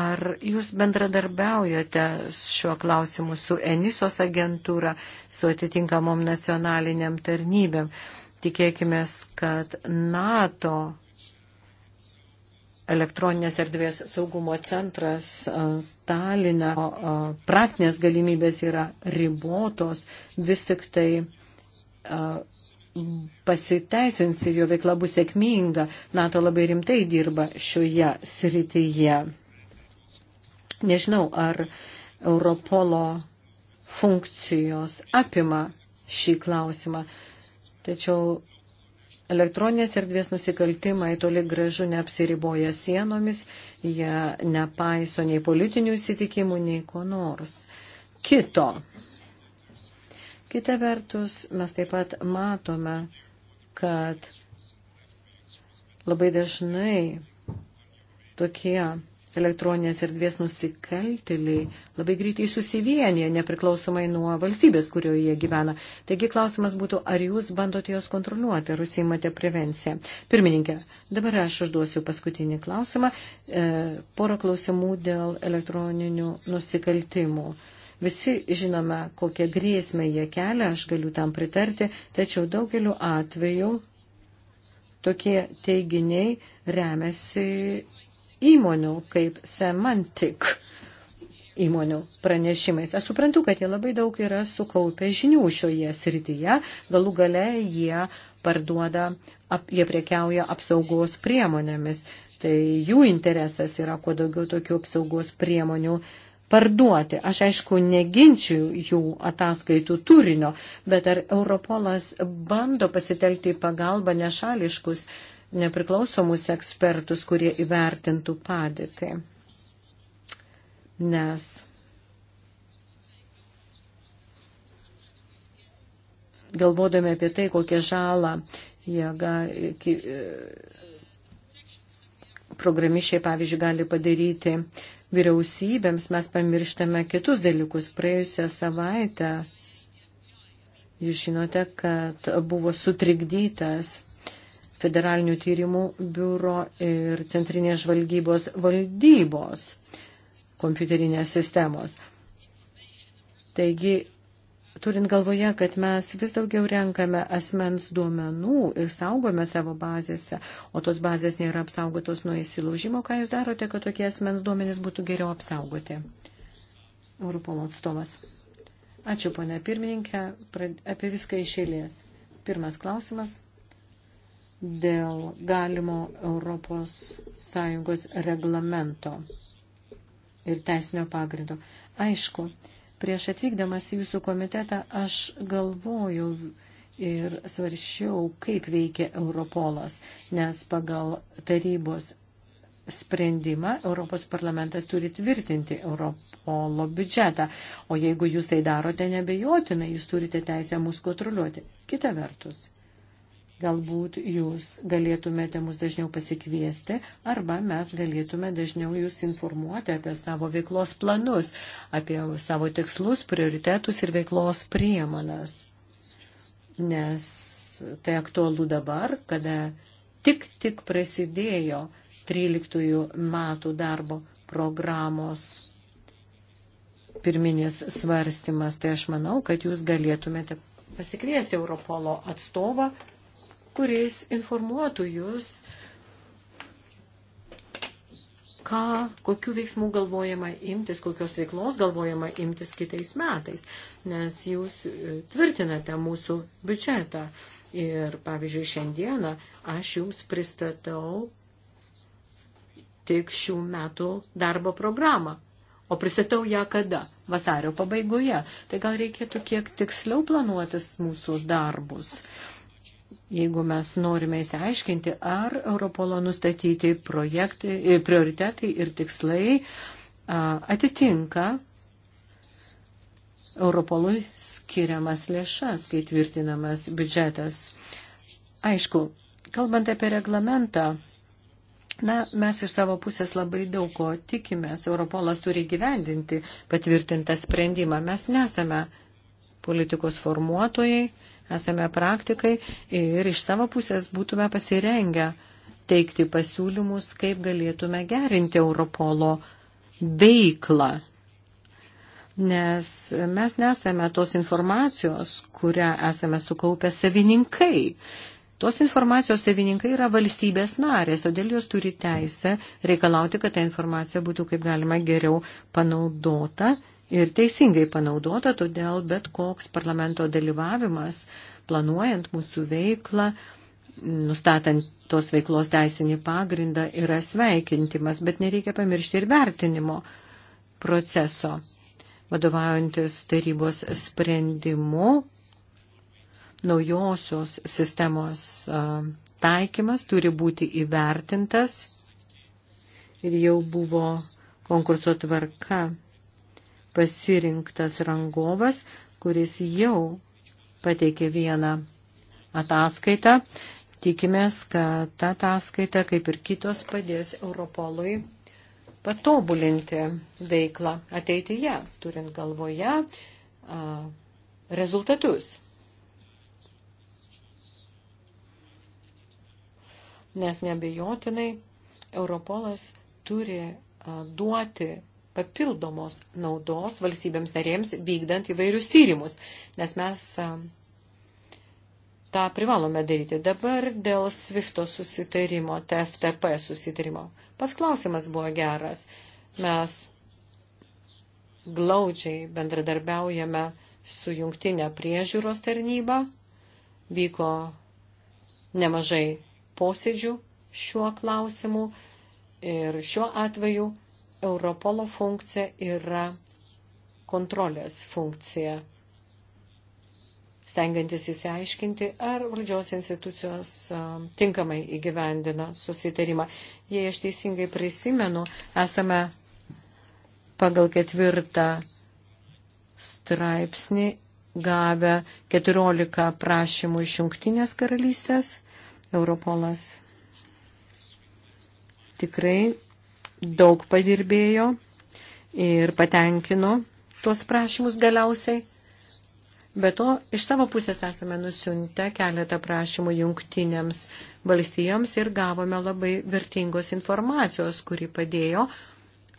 [SPEAKER 1] Ar jūs bendradarbiaujate šiuo klausimu su Enisos agentūra, su atitinkamom nacionaliniam tarnybėm? Tikėkime, kad NATO elektroninės erdvės saugumo centras Talina praktinės galimybės yra ribotos, vis tik tai pasiteisins ir jo veikla bus sėkminga. NATO labai rimtai dirba šioje srityje. Nežinau, ar Europolo funkcijos apima šį klausimą, tačiau Elektroninės erdvės nusikaltimai toli gražu neapsiriboja sienomis, jie nepaiso nei politinių įsitikimų, nei ko nors. Kito Kita vertus, mes taip pat matome, kad labai dažnai tokie elektroninės erdvės nusikaltėliai labai greitai susivienyje, nepriklausomai nuo valstybės, kurioje jie gyvena. Taigi klausimas būtų, ar jūs bandote jos kontroliuoti, ar užsiimate prevenciją. Pirmininkė, dabar aš užduosiu paskutinį klausimą. E, porą klausimų dėl elektroninių nusikaltimų. E, Visi žinome, kokią grėsmę jie kelia, aš galiu tam pritarti, tačiau daugeliu atveju tokie teiginiai remiasi įmonių kaip semantik įmonių pranešimais. Aš suprantu, kad jie labai daug yra sukaupę žinių šioje srityje, galų gale jie parduoda, ap, jie prekiauja apsaugos priemonėmis. Tai jų interesas yra kuo daugiau tokių apsaugos priemonių uh, parduoti. Aš aišku neginčiu jų ataskaitų turinio, bet ar Europolas bando pasitelkti pagalbą nešališkus, nepriklausomus ekspertus, kurie įvertintų padėtį. Nes galvodami apie tai, kokią žalą jie gali, programišiai, pavyzdžiui, gali padaryti vyriausybėms mes pamirštame kitus dalykus. Praėjusią savaitę jūs žinote, kad buvo sutrikdytas federalinių tyrimų biuro ir centrinės žvalgybos valdybos kompiuterinės sistemos. Taigi turint galvoje, kad mes vis daugiau renkame asmens duomenų ir saugome savo bazėse, o tos bazės nėra apsaugotos nuo įsilaužimo, ką jūs darote, kad tokie asmens duomenys būtų geriau apsaugoti? Europolo atstovas. Ačiū, ponia pirmininkė, apie viską iš eilės. Pirmas klausimas dėl galimo Europos Sąjungos reglamento ir teisinio pagrindo. Aišku, Prieš atvykdamas į jūsų komitetą aš galvojau ir svaršiau, kaip veikia Europolas, nes pagal tarybos sprendimą Europos parlamentas turi tvirtinti Europolo biudžetą, o jeigu jūs tai darote nebejotinai, jūs turite teisę mus kontroliuoti. Kita vertus, Galbūt jūs galėtumėte mus dažniau pasikviesti arba mes galėtume dažniau jūs informuoti apie savo veiklos planus, apie savo tikslus, prioritetus ir veiklos priemonas. Nes tai aktualu dabar, kada tik tik prasidėjo 13 metų darbo programos pirminis svarstymas, tai aš manau, kad jūs galėtumėte pasikviesti Europolo atstovą kuris informuotų jūs, ką, kokiu veiksmu galvojama imtis, kokios veiklos galvojama imtis kitais metais, nes jūs e, tvirtinate mūsų biudžetą. Ir, pavyzdžiui, šiandieną aš jums pristatau tik šių metų darbo programą. O pristatau ją kada? Vasario pabaigoje. Tai gal reikėtų kiek tiksliau planuotis mūsų darbus. Uh, jeigu mes norime įsiaiškinti, ar Europolo nustatyti projektai, e, prioritetai ir tikslai atitinka Europolui skiriamas lėšas, kai tvirtinamas biudžetas. Aišku, kalbant apie reglamentą, na, mes iš savo pusės labai daug ko tikimės. Europolas turi gyvendinti patvirtintą sprendimą. Mes nesame politikos formuotojai, esame praktikai ir iš savo pusės būtume pasirengę teikti pasiūlymus, kaip galėtume gerinti Europolo veiklą. Nes mes nesame tos informacijos, kurią esame sukaupę savininkai. Tos informacijos savininkai yra valstybės narės, todėl jos turi teisę reikalauti, kad ta informacija būtų kaip galima geriau panaudota ir teisingai panaudota, todėl bet koks parlamento dalyvavimas, planuojant mūsų veiklą, nustatant tos veiklos teisinį pagrindą, yra sveikintimas, bet nereikia pamiršti ir vertinimo proceso. Vadovaujantis tarybos sprendimu, naujosios sistemos taikymas turi būti įvertintas ir jau buvo konkurso tvarka pasirinktas rangovas, kuris jau pateikė vieną ataskaitą. Tikimės, kad ta ataskaita, kaip ir kitos, padės Europolui patobulinti veiklą ateityje, turint galvoje a, rezultatus. Nes nebejotinai Europolas turi a, duoti papildomos naudos valstybėms narėms vykdant įvairius tyrimus, nes mes tą privalome daryti. Dabar dėl Svifto susitarimo, TFTP susitarimo. Pasklausimas buvo geras. Mes glaudžiai bendradarbiaujame su jungtinė priežiūros tarnyba. Vyko nemažai posėdžių šiuo klausimu ir šiuo atveju Europolo funkcija yra kontrolės funkcija, stengiantis įsiaiškinti, ar valdžios institucijos tinkamai įgyvendina susitarimą. Jei aš teisingai prisimenu, esame pagal ketvirtą straipsnį gavę 14 prašymų iš Junktinės karalystės. Europolas tikrai daug padirbėjo ir patenkino tuos prašymus galiausiai. Be to, iš savo pusės esame nusiuntę keletą prašymų jungtinėms valstijoms ir gavome labai vertingos informacijos, kuri padėjo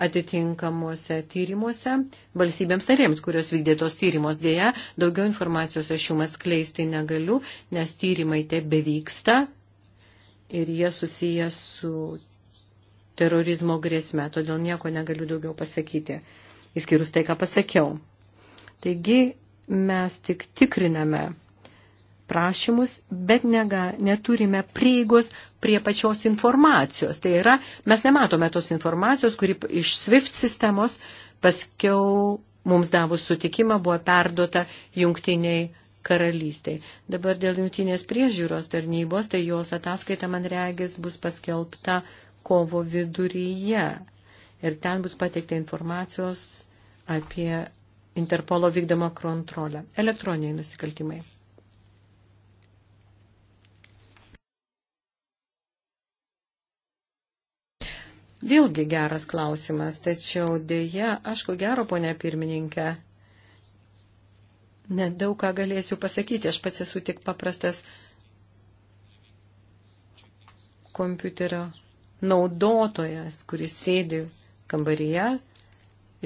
[SPEAKER 1] atitinkamuose tyrimuose valstybėms tarėms, kurios vykdėtos tyrimos dėja. Daugiau informacijos aš jums kleisti negaliu, nes tyrimai tebevyksta ir jie susiję su terorizmo grėsme, todėl nieko negaliu daugiau pasakyti, įskyrus tai, ką pasakiau. Taigi mes tik tikriname prašymus, bet nega, neturime prieigos prie pačios informacijos. Tai yra, mes nematome tos informacijos, kuri iš SWIFT sistemos paskiau mums davus sutikimą buvo perdota jungtiniai karalystiai. Dabar dėl jungtinės priežiūros tarnybos, tai jos ataskaita, man regis, bus paskelbta kovo viduryje. Ir ten bus pateikta informacijos apie Interpolo vykdomą kontrolę. Elektroniniai nusikaltimai. Vėlgi geras klausimas, tačiau dėja, aš ko gero, ponia pirmininkė, nedaug ką galėsiu pasakyti, aš pats esu tik paprastas kompiuterio naudotojas, kuris sėdi kambaryje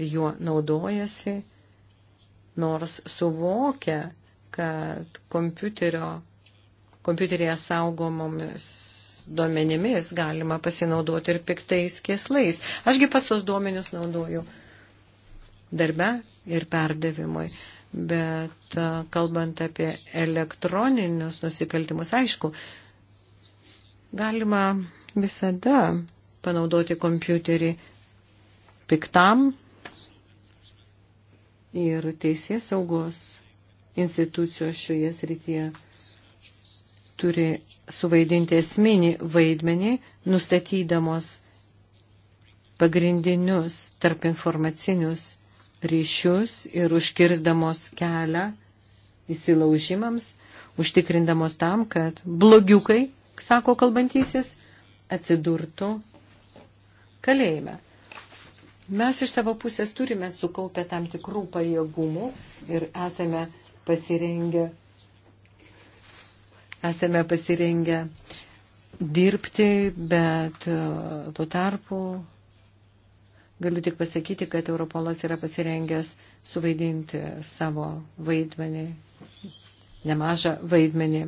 [SPEAKER 1] ir juo naudojasi, nors suvokia, kad kompiuterio, kompiuterėje saugomomis duomenimis galima pasinaudoti ir piktais kieslais. Ašgi pats tos duomenis naudoju darbe ir perdavimui. Bet kalbant apie elektroninius nusikaltimus, aišku, Galima visada panaudoti kompiuterį piktam ir teisės saugos institucijos šioje srityje turi suvaidinti esminį vaidmenį, nustatydamos pagrindinius tarp informacinius ryšius ir užkirzdamos kelią įsilaužimams, užtikrindamos tam, kad blogiukai sako kalbantysis, atsidurtų kalėjime. Mes iš savo pusės turime sukaupę tam tikrų pajėgumų ir esame pasirengę, esame pasirengę dirbti, bet e, tuo tarpu galiu tik pasakyti, kad Europolas yra pasirengęs suvaidinti savo vaidmenį, nemažą vaidmenį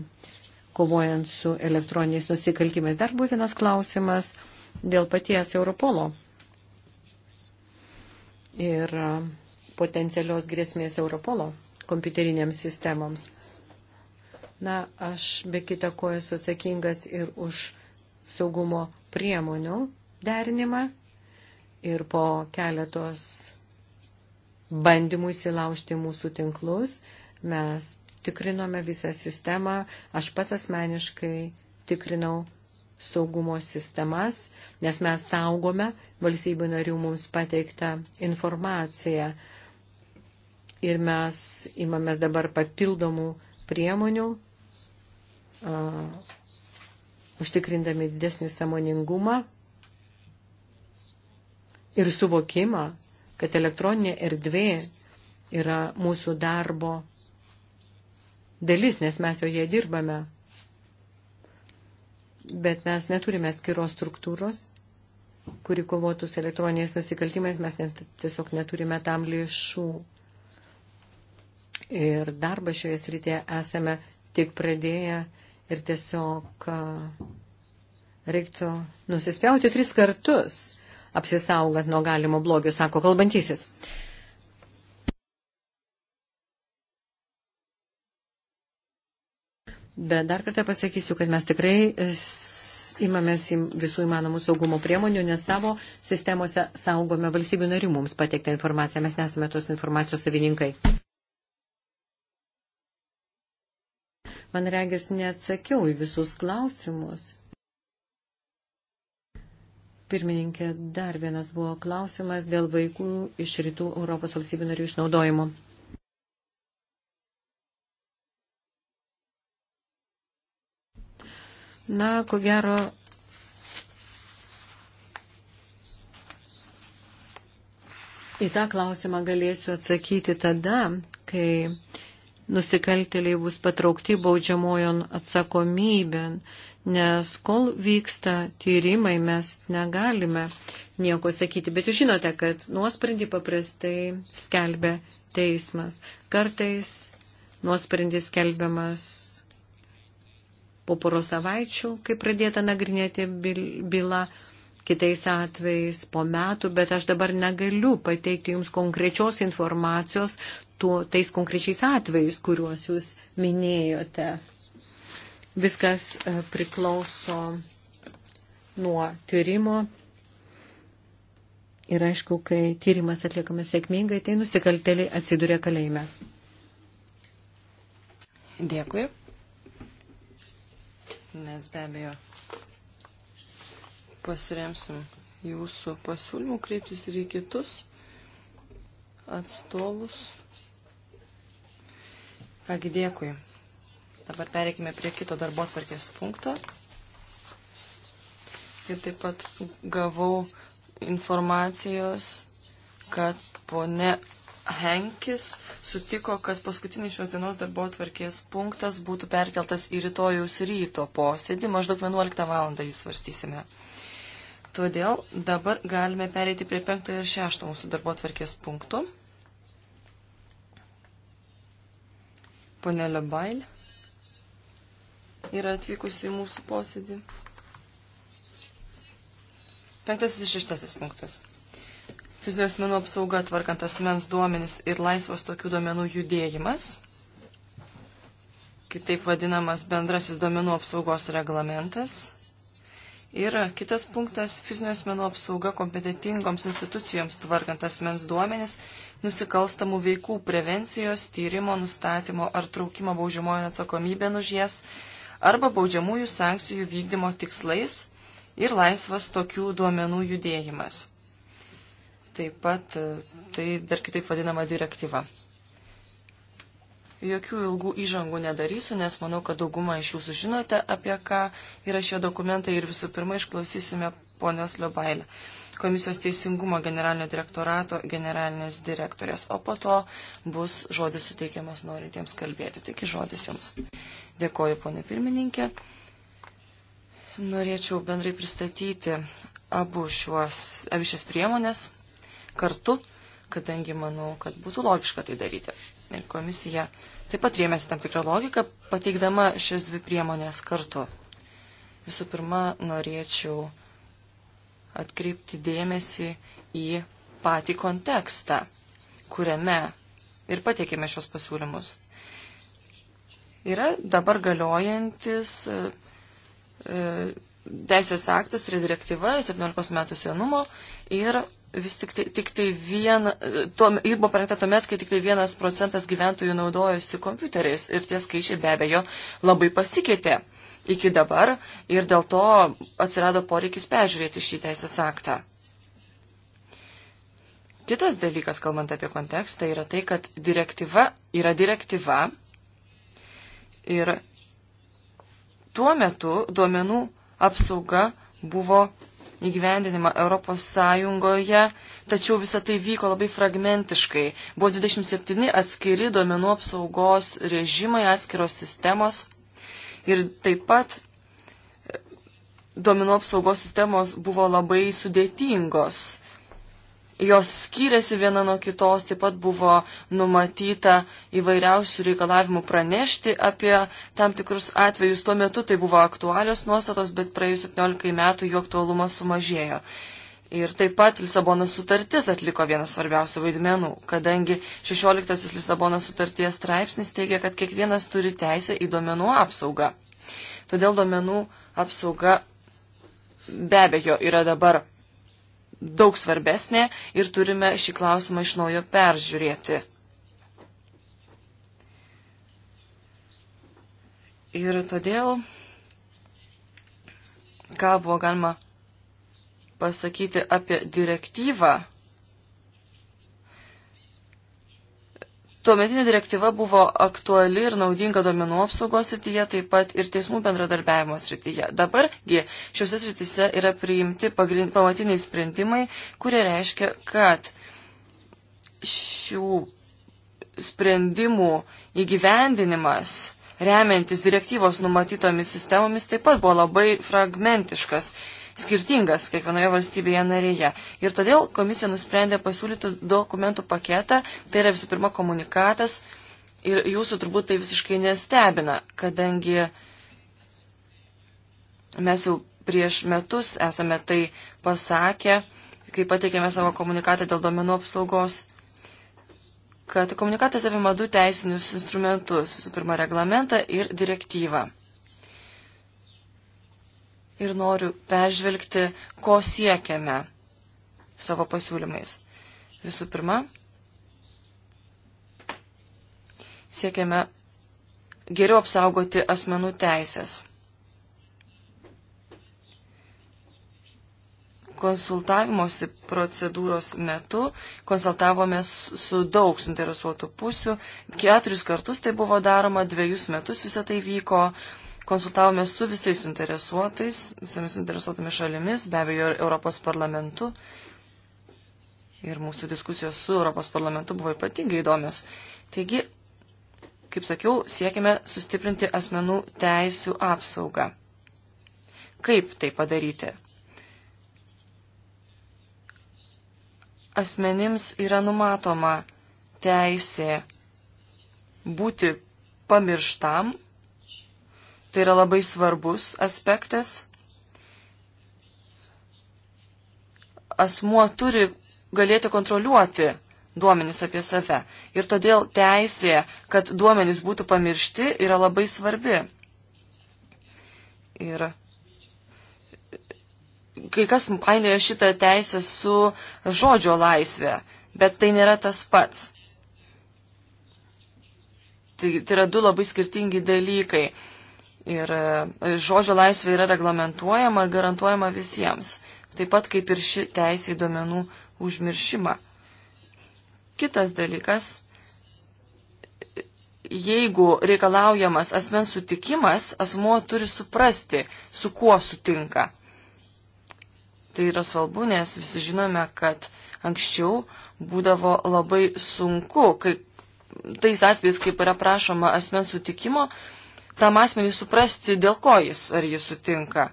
[SPEAKER 1] kovojant su elektroniniais nusikaltimais. Dar buvo vienas klausimas dėl paties Europolo ir potencialios grėsmės Europolo kompiuteriniams sistemoms. Na, aš be kita ko esu atsakingas ir už saugumo priemonių derinimą ir po keletos bandymų įsilaužti mūsų tinklus mes tikrinome visą sistemą, aš pats asmeniškai tikrinau saugumo sistemas, nes mes saugome valstybių narių mums pateiktą informaciją. Ir mes imamės dabar papildomų priemonių, uh, užtikrindami didesnį samoningumą ir suvokimą, kad elektroninė erdvė yra mūsų darbo dalis, nes mes joje dirbame. Bet mes neturime atskiros struktūros, kuri kovotų su elektroniniais nusikaltimais, mes net, tiesiog neturime tam lėšų. Ir darbą šioje srityje esame tik pradėję ir tiesiog reiktų nusispjauti tris kartus, apsisaugant nuo galimo blogio, sako kalbantysis. Bet dar kartą pasakysiu, kad mes tikrai imamės visų įmanomų saugumo priemonių, nes savo sistemose saugome valstybių narių mums pateiktą informaciją. Mes nesame tos informacijos savininkai. Man regis neatsakiau į visus klausimus. Pirmininkė, dar vienas buvo klausimas dėl vaikų iš rytų Europos valstybių narių išnaudojimo. Na, ko gero. Į tą klausimą galėsiu atsakyti tada, kai nusikaltėliai bus patraukti baudžiamojon atsakomybėn, nes kol vyksta tyrimai, mes negalime nieko sakyti. Bet jūs žinote, kad nuosprendį paprastai skelbia teismas. Kartais nuosprendis skelbiamas po poros savaičių, kai pradėta nagrinėti bylą, kitais atvejais po metų, bet aš dabar negaliu pateikti Jums konkrečios informacijos tuo, tais konkrečiais atvejais, kuriuos Jūs minėjote. Viskas e, priklauso nuo tyrimo. Ir aišku, kai tyrimas atliekamas sėkmingai, tai nusikalteliai atsiduria kalėjime.
[SPEAKER 2] Dėkui mes be abejo pasiremsim jūsų pasiūlymų kreiptis ir į kitus atstovus. Kągi dėkui. Dabar pereikime prie kito darbo atvarkės punkto. Ir taip pat gavau informacijos, kad pone Henkis sutiko, kad paskutinis šios dienos darbo atvarkės punktas būtų perkeltas į rytojaus ryto posėdį, maždaug 11 val. jį svarstysime. Todėl dabar galime pereiti prie 5 ir 6 mūsų darbo atvarkės punktų. Pone Lebail yra atvykusi į mūsų posėdį. Penktasis ir šeštasis punktas fizinio asmenų apsauga, tvarkant asmens duomenis ir laisvas tokių duomenų judėjimas, kitaip vadinamas bendrasis duomenų apsaugos reglamentas. Ir kitas punktas - fizinio asmenų apsauga kompetitingoms institucijoms tvarkant asmens duomenis, nusikalstamų veikų prevencijos, tyrimo, nustatymo ar traukimo baudžiamojo atsakomybė už jas, arba baudžiamųjų sankcijų vykdymo tikslais ir laisvas tokių duomenų judėjimas. Taip pat e, tai dar kitaip vadinama direktyva. Jokių ilgų įžangų nedarysiu, nes manau, kad dauguma iš jūsų žinote, apie ką yra šie dokumentai ir visų pirma išklausysime ponios Liobailę, komisijos teisingumo generalinio direktorato generalinės direktorės, o po to bus žodis suteikiamas norintiems kalbėti. Taigi žodis jums. Dėkoju, ponė pirmininkė. Norėčiau bendrai pristatyti abu šios, abi šias priemonės kartu, kadangi manau, kad būtų logiška tai daryti. Ir komisija taip pat rėmėsi tam tikrą logiką, pateikdama šias dvi priemonės kartu. Visų pirma, norėčiau atkreipti dėmesį į patį kontekstą, kuriame ir pateikėme šios pasiūlymus. Yra dabar galiojantis e, e, teisės aktas ir direktyva 17 metų senumo ir vis tik tai, tik tai viena, tuo, ji buvo parengta tuomet, kai tik tai vienas procentas gyventojų naudojosi kompiuteriais ir tie skaičiai be abejo labai pasikeitė iki dabar ir dėl to atsirado poreikis peržiūrėti šį teisės aktą. Kitas dalykas, kalbant apie kontekstą, yra tai, kad direktyva yra direktyva ir tuo metu duomenų apsauga buvo įgyvendinimą Europos Sąjungoje, tačiau visa tai vyko labai fragmentiškai. Buvo 27 atskiri duomenų apsaugos režimai, atskiros sistemos ir taip pat e, duomenų apsaugos sistemos buvo labai sudėtingos jos skyrėsi viena nuo kitos, taip pat buvo numatyta įvairiausių reikalavimų pranešti apie tam tikrus atvejus. Tuo metu tai buvo aktualios nuostatos, bet praėjus 17 metų jų aktualumas sumažėjo. Ir taip pat Lisabono sutartis atliko vieną svarbiausių vaidmenų, kadangi 16 Lisabono sutarties straipsnis teigia, kad kiekvienas turi teisę į duomenų apsaugą. Todėl duomenų apsauga be abejo yra dabar daug svarbesnė ir turime šį klausimą iš naujo peržiūrėti. Ir todėl, ką buvo galima pasakyti apie direktyvą, Tuometinė direktyva buvo aktuali ir naudinga duomenų apsaugos srityje, taip pat ir teismų bendradarbiavimo srityje. Dabargi šiuose srityse yra priimti pagrind, pamatiniai sprendimai, kurie reiškia, kad šių sprendimų įgyvendinimas remiantis direktyvos numatytomis sistemomis taip pat buvo labai fragmentiškas skirtingas kiekvienoje valstybėje narėje. Ir todėl komisija nusprendė pasiūlyti dokumentų paketą, tai yra visų pirma komunikatas ir jūsų turbūt tai visiškai nestebina, kadangi mes jau prieš metus esame tai pasakę, kai pateikėme savo komunikatą dėl domenų apsaugos, kad komunikatas apima du teisinius instrumentus, visų pirma reglamentą ir direktyvą ir noriu peržvelgti, ko siekiame savo pasiūlymais. Visų pirma, siekiame geriau apsaugoti asmenų teisės. Konsultavimosi procedūros metu konsultavomės su daug suinteresuotų pusių. Keturis kartus tai buvo daroma, dviejus metus visą tai vyko. Uh, Konsultavome su visais interesuotais, visomis interesuotomis šalimis, be abejo, Europos parlamentu. Ir mūsų diskusijos su Europos parlamentu buvo ypatingai įdomios. Taigi, kaip sakiau, siekime sustiprinti asmenų teisių apsaugą. Kaip tai padaryti? Asmenims yra numatoma teisė būti pamirštam Tai yra labai svarbus aspektas. Asmuo turi galėti kontroliuoti duomenis apie save. Ir todėl teisė, kad duomenis būtų pamiršti, yra labai svarbi. Ir kai kas painioja šitą teisę su žodžio laisvė, bet tai nėra tas pats. Tai, tai yra du labai skirtingi dalykai. Ir e, žodžio laisvė yra reglamentuojama ir garantuojama visiems, taip pat kaip ir ši teisė į duomenų užmiršimą. Kitas dalykas, jeigu reikalaujamas asmens sutikimas, asmuo turi suprasti, su kuo sutinka. Tai yra svarbu, nes visi žinome, kad anksčiau būdavo labai sunku, kai tais atvejais, kaip yra prašoma asmens sutikimo, tam asmeniui suprasti, dėl ko jis ar jis sutinka.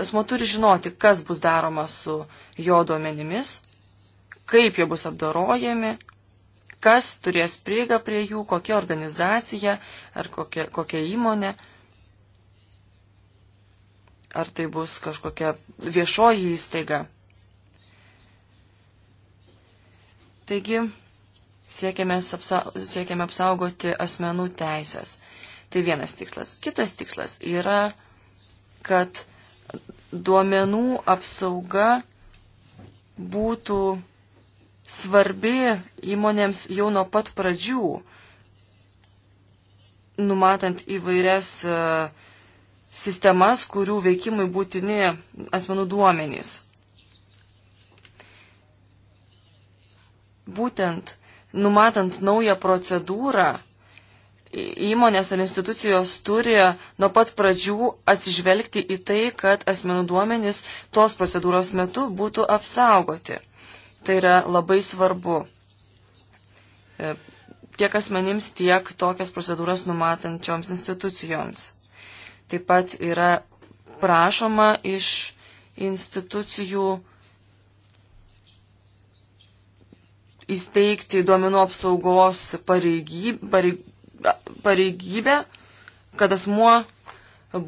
[SPEAKER 2] Asmo turi žinoti, kas bus daroma su jo duomenimis, kaip jie bus apdorojami, kas turės prieigą prie jų, kokia organizacija ar kokia, kokia įmonė. Ar tai bus kažkokia viešoji įstaiga. Taigi, siekiame, apsa, siekiame apsaugoti asmenų teisės. Tai vienas tikslas. Kitas tikslas yra, kad duomenų apsauga būtų svarbi įmonėms jau nuo pat pradžių, numatant įvairias e, sistemas, kurių veikimui būtini asmenų duomenys. Būtent numatant naują procedūrą, įmonės ar institucijos turi nuo pat pradžių atsižvelgti į tai, kad asmenų duomenys tos procedūros metu būtų apsaugoti. Tai yra labai svarbu e, tiek asmenims, tiek tokias procedūras numatančioms institucijoms. Taip pat yra prašoma iš institucijų įsteigti duomenų apsaugos pareigy, pareig, pareigybę, kad asmuo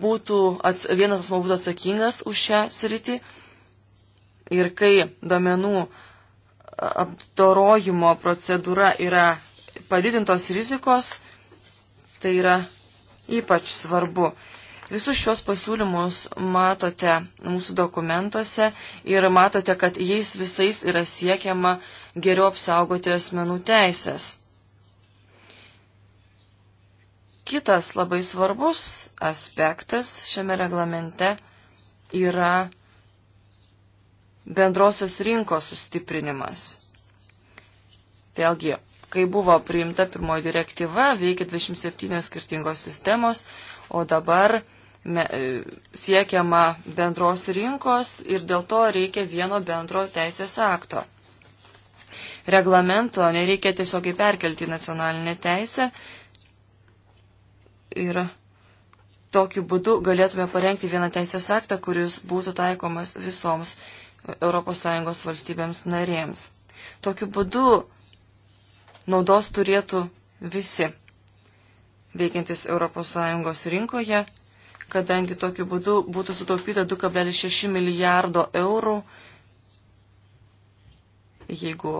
[SPEAKER 2] būtų, ats, vienas asmuo būtų atsakingas už šią sritį ir kai domenų apdorojimo procedūra yra padidintos rizikos, tai yra ypač svarbu. Visus šios pasiūlymus matote mūsų dokumentuose ir matote, kad jais visais yra siekiama geriau apsaugoti asmenų teisės. Kitas labai svarbus aspektas šiame reglamente yra bendrosios rinkos sustiprinimas. Vėlgi, kai buvo priimta pirmoji direktyva, veikia 27 skirtingos sistemos, o dabar me, e, siekiama bendros rinkos ir dėl to reikia vieno bendro teisės akto. Reglamento nereikia tiesiogiai perkelti į nacionalinę teisę, Ir tokiu būdu galėtume parengti vieną teisės aktą, kuris būtų taikomas visoms ES valstybėms narėms. Tokiu būdu naudos turėtų visi veikiantis ES rinkoje, kadangi tokiu būdu būtų sutaupyta 2,6 milijardo eurų, jeigu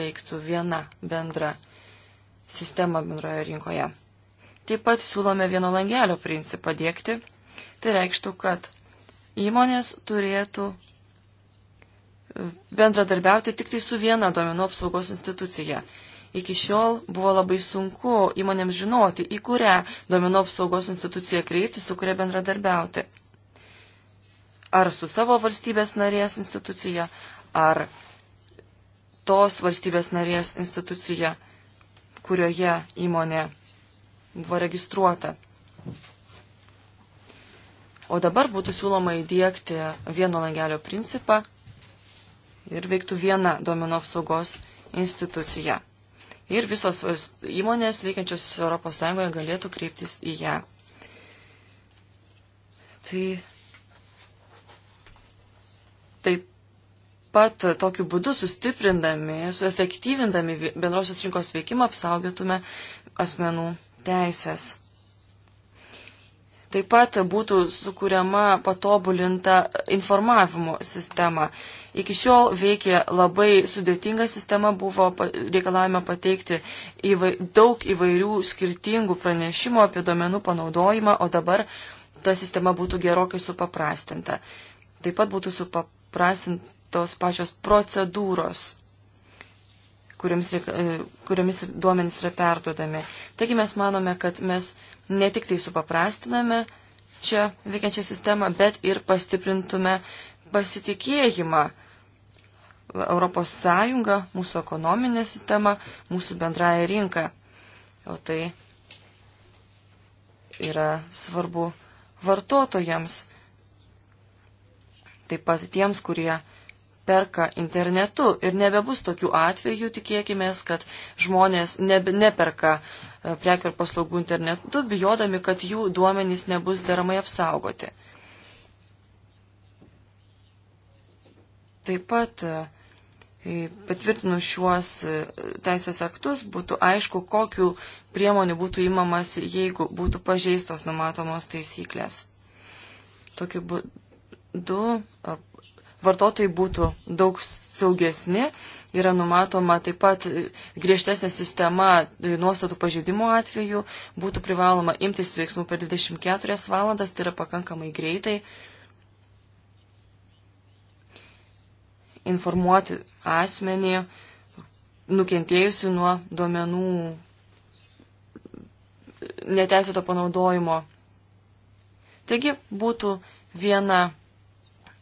[SPEAKER 2] veiktų viena bendra sistema bendroje rinkoje. Taip pat siūlome vieno langelio principą dėkti. Tai reikštų, kad įmonės turėtų e, bendradarbiauti tik tai su viena duomenų apsaugos institucija. Iki šiol buvo labai sunku įmonėms žinoti, į kurią duomenų apsaugos instituciją kreipti, su kuria bendradarbiauti. Ar su savo valstybės narės institucija, ar tos valstybės narės institucija, kurioje įmonė buvo registruota. O dabar būtų siūloma įdėkti vieno langelio principą ir veiktų viena duomenų apsaugos institucija. Ir visos įmonės veikiančios ES galėtų kreiptis į ją. Tai taip pat tokiu būdu sustiprindami, suefektyvindami bendrosios rinkos veikimą apsaugotume asmenų teisės. Taip pat būtų sukūriama patobulinta informavimo sistema. Iki šiol veikė labai sudėtinga sistema, buvo reikalavime pateikti įvai, daug įvairių skirtingų pranešimų apie domenų panaudojimą, o dabar ta sistema būtų gerokai supaprastinta. Taip pat būtų supaprastintos pačios procedūros kuriomis, e, kuriomis duomenys yra perduodami. Taigi mes manome, kad mes ne tik tai supaprastiname čia veikiančią sistemą, bet ir pastiprintume pasitikėjimą Europos Sąjungą, mūsų ekonominę sistemą, mūsų bendrąją rinką. O tai yra svarbu vartotojams, taip pat tiems, kurie perka internetu ir nebebus tokių atvejų, tikėkime, kad žmonės nebe, neperka e, prekių ir paslaugų internetu, bijodami, kad jų duomenys nebus deramai apsaugoti. Taip pat e, patvirtinus šiuos e, teisės aktus būtų aišku, kokiu priemonių būtų įmamas, jeigu būtų pažeistos numatomos taisyklės. Tokiu būdu vartotojai būtų daug saugesni. Yra numatoma taip pat griežtesnė sistema nuostatų pažeidimo atveju, būtų privaloma imtis veiksmų per 24 valandas, tai yra pakankamai greitai. informuoti asmenį nukentėjusi nuo duomenų neteisėto panaudojimo. Taigi būtų viena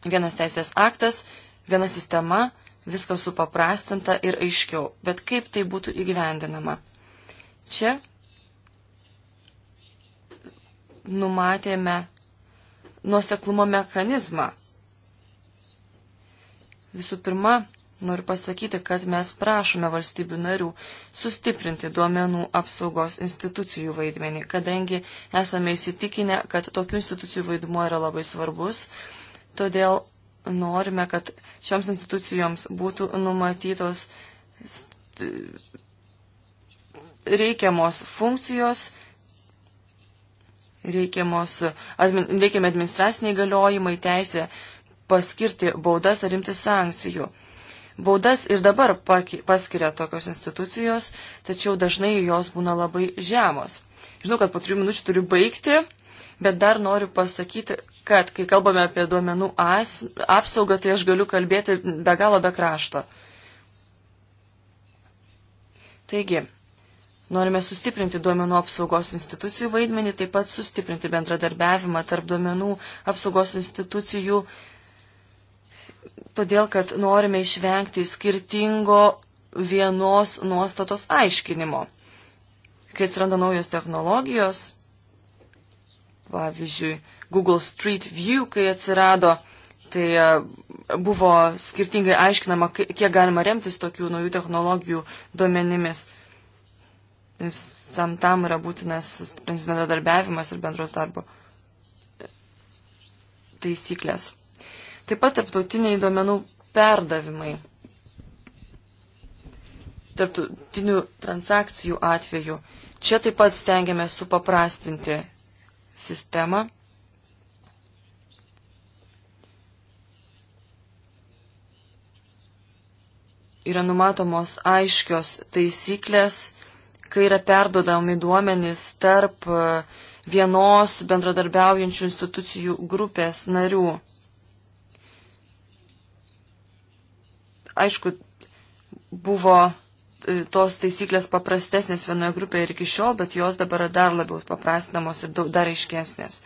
[SPEAKER 2] Vienas teisės aktas, viena sistema, viskas supaprastinta ir aiškiau. Bet kaip tai būtų įgyvendinama? Čia numatėme nuoseklumo mechanizmą. Visų pirma, noriu pasakyti, kad mes prašome valstybių narių sustiprinti duomenų apsaugos institucijų vaidmenį, kadangi esame įsitikinę, kad tokių institucijų vaidmuo yra labai svarbus Todėl norime, kad šioms institucijoms būtų numatytos reikiamos funkcijos, reikiamos, admin, reikiami administraciniai galiojimai, teisė paskirti baudas ar imti sankcijų. Baudas ir dabar paskiria tokios institucijos, tačiau dažnai jos būna labai žemos. Žinau, kad po trijų minučių turiu baigti, bet dar noriu pasakyti kad kai kalbame apie duomenų as, apsaugą, tai aš galiu kalbėti be galo be krašto. Taigi, norime sustiprinti duomenų apsaugos institucijų vaidmenį, taip pat sustiprinti bendradarbiavimą tarp duomenų apsaugos institucijų, todėl kad norime išvengti skirtingo vienos nuostatos aiškinimo. Kai atsiranda naujos technologijos, Pavyzdžiui, Google Street View, kai atsirado, tai e, buvo skirtingai aiškinama, kiek galima remtis tokių naujų technologijų duomenimis. Sam tam yra būtinas bendradarbiavimas ir bendros darbo e, taisyklės. Taip pat tarptautiniai duomenų perdavimai. Tarptautinių transakcijų atveju. Čia taip pat stengiamės supaprastinti sistemą. Yra numatomos aiškios taisyklės, kai yra perdodami duomenys tarp e, vienos bendradarbiaujančių institucijų grupės narių. Aišku, buvo tos taisyklės paprastesnės vienoje grupėje ir iki šiol, bet jos dabar dar labiau paprastinamos ir daug, dar aiškesnės.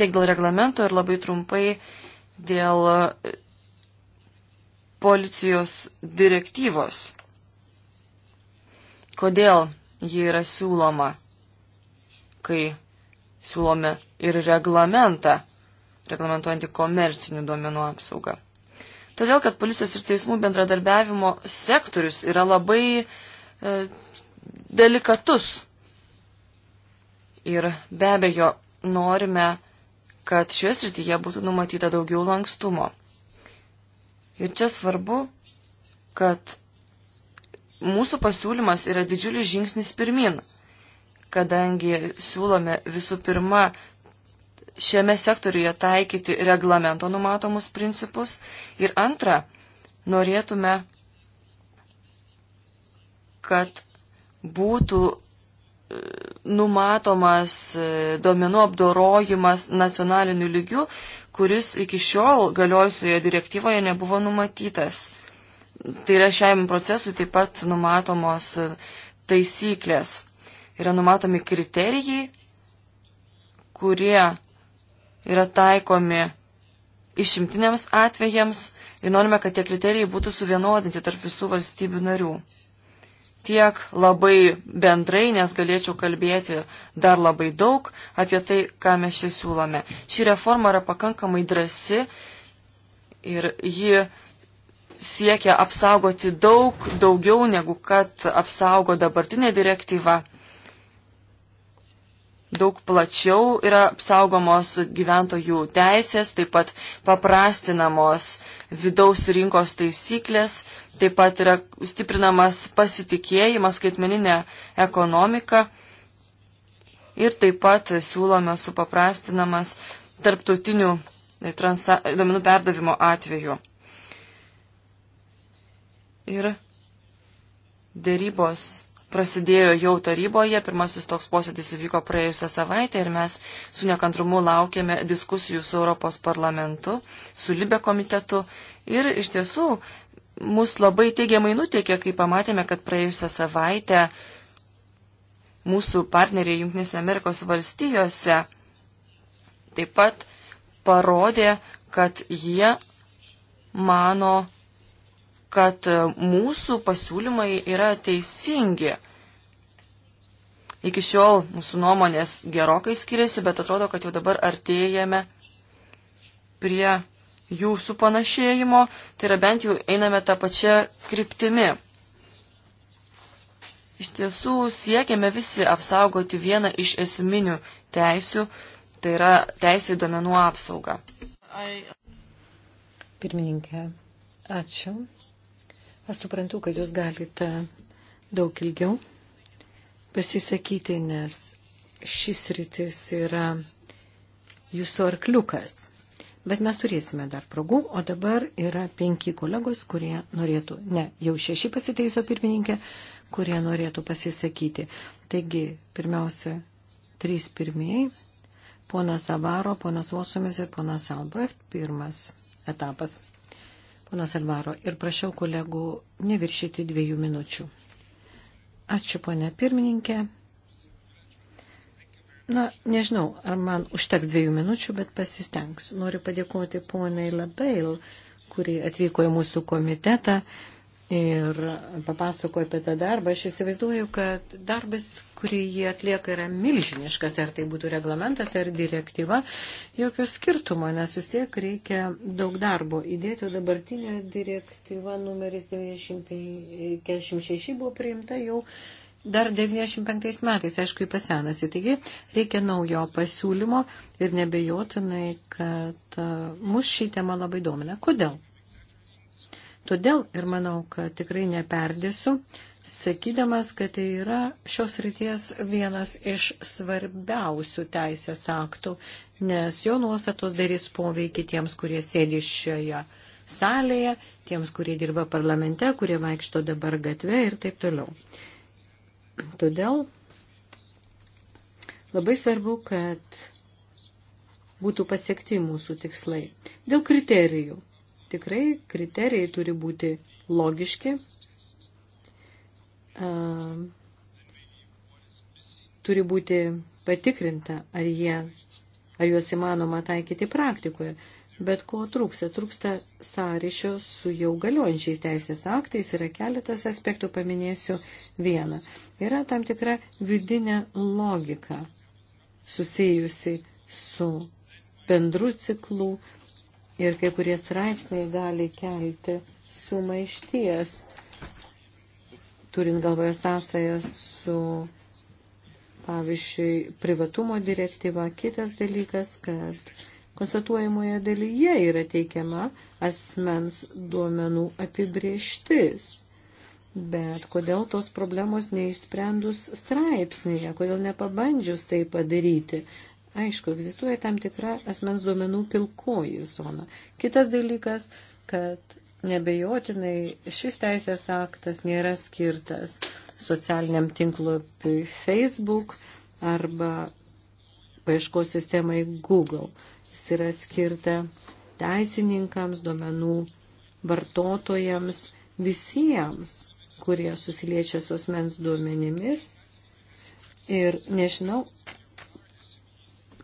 [SPEAKER 2] Tiek dėl reglamento ir labai trumpai dėl e, policijos direktyvos. Kodėl ji yra siūloma, kai siūlome ir reglamentą, reglamentuojantį komercinių duomenų apsaugą. Todėl, kad policijos ir teismų bendradarbiavimo sektorius yra labai e, delikatus. Ir be abejo, norime, kad šioje srityje būtų numatyta daugiau lankstumo. Ir čia svarbu, kad mūsų pasiūlymas yra didžiulis žingsnis pirmin, kadangi siūlome visų pirma šiame sektoriuje taikyti reglamento numatomus principus. Ir antra, norėtume, kad būtų e, numatomas e, domenų apdorojimas nacionaliniu lygiu, kuris iki šiol galiojusioje direktyvoje nebuvo numatytas. Tai yra šiam procesui taip pat numatomos e, taisyklės. Yra numatomi kriterijai, kurie yra taikomi išimtiniams atvejams ir norime, kad tie kriterijai būtų suvienodinti tarp visų valstybių narių. Tiek labai bendrai, nes galėčiau kalbėti dar labai daug apie tai, ką mes čia siūlome. Ši reforma yra pakankamai drasi ir ji siekia apsaugoti daug daugiau negu kad apsaugo dabartinė direktyva daug plačiau yra apsaugomos gyventojų teisės, taip pat paprastinamos vidaus rinkos taisyklės, taip pat yra stiprinamas pasitikėjimas skaitmeninė ekonomika ir taip pat siūlome supaprastinamas tarptautinių e, transa, e, domenų perdavimo atveju. Ir dėrybos prasidėjo jau taryboje, pirmasis toks posėdis įvyko praėjusią savaitę ir mes su nekantrumu laukėme diskusijų su Europos parlamentu, su Libe komitetu ir iš tiesų mus labai teigiamai nuteikė, kai pamatėme, kad praėjusią savaitę mūsų partneriai Junktinėse Amerikos valstijose taip pat parodė, kad jie mano, kad e, mūsų pasiūlymai yra teisingi. Iki šiol mūsų nuomonės gerokai skiriasi, bet atrodo, kad jau dabar artėjame prie jų supanašėjimo, tai yra bent jau einame tą pačią kryptimį. Iš tiesų siekiame visi apsaugoti vieną iš esminių teisių, tai yra teisė į duomenų apsaugą.
[SPEAKER 1] Pirmininkė, ačiū. Aš suprantu, kad jūs galite daug ilgiau pasisakyti, nes šis rytis yra jūsų arkliukas. Bet mes turėsime dar progų, o dabar yra penki kolegos, kurie norėtų, ne, jau šeši pasiteiso pirmininkė, kurie norėtų pasisakyti. Taigi, pirmiausia, trys pirmieji ponas Avaro, ponas Vosumis ir ponas Albrecht pirmas etapas. Ponas Elvaro, ir prašiau kolegų neviršyti dviejų minučių. Ačiū, ponė pirmininkė. Na, nežinau, ar man užteks dviejų minučių, bet pasistengsiu. Noriu padėkoti poniai Labail, kuri atvyko į mūsų komitetą ir papasakojo apie tą darbą. Aš įsivaizduoju, kad darbas kurį jie atlieka, yra milžiniškas, ar tai būtų reglamentas, ar direktyva, jokio skirtumo, nes vis tiek reikia daug darbo įdėti. Dabartinė direktyva numeris 96 buvo priimta jau dar 95 metais, aišku, pasenasi. Taigi reikia naujo pasiūlymo ir nebejotinai, kad e, mus šį temą labai domina. Kodėl? Todėl ir manau, kad tikrai neperdėsiu, sakydamas, kad tai yra šios ryties vienas iš svarbiausių teisės aktų, nes jo nuostatos darys poveikį tiems, kurie sėdi šioje salėje, tiems, kurie dirba parlamente, kurie vaikšto dabar gatve ir taip toliau. Todėl labai svarbu, kad būtų pasiekti mūsų tikslai. Dėl kriterijų. Tikrai kriterijai turi būti logiški, turi būti patikrinta, ar, jie, ar juos įmanoma taikyti praktikoje. Bet ko trūksta? Trūksta sąryšio su jau galiojančiais teisės aktais. Yra keletas aspektų, paminėsiu vieną. Yra tam tikra vidinė logika susijusi su bendru ciklu ir kai kurie straipsniai gali kelti sumaišties turint galvoje sąsają su, pavyzdžiui, privatumo direktyva. Kitas dalykas, kad konstatuojamoje dalyje yra teikiama asmens duomenų apibrieštis. Bet kodėl tos problemos neišsprendus straipsnėje, kodėl nepabandžius tai padaryti? Aišku, egzistuoja tam tikra asmens duomenų pilkoji zona. Kitas dalykas, kad nebejotinai šis teisės aktas nėra skirtas socialiniam tinklapiui Facebook arba paieškos sistemai Google. Jis yra skirta teisininkams, duomenų vartotojams, visiems, kurie susiliečia su asmens duomenimis. Ir nežinau,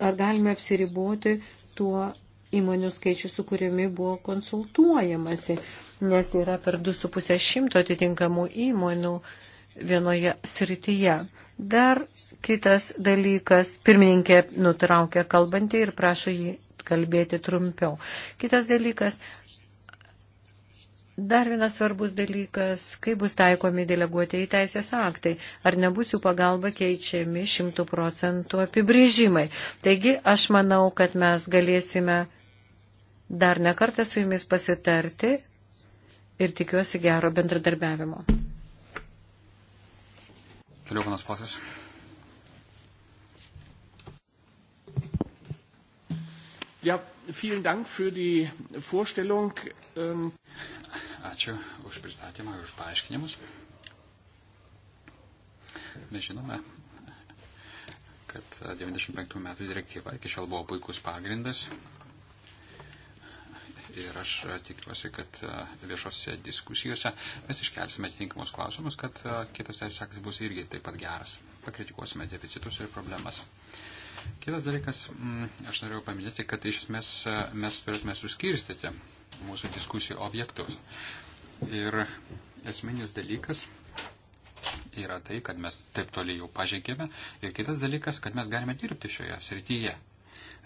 [SPEAKER 1] ar galime apsiriboti tuo įmonių skaičių, su kuriami buvo konsultuojamasi, nes yra per 2,5 šimto atitinkamų įmonių vienoje srityje. Dar kitas dalykas, pirmininkė nutraukė kalbantį ir prašo jį kalbėti trumpiau. Kitas dalykas, Dar vienas svarbus dalykas, kaip bus taikomi deleguoti į teisės aktai, ar nebus jų pagalba keičiami šimtų procentų apibrėžimai. Taigi aš manau, kad mes galėsime dar nekartą su jumis pasitarti ir tikiuosi gero bendradarbiavimo.
[SPEAKER 3] Toliau panas Fosas. Yep vielen Dank für die Vorstellung. Um... Ačiū už pristatymą ir už paaiškinimus. Mes žinome, kad 95 metų direktyva iki šiol buvo puikus pagrindas. Ir aš tikiuosi, kad e, viešose diskusijose mes iškelsime atitinkamus klausimus, kad e, kitas teisės aktas bus irgi taip pat geras. Pakritikuosime deficitus ir problemas. Uh, Kitas dalykas, mm, aš norėjau paminėti, kad iš esmės e, mes turėtume suskirstyti mūsų diskusijų objektus. Ir esminis dalykas yra tai, kad mes taip toli jau pažengėme. Ir kitas dalykas, kad mes galime dirbti šioje srityje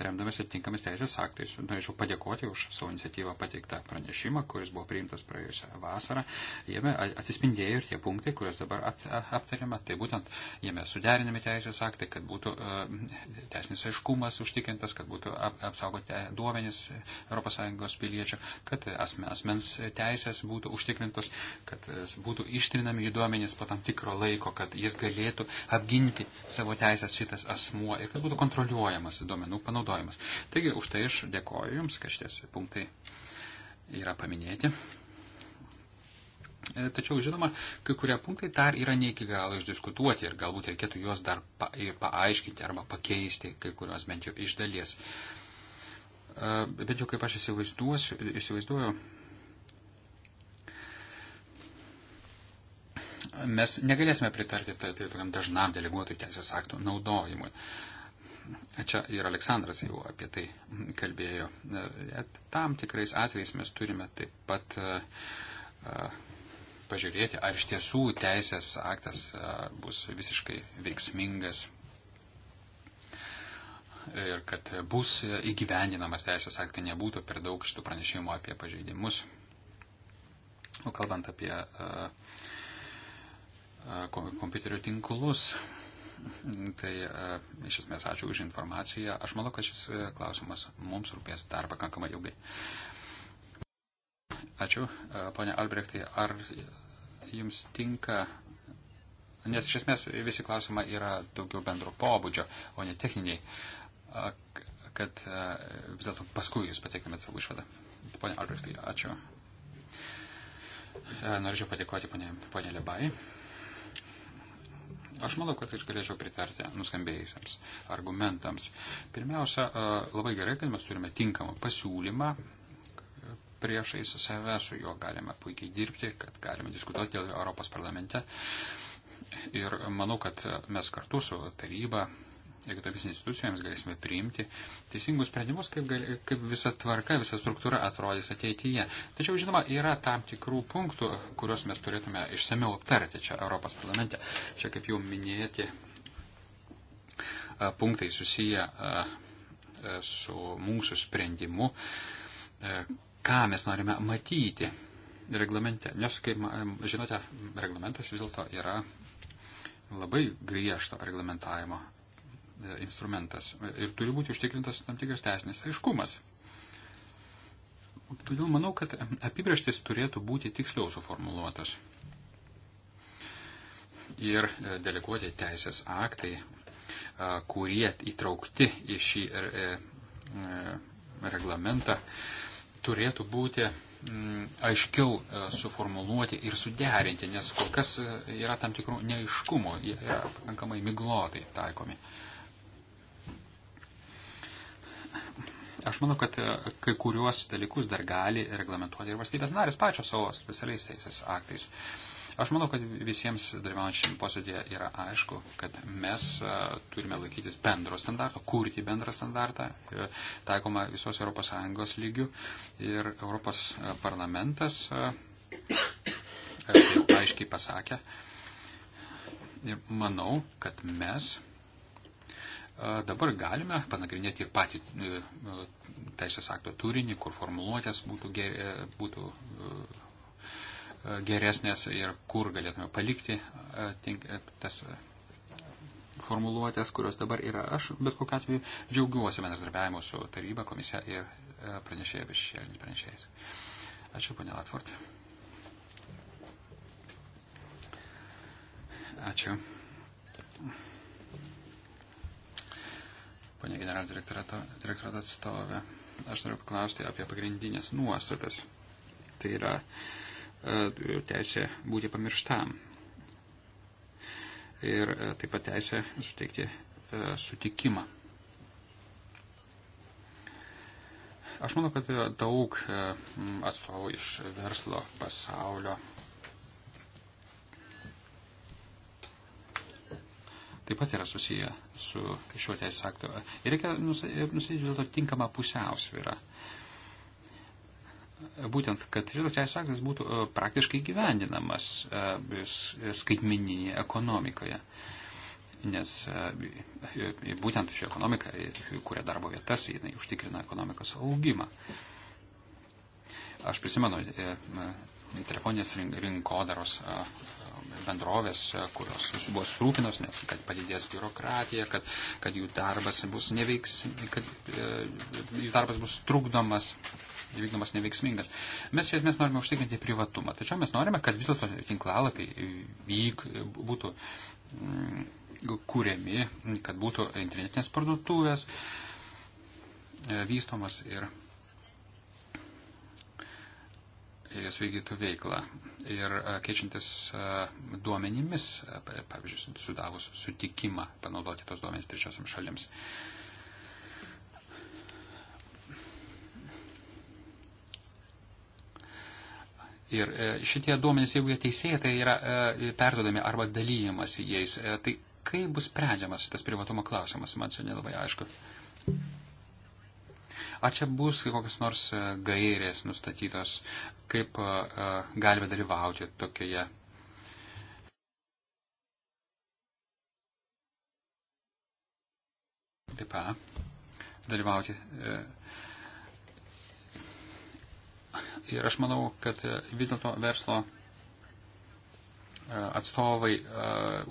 [SPEAKER 3] remdamas atitinkamis teisės aktais. Norėčiau padėkoti už savo iniciatyvą pateiktą pranešimą, kuris buvo priimtas praėjusią vasarą. Jame atsispindėjo ir tie punktai, kuriuos dabar ap aptarėme. Tai būtent jame suderinami teisės aktai, kad būtų e, teisinis aiškumas užtikrintas, kad būtų ap apsaugoti duomenys ES piliečių, kad asmens teisės būtų užtikrintos, kad e, būtų ištrinami jų duomenys po tam tikro laiko, kad jis galėtų apginti savo teisės šitas asmuo ir kad būtų kontroliuojamas duomenų panaudojimas naudojimas. Taigi už tai aš dėkoju Jums, kad šitie punktai yra paminėti. E, tačiau, žinoma, kai kurie punktai dar yra ne iki galo išdiskutuoti ir galbūt reikėtų juos dar pa, paaiškinti arba pakeisti, kai kuriuos bent jau iš dalies. E, Bet jau kaip aš įsivaizduoju, mes negalėsime pritarti tai, tai tokiam dažnam deleguotų teisės aktų naudojimui. Uh, Čia ir Aleksandras jau apie tai kalbėjo. E, tam tikrais atvejais mes turime taip pat e, e, pažiūrėti, ar iš tiesų teisės aktas bus visiškai veiksmingas ir kad bus įgyvendinamas teisės aktai nebūtų per daug šitų pranešimų apie pažeidimus. O kalbant apie kompiuterių tinklus, Tai e, iš esmės ačiū už informaciją. Aš manau, kad šis e, klausimas mums rūpės dar pakankamai ilgai. Ačiū, e, ponia Albrechtai. Ar jums tinka, nes iš esmės visi klausimai yra daugiau bendro pobūdžio, o ne techniniai, kad vis dėlto paskui jūs pateiktumėt savo išvadą. Ponia Albrechtai, ačiū. Norėčiau padėkoti ponė, ponė Lebai. Aš manau, kad aš galėčiau pritarti nuskambėjusiems argumentams. Pirmiausia, labai gerai, kad mes turime tinkamą pasiūlymą priešais save, su juo galime puikiai dirbti, kad galime diskutuoti dėl Europos parlamente. Ir manau, kad mes kartu su taryba jeigu tomis institucijomis galėsime priimti teisingus sprendimus, kaip, gali, kaip visa tvarka, visa struktūra atrodys ateityje. Tačiau, žinoma, yra tam tikrų punktų, kuriuos mes turėtume išsameu aptarti čia Europos parlamente. Čia, kaip jau minėti, punktai susiję su mūsų sprendimu, ką mes norime matyti reglamente. Nes, kaip žinote, reglamentas vis dėlto yra labai griežto reglamentavimo E, instrumentas ir turi būti užtikrintas tam tikras teisinės aiškumas. Todėl manau, kad apibrieštis turėtų būti tiksliau suformuluotas. Ir e, deleguoti teisės aktai, kurie įtraukti į šį e, reglamentą, turėtų būti mm, aiškiau suformuluoti ir suderinti, nes kol kas yra tam tikrų neiškumų, jie yra pakankamai miglotai taikomi. Uh, Aš manau, kad e, kai kuriuos dalykus dar gali reglamentuoti ir valstybės narės pačios savo specialiais teisės aktais. Aš manau, kad visiems dalyvaujančiam posėdėje yra aišku, kad mes e, turime laikytis bendro standarto, kurti bendrą standartą, e, taikoma visos ES lygių ir Europos parlamentas jau aiškiai pasakė. Ir manau, kad mes dabar galime panagrinėti ir patį e, teisės akto turinį, kur formuluotės būtų, ger, e, būtų e, geresnės ir kur galėtume palikti tas formuluotės, kurios dabar yra. Aš bet kokiu atveju džiaugiuosi bendradarbiavimu su taryba, komisija ir pranešėjai, bešėlinis pranešėjais. Ačiū, ponė Latvort. Ačiū ponė generalinio direktorato atstovė. Aš noriu paklausti apie pagrindinės nuostatas. Tai yra e, teisė būti pamirštam. Ir e, taip pat teisė suteikti e, sutikimą. Aš manau, kad daug atstovų iš verslo pasaulio taip pat yra susiję su šiuo teisės aktu. Ir reikia nustatyti dėl to tinkamą pusiausvyrą. Būtent, kad šitas teisės aktas būtų e, praktiškai gyvendinamas e, skaitmeninėje ekonomikoje. Nes e, būtent ši ekonomika kuria darbo vietas, jinai užtikrina ekonomikos augimą. Aš prisimenu telefoninės rinkodaros bendrovės, e, kurios buvo susirūpinos, nes kad padidės biurokratija, kad, kad jų darbas bus neveiks, kad e, jų darbas bus trukdomas vykdomas neveiksmingas. Mes iš esmės norime užtikrinti privatumą, tačiau mes norime, kad vis dėlto tinklalapiai vyk, būtų mm, kūriami, kad būtų internetinės parduotuvės e, vystomas ir jos vykdytų veiklą ir e, keičiantis e, duomenimis, e, pavyzdžiui, sudavus sutikimą panaudoti tos duomenys trečiosiam šalims. Ir šitie duomenys, jeigu jie teisėjai, tai yra perdodami arba dalyjamas jais. Tai kaip bus sprendžiamas tas privatumo klausimas, man čia nelabai aišku. Thank you. Ar čia bus kokios nors e, gairės nustatytos, kaip e, e, galime dalyvauti tokioje taip pat dalyvauti. Ir aš manau, kad vis dėlto verslo atstovai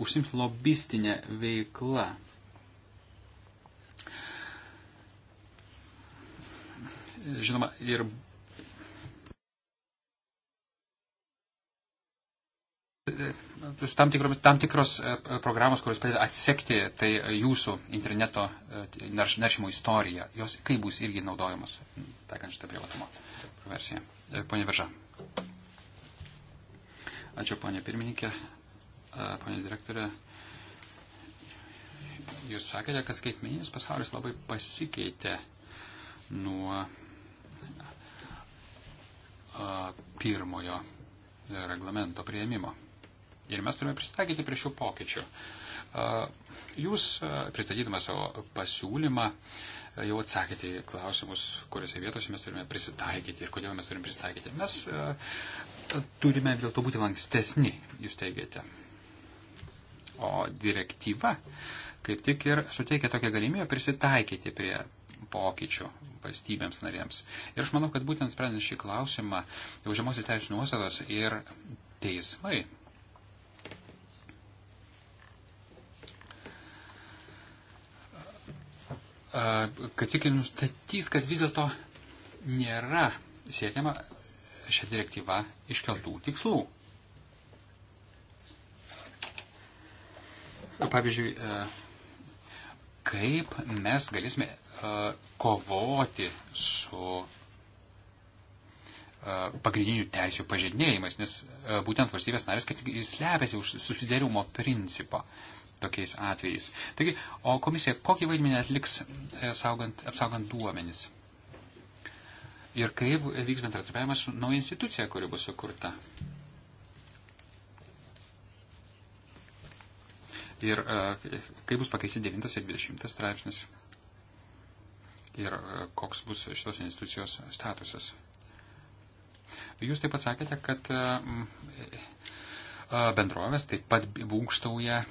[SPEAKER 3] užsims lobistinę veiklą. žinoma, ir. Tam tikros, tam e, tikros programos, kurios padeda atsekti tai e, jūsų interneto e, naršymo istoriją, jos kaip bus irgi naudojamos, taikant šitą privatumo versiją. Pone Verža. Ačiū, ponė pirmininkė, ponė direktorė. Jūs sakėte, kad skaitmeninis pasaulis labai pasikeitė nuo pirmojo reglamento prieimimo. Ir mes turime pristaikyti prie šių pokyčių. Jūs, pristatydama savo pasiūlymą, jau atsakėte į klausimus, kuriuose vietose mes turime prisitaikyti ir kodėl mes turime prisitaikyti. Mes turime dėl to būti lankstesni, jūs teigiate. O direktyva kaip tik ir suteikia tokią galimybę prisitaikyti prie pokyčių valstybėms narėms. Ir aš manau, kad būtent sprendžiant šį klausimą, užimosios teisų nuostatos ir teismai. kad tik nustatys, kad vis dėlto nėra siekiama šią direktyvą iškeltų tikslų. Pavyzdžiui, kaip mes galėsime uh, kovoti su e, pagrindinių teisių pažeidinėjimais, nes e, būtent valstybės narės kaip tik slepiasi už susidėrimo principą tokiais atvejais. Taigi, o komisija kokį vaidmenį atliks saugant, apsaugant duomenis? Ir kaip vyks bendratarpiavimas su nauja institucija, kuri bus sukurta? ir e, kaip bus pakeisti 9 ir 20 straipsnis ir e, koks bus šitos institucijos statusas. Jūs taip pat sakėte, kad e, bendrovės taip pat būkštauja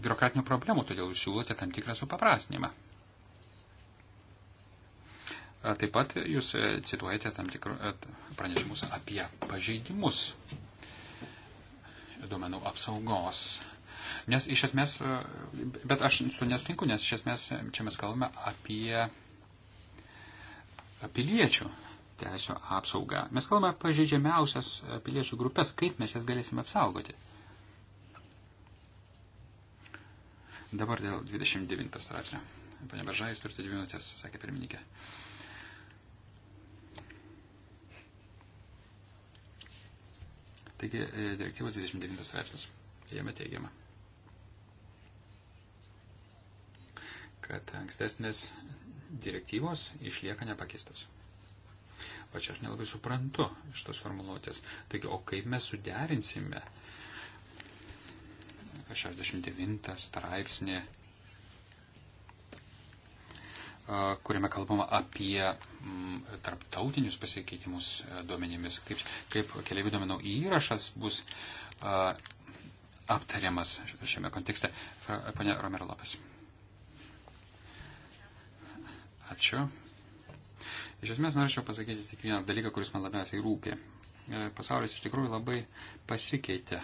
[SPEAKER 3] biurokratinių problemų, todėl jūs siūlote tam tikrą supaprastinimą. Taip pat jūs cituojate tam tikrų pranešimus apie pažeidimus duomenų apsaugos Nes iš esmės, e, bet aš su nesutinku, nes iš esmės e, čia mes kalbame apie e, piliečių teisų apsaugą. Mes kalbame pažeidžiamiausias piliečių grupės, kaip mes jas galėsime apsaugoti. Dabar dėl 29 straipsnio. Pane Beržai, jūs turite dvi minutės, sakė pirmininkė. Taigi, direktyvos 29 straipsnis. Jame teigiama. kad ankstesnės direktyvos išlieka nepakistos. O čia aš nelabai suprantu iš tos formuluotės. Taigi, o kaip mes suderinsime 69 straipsnį, kuriame kalbama apie tarptautinius pasikeitimus e, duomenimis, kaip, kaip keliaivių duomenų įrašas bus aptariamas šiame kontekste. Pane Romero Lopes. Ačiū. Iš esmės norėčiau pasakyti tik vieną dalyką, kuris man labiausiai rūpė. E, pasaulis iš tikrųjų labai pasikeitė.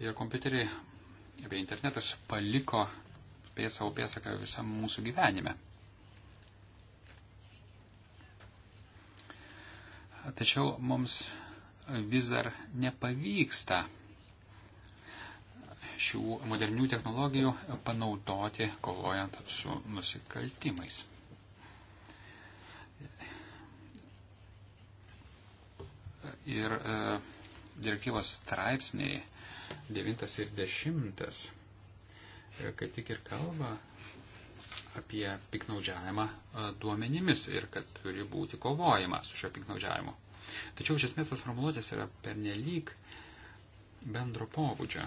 [SPEAKER 3] Ir kompiuteriai bei internetas paliko savo pėsaką visam mūsų gyvenime. Tačiau mums vis dar nepavyksta šių modernių technologijų panaudoti kovojant su nusikaltimais. ir e, direktyvos straipsniai 9 ir 10 e, kaip tik ir kalba apie piknaudžiavimą e, duomenimis ir kad turi būti kovojama su šio piknaudžiavimu. Tačiau iš esmės tos formuluotės yra pernelyg bendro pobūdžio.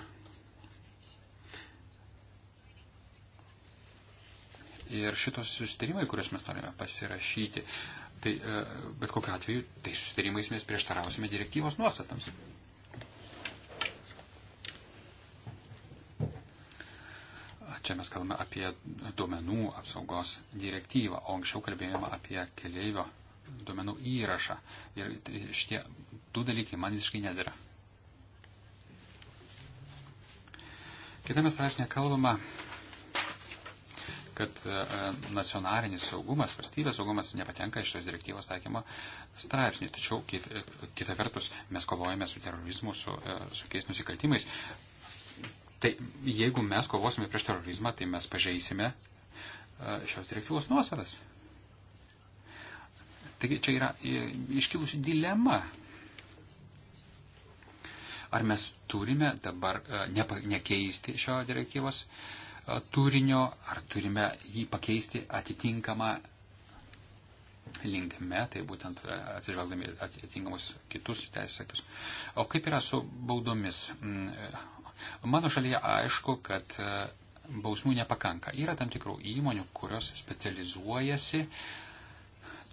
[SPEAKER 3] Ir šitos susitarimai, kuriuos mes norime pasirašyti, uh, tai e, bet kokiu atveju tai susitarimais mes prieštarausime direktyvos nuostatams. Čia mes kalbame apie duomenų apsaugos direktyvą, o anksčiau kalbėjome apie keleivio duomenų įrašą. Ir tai šitie du dalykai man visiškai nedėra. Kitame straipsnėje kalbama kad e, nacionalinis saugumas, valstybės saugumas nepatenka iš tos direktyvos taikymo straipsnį. Tačiau e, kita vertus mes kovojame su terorizmu, su, e, su kiais nusikaltimais. Tai jeigu mes kovosime prieš terorizmą, tai mes pažeisime šios direktyvos nuosadas. Taigi čia yra iškilusi dilema. Ar mes turime dabar nepa, nekeisti šio direktyvos uh, turinio, ar turime jį pakeisti atitinkamą linkme, tai būtent atsižvelgdami atitinkamus kitus teisės aktus. O kaip yra su baudomis? Mm, mano šalyje aišku, kad bausmų nepakanka. Yra tam tikrų įmonių, kurios specializuojasi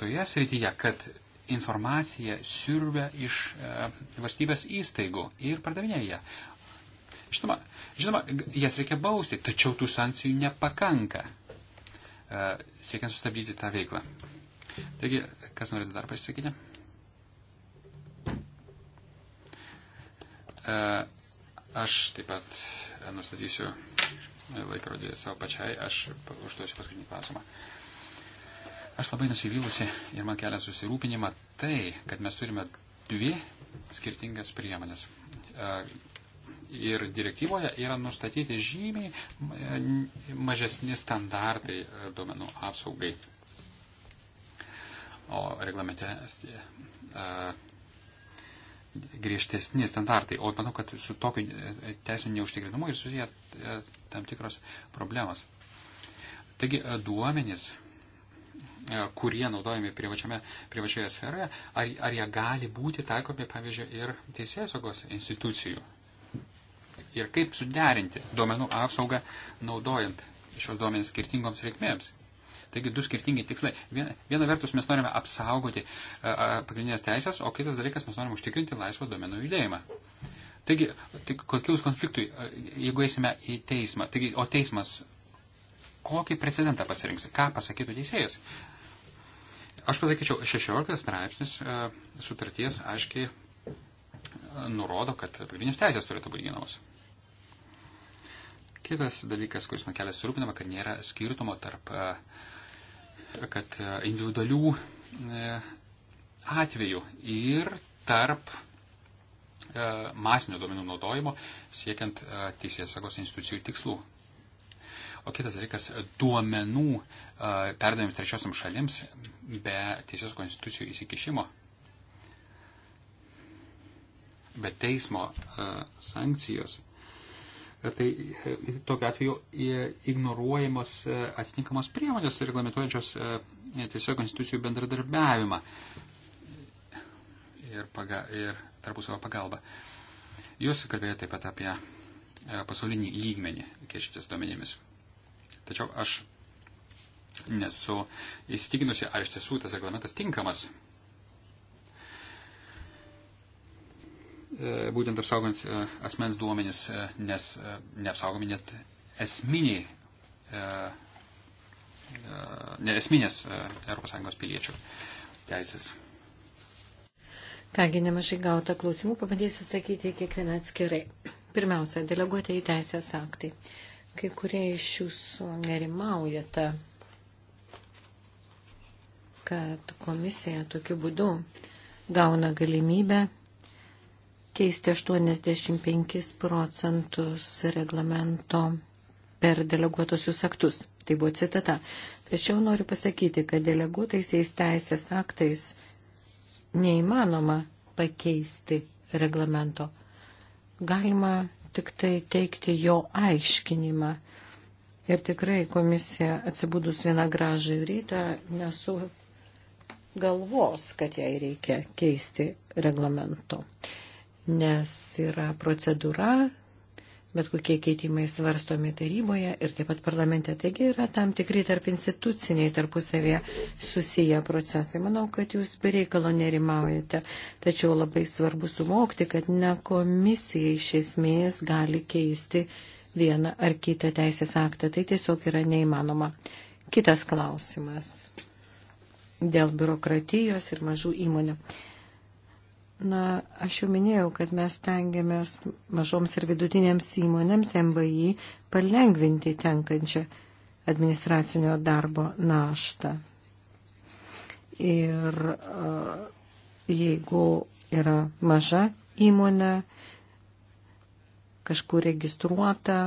[SPEAKER 3] toje srityje, kad informacija siurbia iš e, valstybės įstaigų ir pardavinėja ją. Žinoma, žinoma, jas reikia bausti, tačiau tų sankcijų nepakanka e, siekiant sustabdyti tą veiklą. Taigi, kas norite dar pasisakyti? E, aš taip pat nustatysiu laikrodį savo pačiai, aš užduosiu paskutinį klausimą. Aš labai nusivylusi ir man kelia susirūpinimą tai, kad mes turime dvi skirtingas priemonės. E, ir direktyvoje yra nustatyti žymiai e, mažesni standartai e, duomenų apsaugai. O reglamente e, griežtesni standartai. O manau, kad su tokiu teisiniu neužtikrinimu ir susiję tam tikros problemos. Taigi duomenys, kurie naudojami privačioje sferoje, ar, ar jie gali būti taikomi, pavyzdžiui, ir teisėsaugos institucijų ir kaip suderinti duomenų apsaugą naudojant šios duomenys skirtingoms reikmėms. Taigi du skirtingi tikslai. Viena, viena vertus mes norime apsaugoti pagrindinės teisės, o kitas dalykas mes norime užtikrinti laisvą duomenų judėjimą. Taigi, tai kokius konfliktui, jeigu eisime į teismą, taigi, o teismas kokį precedentą pasirinks, ką pasakytų teisėjas? Aš pasakyčiau, 16 straipsnis sutarties aiškiai nurodo, kad pagrindinės teisės turėtų būti ginamos. Kitas dalykas, kuris man kelia surūpinama, kad nėra skirtumo tarp e, kad e, individualių e, atvejų ir tarp masinio duomenų naudojimo siekiant teisės sagos institucijų tikslų. O kitas dalykas - duomenų perdavimas trečiosiam šalims be teisės konstitucijų įsikišimo, be teismo sankcijos tai e, tokiu atveju e, ignoruojamos e, atitinkamos priemonės reglamentuojančios tiesiog institucijų bendradarbiavimą ir, paga, ir tarpusavio pagalbą. Jūs kalbėjote taip pat apie pasaulinį lygmenį keičiantis duomenėmis. Tačiau aš nesu įsitikinusi, ar iš tiesų tas reglamentas tinkamas E, būtent apsaugant e, asmens duomenis, e, nes neapsaugomi net esminiai, ne esminės ES piliečių teisės.
[SPEAKER 1] Kągi nemažai gauta klausimų, pabandysiu sakyti kiekvieną atskirai. Pirmiausia, deleguoti į teisės aktai. Kai kurie iš jūsų nerimaujate, kad komisija tokiu būdu gauna galimybę pakeisti 85 procentus reglamento per deleguotosius aktus. Tai buvo citata. Tačiau noriu pasakyti, kad deleguotaisiais teisės aktais neįmanoma pakeisti reglamento. Galima tik tai teikti jo aiškinimą. Ir tikrai komisija atsibūdus vieną gražą rytą nesu galvos, kad jai reikia keisti reglamento nes yra procedūra, bet kokie keitimai svarstomi taryboje ir taip pat parlamente. Taigi yra tam tikri tarp instituciniai tarpusavėje susiję procesai. Manau, kad jūs bereikalo nerimaujate, tačiau labai svarbu suvokti, kad ne komisija iš esmės gali keisti vieną ar kitą teisės aktą. Tai tiesiog yra neįmanoma. Kitas klausimas dėl biurokratijos ir mažų įmonių. Na, aš jau minėjau, kad mes tengiamės mažoms ir vidutinėms įmonėms MBI palengvinti tenkančią administracinio darbo naštą. Ir jeigu yra maža įmonė, kažkur registruota,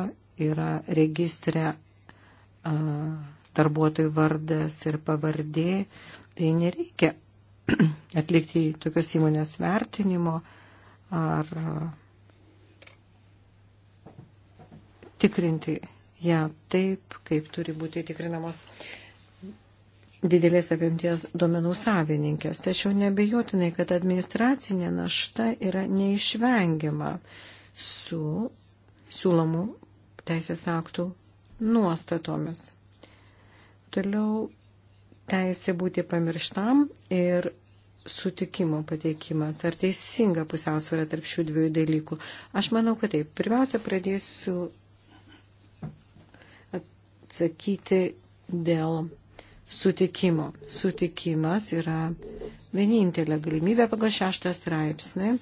[SPEAKER 1] yra registre darbuotojų vardas ir pavardė, tai nereikia atlikti tokios įmonės vertinimo ar tikrinti ją taip, kaip turi būti tikrinamos didelės apimties duomenų savininkės. Tačiau nebejotinai, kad administracinė našta yra neišvengiama su siūlomų teisės aktų nuostatomis. Toliau teisė būti pamirštam ir sutikimo pateikimas. Ar teisinga pusiausvėra tarp šių dviejų dalykų? Aš manau, kad taip. Pirmiausia, pradėsiu atsakyti dėl sutikimo. Sutikimas yra vienintelė galimybė pagal šeštą straipsnį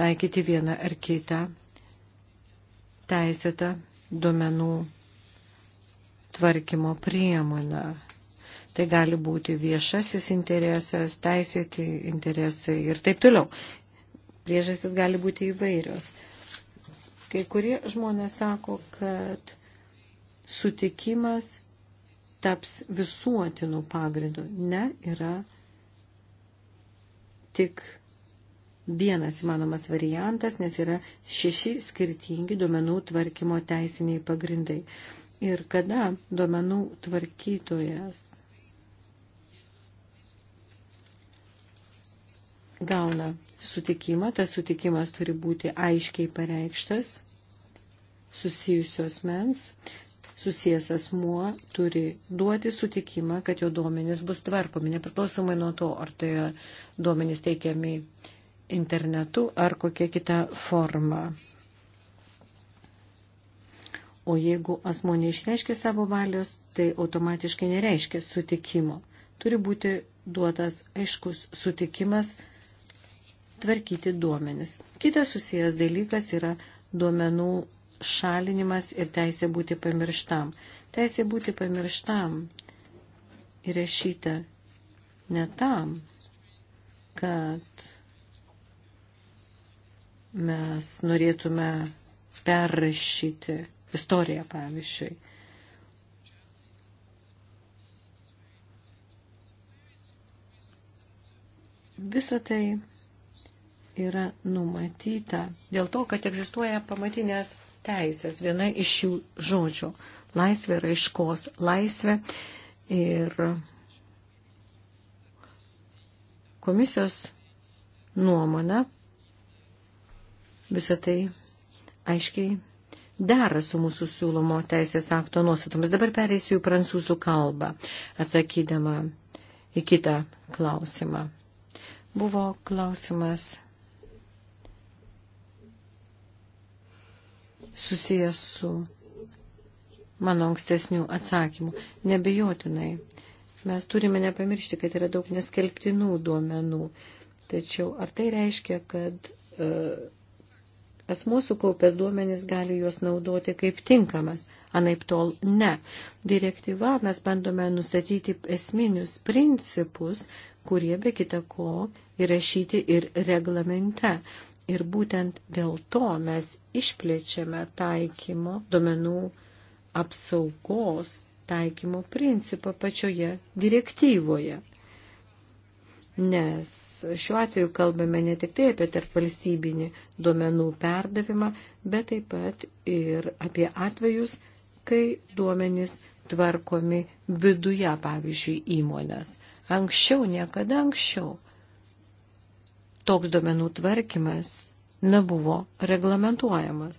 [SPEAKER 1] taikyti vieną ar kitą teisėtą duomenų tvarkymo priemonę Tai gali būti viešasis interesas, teisėti interesai ir taip toliau. Priežastis gali būti įvairios. Kai kurie žmonės sako, kad sutikimas taps visuotinų pagrindų. Ne, yra tik vienas įmanomas variantas, nes yra šeši skirtingi duomenų tvarkymo teisiniai pagrindai. Ir kada duomenų tvarkytojas gauna sutikimą, tas sutikimas turi būti aiškiai pareikštas susijusios mens, susijęs asmuo turi duoti sutikimą, kad jo duomenys bus tvarkomi, nepriklausomai nuo to, ar tai duomenys teikiami internetu ar kokia kita forma. O jeigu asmo neišreiškia savo valios, tai automatiškai nereiškia sutikimo. Turi būti duotas aiškus sutikimas tvarkyti duomenis. Kitas susijęs dalykas yra duomenų šalinimas ir teisė būti pamirštam. Teisė būti pamirštam įrašyta ne tam, kad mes norėtume perrašyti istoriją, pavyzdžiui. Visą tai yra numatyta dėl to, kad egzistuoja pamatinės teisės. Viena iš jų žodžių - laisvė, raiškos laisvė ir komisijos nuomona visą tai aiškiai dera su mūsų siūlomo teisės akto nuostatomis. Dabar pereisiu į prancūzų kalbą, atsakydama į kitą klausimą. Buvo klausimas susijęs su mano ankstesnių atsakymų. Nebejotinai. Mes turime nepamiršti, kad yra daug neskelbtinų duomenų. Tačiau ar tai reiškia, kad e, asmuo sukaupęs duomenys gali juos naudoti kaip tinkamas? Anaip tol ne. Direktyva mes bandome nustatyti esminius principus, kurie be kita ko įrašyti ir reglamente. Ir būtent dėl to mes išplėčiame taikymo duomenų apsaugos taikymo principą pačioje direktyvoje. Nes šiuo atveju kalbame ne tik tai apie tarpvalstybinį duomenų perdavimą, bet taip pat ir apie atvejus, kai duomenys tvarkomi viduje, pavyzdžiui, įmonės. Anksčiau, niekada anksčiau toks duomenų tvarkymas nebuvo reglamentuojamas.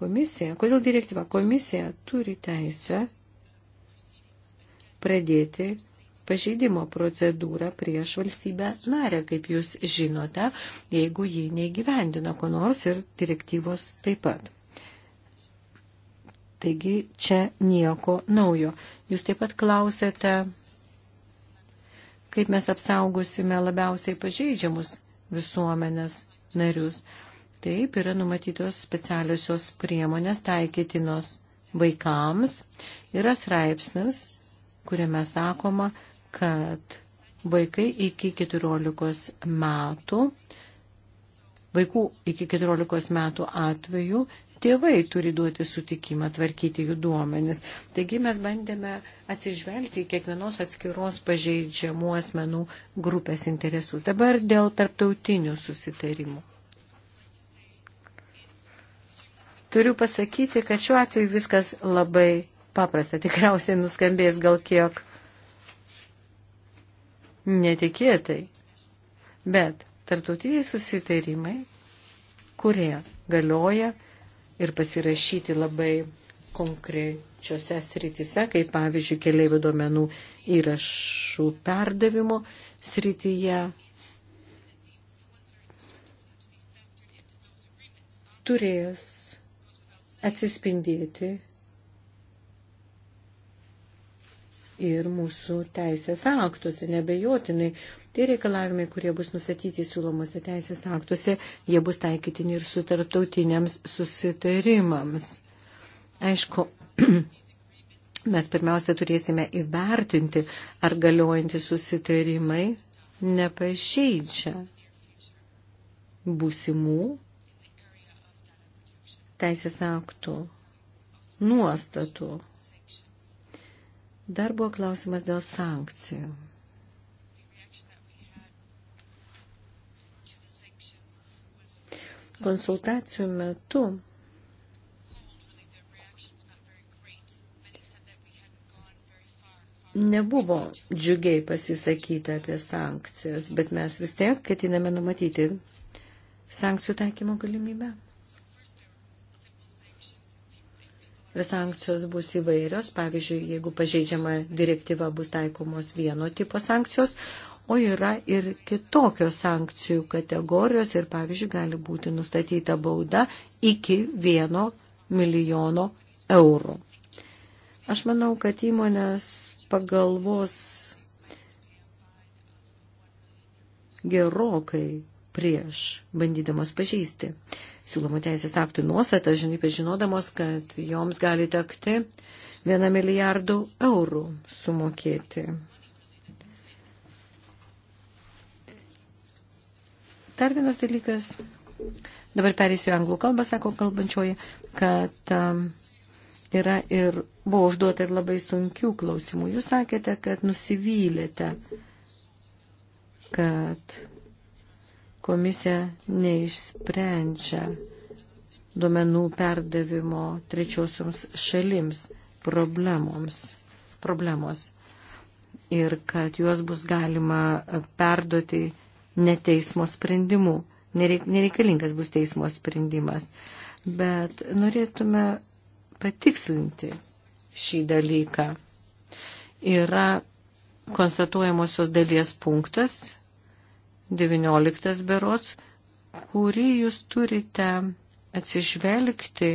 [SPEAKER 1] Komisija, kodėl direktyva? Komisija turi teisę pradėti pažeidimo procedūrą prieš valstybę narę, kaip jūs žinote, jeigu ji neįgyvendina ko nors ir direktyvos taip pat. Taigi čia nieko naujo. Jūs taip pat klausėte kaip mes apsaugosime labiausiai pažeidžiamus visuomenės narius. Taip yra numatytos specialiosios priemonės taikytinos vaikams. Yra straipsnis, kuriame sakoma, kad vaikai iki 14 metų, vaikų iki 14 metų atveju tėvai turi duoti sutikimą tvarkyti jų duomenis. Taigi mes bandėme atsižvelgti į kiekvienos atskiros pažeidžiamų asmenų grupės interesus. Dabar dėl tarptautinių susitarimų. Turiu pasakyti, kad šiuo atveju viskas labai paprasta. Tikriausiai nuskambės gal kiek netikėtai. Bet tarptautiniai susitarimai, kurie galioja ir pasirašyti labai konkrečiose srityse, kaip pavyzdžiui keliaivių duomenų įrašų perdavimo srityje. Turės atsispindėti ir mūsų teisės aktuose, nebejotinai Tie reikalavimai, kurie bus nustatyti siūlomose teisės aktuose, jie bus taikytini ir su tarptautiniams susitarimams. Aišku, mes pirmiausia turėsime įvertinti, ar galiojantys susitarimai nepažeidžia būsimų teisės aktų nuostatų. Dar buvo klausimas dėl sankcijų. Konsultacijų metu nebuvo džiugiai pasisakyta apie sankcijas, bet mes vis tiek ketiname numatyti sankcijų taikymo galimybę. Ir sankcijos bus įvairios, pavyzdžiui, jeigu pažeidžiama direktyva bus taikomos vieno tipo sankcijos, o yra ir kitokios sankcijų kategorijos ir, pavyzdžiui, gali būti nustatyta bauda iki vieno milijono eurų. Aš manau, kad įmonės pagalvos gerokai prieš bandydamos pažeisti siūlomų teisės aktų nuostatą, žinai, žinodamos, kad joms gali tekti vieną milijardų eurų sumokėti. Dar vienas dalykas, dabar perėsiu anglų kalbą, sako kalbančioji, kad um, yra ir buvo užduota ir labai sunkių klausimų. Jūs sakėte, kad nusivylėte, kad komisija neišsprendžia duomenų perdavimo trečiosioms šalims problemoms, problemos ir kad juos bus galima perduoti neteismo sprendimų. Nereik, nereikalingas bus teismo sprendimas. Bet norėtume patikslinti šį dalyką. Yra konstatuojamosios dalies punktas, 19 berots, kurį jūs turite atsižvelgti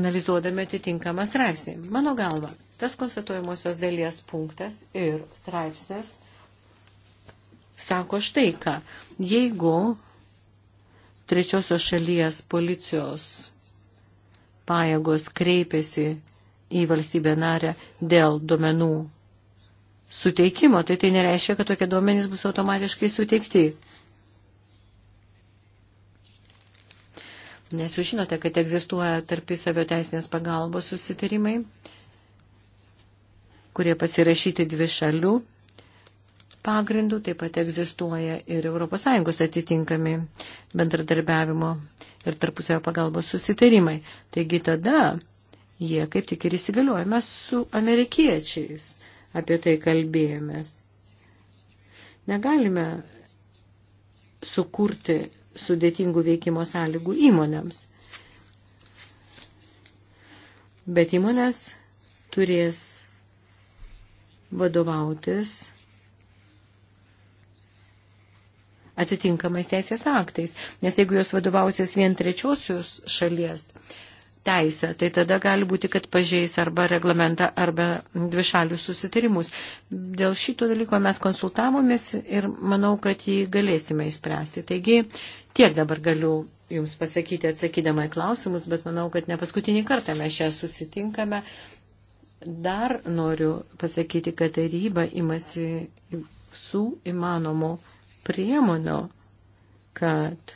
[SPEAKER 1] analizuodami atitinkamą straipsnį. Mano galva, tas konstatuojamosios dalies punktas ir straipsnis sako štai ką. Jeigu trečiosios šalies policijos pajėgos kreipiasi į valstybę narę dėl duomenų suteikimo, tai tai nereiškia, kad tokie duomenys bus automatiškai suteikti. Nes jūs žinote, kad egzistuoja tarpisavio teisinės pagalbos susitarimai, kurie pasirašyti dvi šalių pagrindų, taip pat egzistuoja ir ES atitinkami bendradarbiavimo ir tarpusavio pagalbos susitarimai. Taigi tada jie kaip tik ir įsigalioja. Mes su amerikiečiais apie tai kalbėjomės. Negalime sukurti sudėtingų veikimo sąlygų įmonėms. Bet įmonės turės vadovautis atitinkamais teisės aktais. Nes jeigu jos vadovausis vien trečiosios šalies teisę, tai tada gali būti, kad pažeis arba reglamentą, arba dvišalius susitarimus. Dėl šito dalyko mes konsultavomės ir manau, kad jį galėsime įspręsti. Taigi tiek dabar galiu Jums pasakyti atsakydama į klausimus, bet manau, kad ne paskutinį kartą mes čia susitinkame. Dar noriu pasakyti, kad taryba imasi visų įmanomų priemonių, kad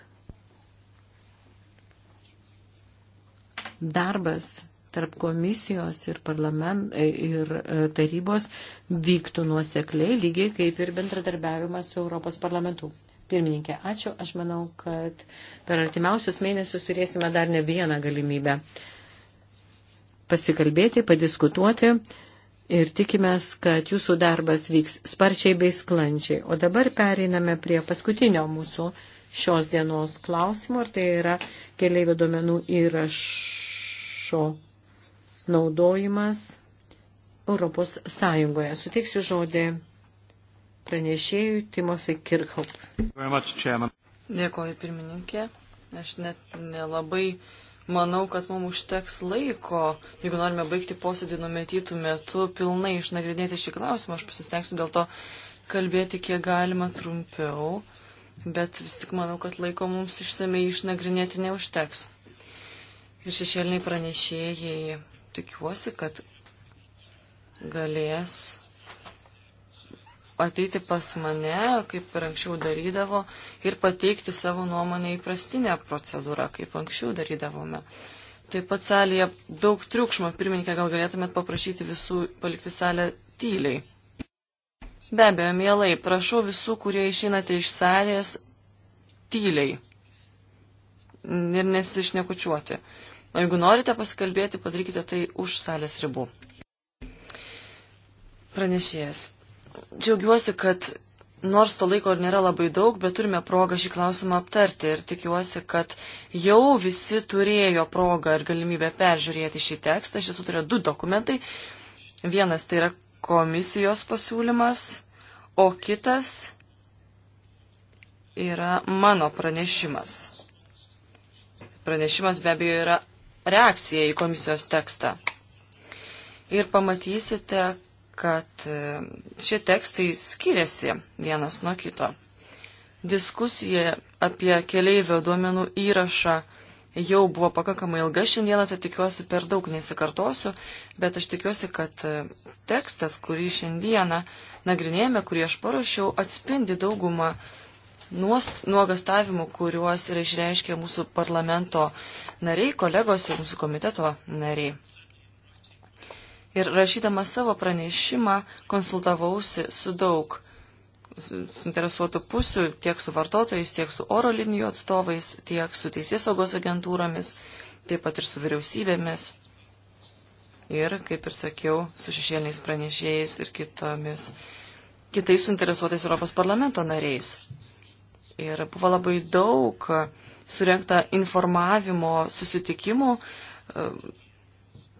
[SPEAKER 1] darbas tarp komisijos ir, ir e, tarybos vyktų nuosekliai, lygiai kaip ir bendradarbiavimas su Europos parlamentu. Pirmininkė, ačiū. Aš manau, kad per artimiausius mėnesius turėsime dar ne vieną galimybę pasikalbėti, padiskutuoti ir tikimės, kad jūsų darbas vyks sparčiai bei sklančiai. O dabar pereiname prie paskutinio mūsų šios dienos klausimo, ir tai yra keliaivių duomenų įrašo naudojimas Europos Sąjungoje. Suteiksiu žodį pranešėjui Timothy Kirchhoff.
[SPEAKER 2] Dėkoju pirmininkė. Aš net nelabai Manau, kad mums užteks laiko, jeigu norime baigti posėdį numetytų metų, pilnai išnagrinėti šį klausimą. Aš pasistengsiu dėl to kalbėti kiek galima trumpiau, bet vis tik manau, kad laiko mums išsamei išnagrinėti neužteks. Ir šešėliniai pranešėjai tikiuosi, kad galės ateiti pas mane, kaip ir anksčiau darydavo, ir pateikti savo nuomonę įprastinę procedūrą, kaip anksčiau darydavome. Taip pat salėje daug triukšmo. Pirmininkė, gal galėtumėt paprašyti visų palikti salę tyliai. Be abejo, mielai, prašau visų, kurie išeinate iš salės, tyliai. Ir nesišnekučiuoti. O jeigu norite pasikalbėti, padarykite tai už salės ribų. Pranešėjas džiaugiuosi, kad nors to laiko ir nėra labai daug, bet turime progą šį klausimą aptarti ir tikiuosi, kad jau visi turėjo progą ir galimybę peržiūrėti šį tekstą. Aš esu turėjo du dokumentai. Vienas tai yra komisijos pasiūlymas, o kitas yra mano pranešimas. Pranešimas be abejo yra reakcija į komisijos tekstą. Ir pamatysite, kad e, šie tekstai skiriasi vienas nuo kito. Diskusija apie keleivio duomenų įrašą jau buvo pakankamai ilga šiandieną, tai tikiuosi per daug nesikartosiu, bet aš tikiuosi, kad e, tekstas, kurį šiandieną nagrinėjame, kurį aš paruošiau, atspindi daugumą nuogastavimų, kuriuos yra išreiškę mūsų parlamento nariai, kolegos ir mūsų komiteto nariai. Ir rašydama savo pranešimą konsultavausi su daug suinteresuotų pusių, tiek su vartotojais, tiek su oro linijų atstovais, tiek su teisės saugos agentūromis, taip pat ir su vyriausybėmis. Ir, kaip ir sakiau, su šešėliniais pranešėjais ir kitomis, kitais suinteresuotais Europos parlamento nariais. Ir buvo labai daug surinkta informavimo susitikimų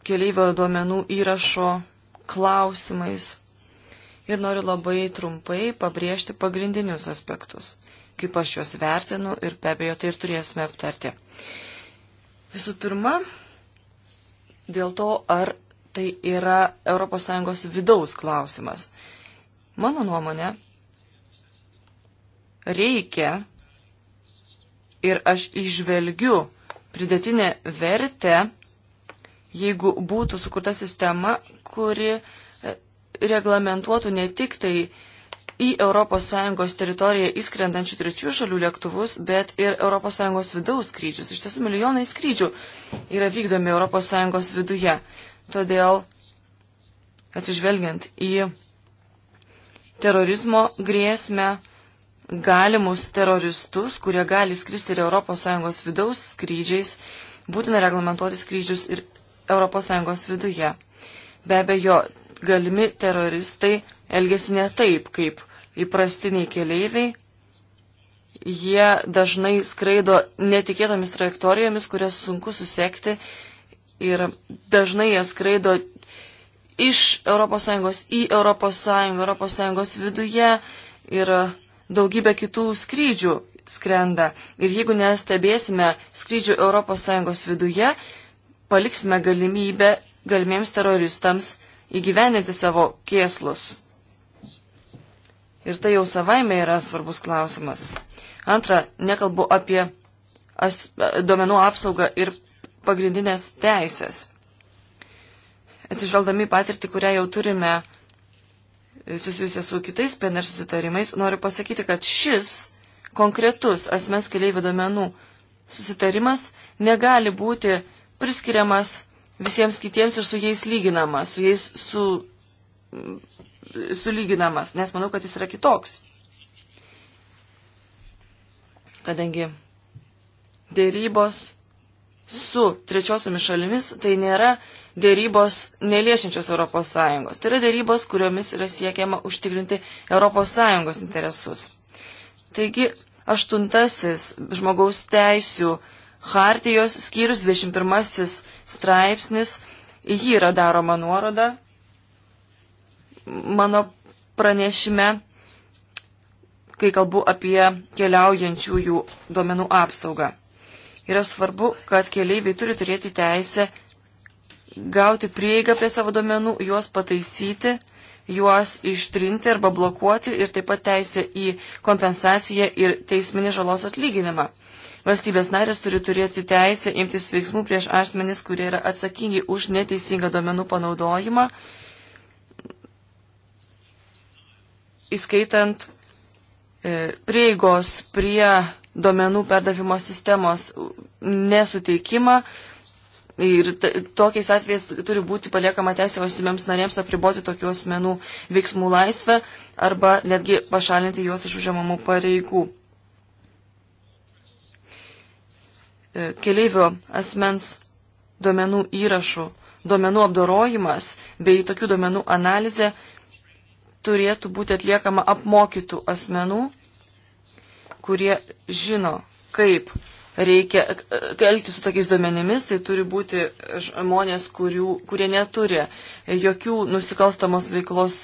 [SPEAKER 2] keleivio duomenų įrašo klausimais. Ir noriu labai trumpai pabrėžti pagrindinius aspektus, kaip aš juos vertinu ir be abejo tai ir turėsime aptarti. Visų pirma, dėl to, ar tai yra ES vidaus klausimas. Mano nuomonė, reikia ir aš išvelgiu pridėtinę vertę jeigu būtų sukurta sistema, kuri e, reglamentuotų ne tik tai į ES teritoriją įskrendančių trečių šalių lėktuvus, bet ir ES vidaus skrydžius. Iš tiesų milijonai skrydžių yra vykdomi ES viduje. Todėl atsižvelgiant į terorizmo grėsmę, galimus teroristus, kurie gali skristi ir ES vidaus skrydžiais, būtina reglamentuoti skrydžius ir ES viduje. Be abejo, galimi teroristai elgesi ne taip, kaip įprastiniai keleiviai. Jie dažnai skraido netikėtomis trajektorijomis, kurias sunku susekti ir dažnai jie skraido iš ES į ES, ES viduje ir daugybė kitų skrydžių skrenda. Ir jeigu nestebėsime skrydžių ES viduje, paliksime galimybę galimiems teroristams įgyveninti savo kėslus. Ir tai jau savaime yra svarbus klausimas. Antra, nekalbu apie as, domenų apsaugą ir pagrindinės teisės. Atsižvelgdami patirtį, kurią jau turime susijusią su kitais PNR susitarimais, noriu pasakyti, kad šis konkretus asmens keliaivių domenų susitarimas negali būti priskiriamas visiems kitiems ir su jais lyginamas, su jais su, sulyginamas, nes manau, kad jis yra kitoks. Kadangi dėrybos su trečiosiomis šalimis tai nėra dėrybos neliešiančios ES. Tai yra dėrybos, kuriomis yra siekiama užtikrinti ES interesus. Taigi, aštuntasis žmogaus teisių uh, Hartijos skyrius 21 straipsnis, jį yra daroma nuoroda mano pranešime, kai kalbu apie keliaujančiųjų duomenų apsaugą. Yra svarbu, kad keliaiviai turi turėti teisę gauti prieigą prie savo duomenų, juos pataisyti, juos ištrinti arba blokuoti ir taip pat teisę į kompensaciją ir teisminį žalos atlyginimą. Valstybės narės turi turėti teisę imtis veiksmų prieš asmenis, kurie yra atsakingi už neteisingą domenų panaudojimą, įskaitant e, prieigos prie domenų perdavimo sistemos nesuteikimą. Ir tokiais atvejais turi būti paliekama teisė valstybėms narėms apriboti tokių asmenų veiksmų laisvę arba netgi pašalinti juos iš užimamų pareigų. E, keleivio asmens duomenų įrašų, duomenų apdorojimas bei tokių duomenų analizė turėtų būti atliekama apmokytų asmenų, kurie žino, kaip reikia e, e, elgtis su tokiais duomenimis, tai turi būti žmonės, kurių, kurie neturi jokių nusikalstamos veiklos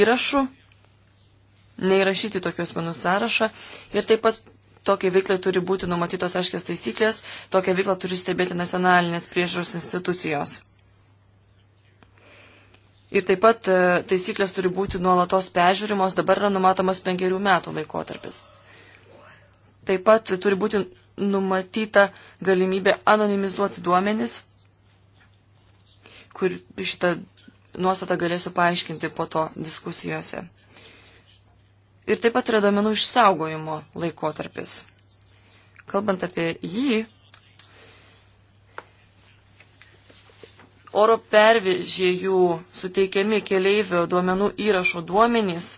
[SPEAKER 2] įrašų, neįrašyti tokių asmenų sąrašą ir taip pat Tokiai veiklai turi būti numatytos aiškės taisyklės, tokią veiklą turi stebėti nacionalinės priežiūros institucijos. Ir taip pat e, taisyklės turi būti nuolatos peržiūrimos, dabar yra numatomas penkerių metų laikotarpis. Taip pat turi būti numatyta galimybė anonimizuoti duomenis, kur šitą nuostatą galėsiu paaiškinti po to diskusijose ir taip pat yra domenų išsaugojimo laikotarpis. Kalbant apie jį, oro pervežėjų suteikiami keleivio duomenų įrašo duomenys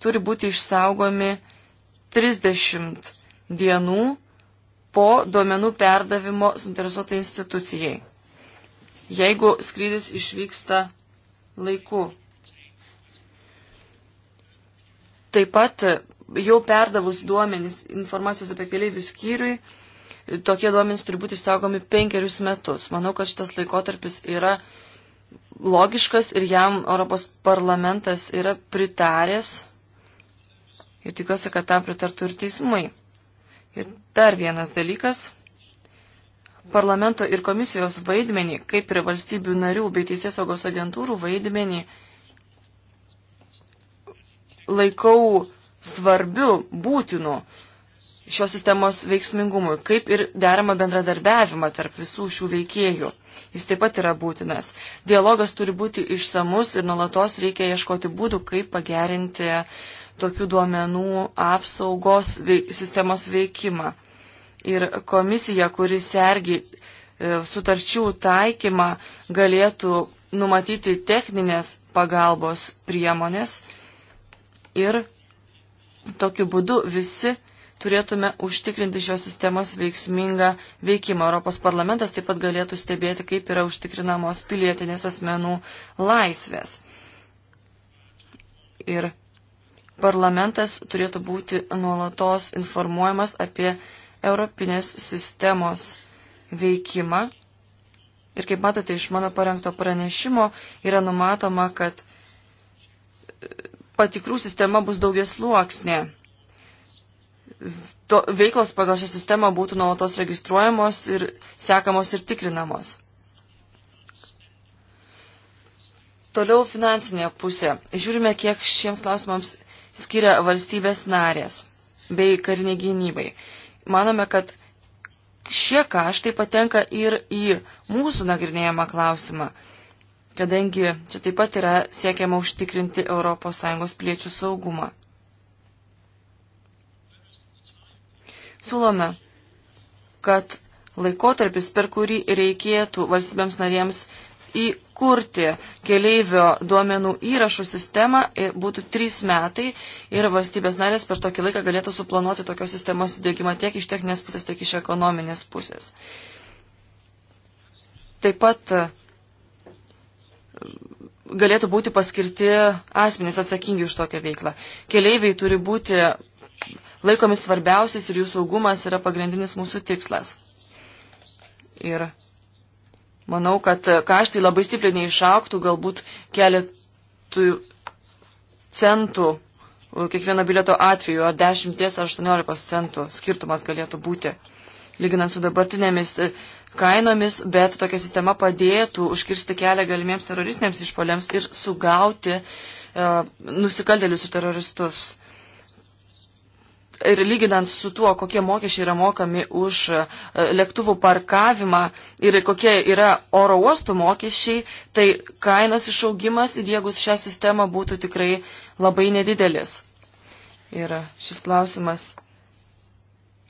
[SPEAKER 2] turi būti išsaugomi 30 dienų po duomenų perdavimo suinteresuotai institucijai, jeigu skrydis išvyksta laiku Taip pat jau perdavus duomenys informacijos apie keliaivių skyriui, tokie duomenys turi būti išsaugomi penkerius metus. Manau, kad šitas laikotarpis yra logiškas ir jam Europos parlamentas yra pritaręs ir tikiuosi, kad tam pritartų ir teismai. Ir dar vienas dalykas - parlamento ir komisijos vaidmenį, kaip ir valstybių narių bei teisėsaugos agentūrų vaidmenį laikau svarbiu, būtinu šios sistemos veiksmingumui, kaip ir deramą bendradarbiavimą tarp visų šių veikėjų. Jis taip pat yra būtinas. Dialogas turi būti išsamus ir nuolatos reikia ieškoti būdų, kaip pagerinti tokių duomenų apsaugos veik, sistemos veikimą. Ir komisija, kuri sergi e, sutarčių taikymą, galėtų numatyti techninės pagalbos priemonės ir tokiu būdu visi turėtume užtikrinti šios sistemos veiksmingą veikimą. Europos parlamentas taip pat galėtų stebėti, kaip yra užtikrinamos pilietinės asmenų laisvės. Ir parlamentas turėtų būti nuolatos informuojamas apie Europinės sistemos veikimą. Ir kaip matote iš mano parengto pranešimo, yra numatoma, kad patikrų sistema bus daugias luoksnė. Veiklos pagal šią sistemą būtų nuolatos registruojamos ir sekamos ir tikrinamos. Toliau finansinė pusė. Žiūrime, kiek šiems klausimams skiria valstybės narės bei kariniai gynybai. Manome, kad šie kaštai patenka ir į mūsų nagrinėjimą klausimą kadangi čia taip pat yra siekiama užtikrinti ES piliečių saugumą. Siūlome, kad laikotarpis, per kurį reikėtų valstybėms narėms įkurti keleivio duomenų įrašų sistemą, būtų trys metai ir valstybės narės per tokį laiką galėtų suplanuoti tokios sistemos įdėgymą tiek iš techninės pusės, tiek iš ekonominės pusės. Taip pat galėtų būti paskirti asmenys atsakingi už tokią veiklą. Keleiviai turi būti laikomi svarbiausiais ir jų saugumas yra pagrindinis mūsų tikslas. Ir manau, kad kaštai labai stipriai neišauktų, galbūt keletų centų kiekvieno bilieto atveju, o 10-18 centų skirtumas galėtų būti, lyginant su dabartinėmis kainomis, bet tokia sistema padėtų užkirsti kelią galimiems teroristiniams išpoliams ir sugauti uh, nusikaltelius ir teroristus. Ir lyginant su tuo, kokie mokesčiai yra mokami už uh, lėktuvų parkavimą ir kokie yra oro uostų mokesčiai, tai kainos išaugimas įdėgus šią sistemą būtų tikrai labai nedidelis. Ir šis klausimas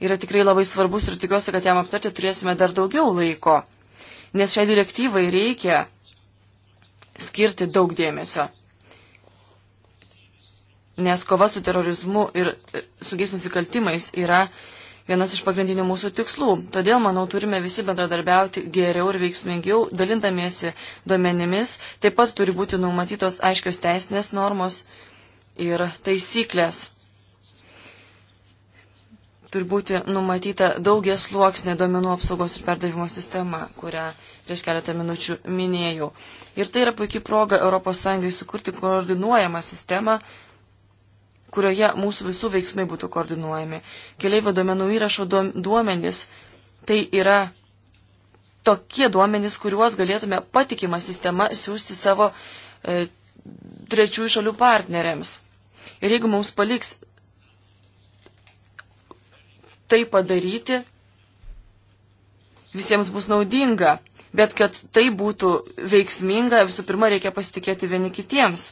[SPEAKER 2] yra tikrai labai svarbus ir tikiuosi, kad jam aptarti turėsime dar daugiau laiko, nes šiai direktyvai reikia skirti daug dėmesio. Nes kova su terorizmu ir e, sugiais nusikaltimais yra vienas iš pagrindinių mūsų tikslų. Todėl, manau, turime visi bendradarbiauti geriau ir veiksmingiau, dalindamiesi duomenimis. Taip pat turi būti numatytos aiškios teisinės normos ir taisyklės turi būti numatyta daugies sluoksnė duomenų apsaugos ir perdavimo sistema, kurią prieš keletą minučių minėjau. Ir tai yra puikia proga ES sukurti koordinuojamą sistemą, kurioje mūsų visų veiksmai būtų koordinuojami. Keleivio duomenų įrašo duomenys tai yra tokie duomenys, kuriuos galėtume patikimą sistemą siūsti savo e, trečiųjų šalių partneriams. Ir jeigu mums paliks tai padaryti visiems bus naudinga, bet kad tai būtų veiksminga, visų pirma, reikia pasitikėti vieni kitiems.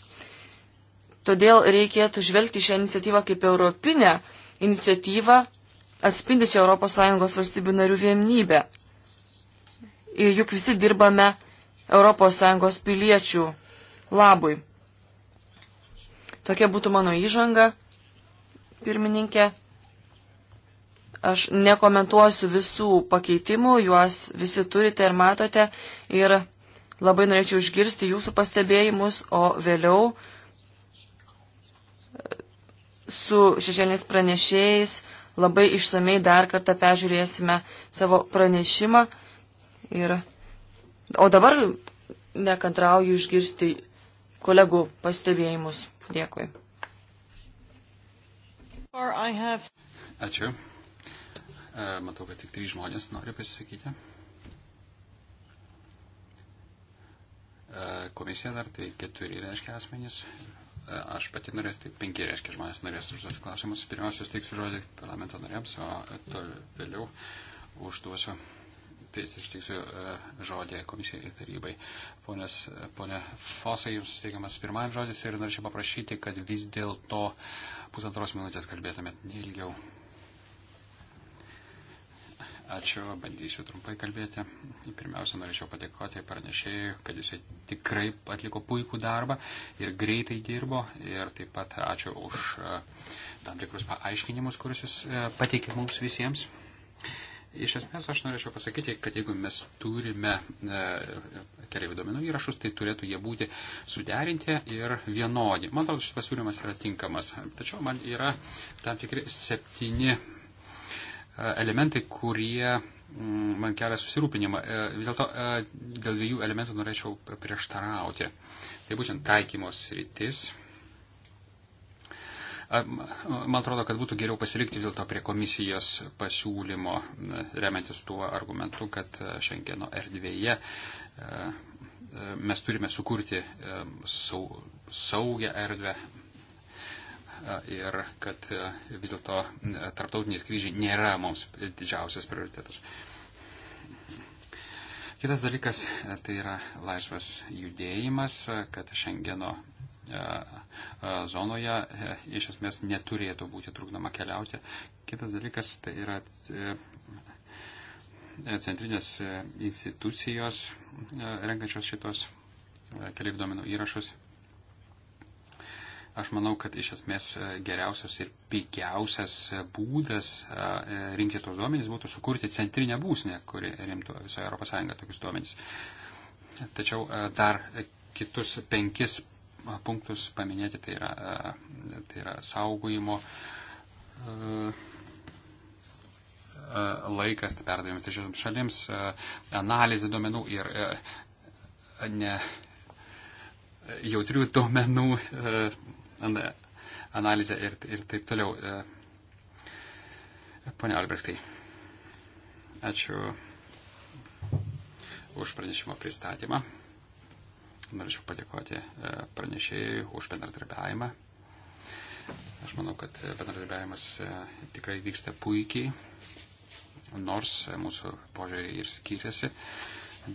[SPEAKER 2] Todėl reikėtų žvelgti šią iniciatyvą kaip europinę iniciatyvą atspindičią ES valstybių narių vienybę. Ir juk visi dirbame ES piliečių labui. Tokia būtų mano įžanga, pirmininkė. Aš nekomentuosiu visų pakeitimų, juos visi turite ir matote ir labai norėčiau išgirsti jūsų pastebėjimus, o vėliau su šešėliniais pranešėjais labai išsamei dar kartą peržiūrėsime savo pranešimą. Ir, o dabar nekantrauju išgirsti kolegų pastebėjimus. Dėkui.
[SPEAKER 3] Ačiū. E, matau, kad tik trys žmonės nori pasisakyti. E, komisija dar tai keturi reiškia asmenys. E, aš pati norėsiu, tai penki reiškia žmonės norės užduoti klausimus. Pirmiausia, teiksiu žodį parlamento nariams, o to vėliau užduosiu. Tai ištiksiu žodį komisijai ir tarybai. Ponės, ponė Fosai, jums teikiamas pirmajam žodis ir norėčiau paprašyti, kad vis dėlto pusantros minutės kalbėtumėt neilgiau. ilgiau. Ačiū, bandysiu trumpai kalbėti. Pirmiausia, norėčiau padėkoti pranešėjui, kad jisai tikrai atliko puikų darbą ir greitai dirbo. Ir taip pat ačiū už e, tam tikrus paaiškinimus, kuriuos jis e, pateikė mums visiems. Iš esmės aš norėčiau pasakyti, kad jeigu mes turime e, keliaivių domenų įrašus, tai turėtų jie būti suderinti ir vienodi. Man atrodo, šis pasiūlymas yra tinkamas. Tačiau man yra tam tikri septyni E, elementai, kurie mm, man kelia susirūpinimą. E, vis dėlto e, dėl dviejų elementų norėčiau prieštarauti. Tai būtent taikymos rytis. Man atrodo, kad būtų geriau pasilikti vis dėlto prie komisijos pasiūlymo, remiantis tuo argumentu, kad Šengeno erdvėje mes turime sukurti saugę erdvę ir kad e, vis dėlto e, tarptautiniai skrydžiai nėra mums didžiausias prioritetas. Kitas dalykas e, tai yra laisvas judėjimas, kad Šengeno zonoje iš esmės neturėtų būti trukdama keliauti. Kitas dalykas tai yra centrinės institucijos renkančios šitos keliaivių duomenų įrašus Aš manau, kad iš esmės e, geriausias ir pigiausias e, būdas e, rinkti tos duomenys būtų sukurti centrinę būsnę, kuri rimtų visoje ES tokius duomenys. Tačiau dar kitus penkis punktus paminėti, tai yra, tai yra saugojimo laikas perdavimas trečiosioms šalims, analizė duomenų ir ne jautrių duomenų analizę ir, ir taip toliau. E, pone Albrechtai, ačiū už pranešimo pristatymą. Norėčiau padėkoti e, pranešėjai už bendradarbiavimą. Aš manau, kad bendradarbiavimas e, tikrai vyksta puikiai, nors mūsų požiūriai ir skiriasi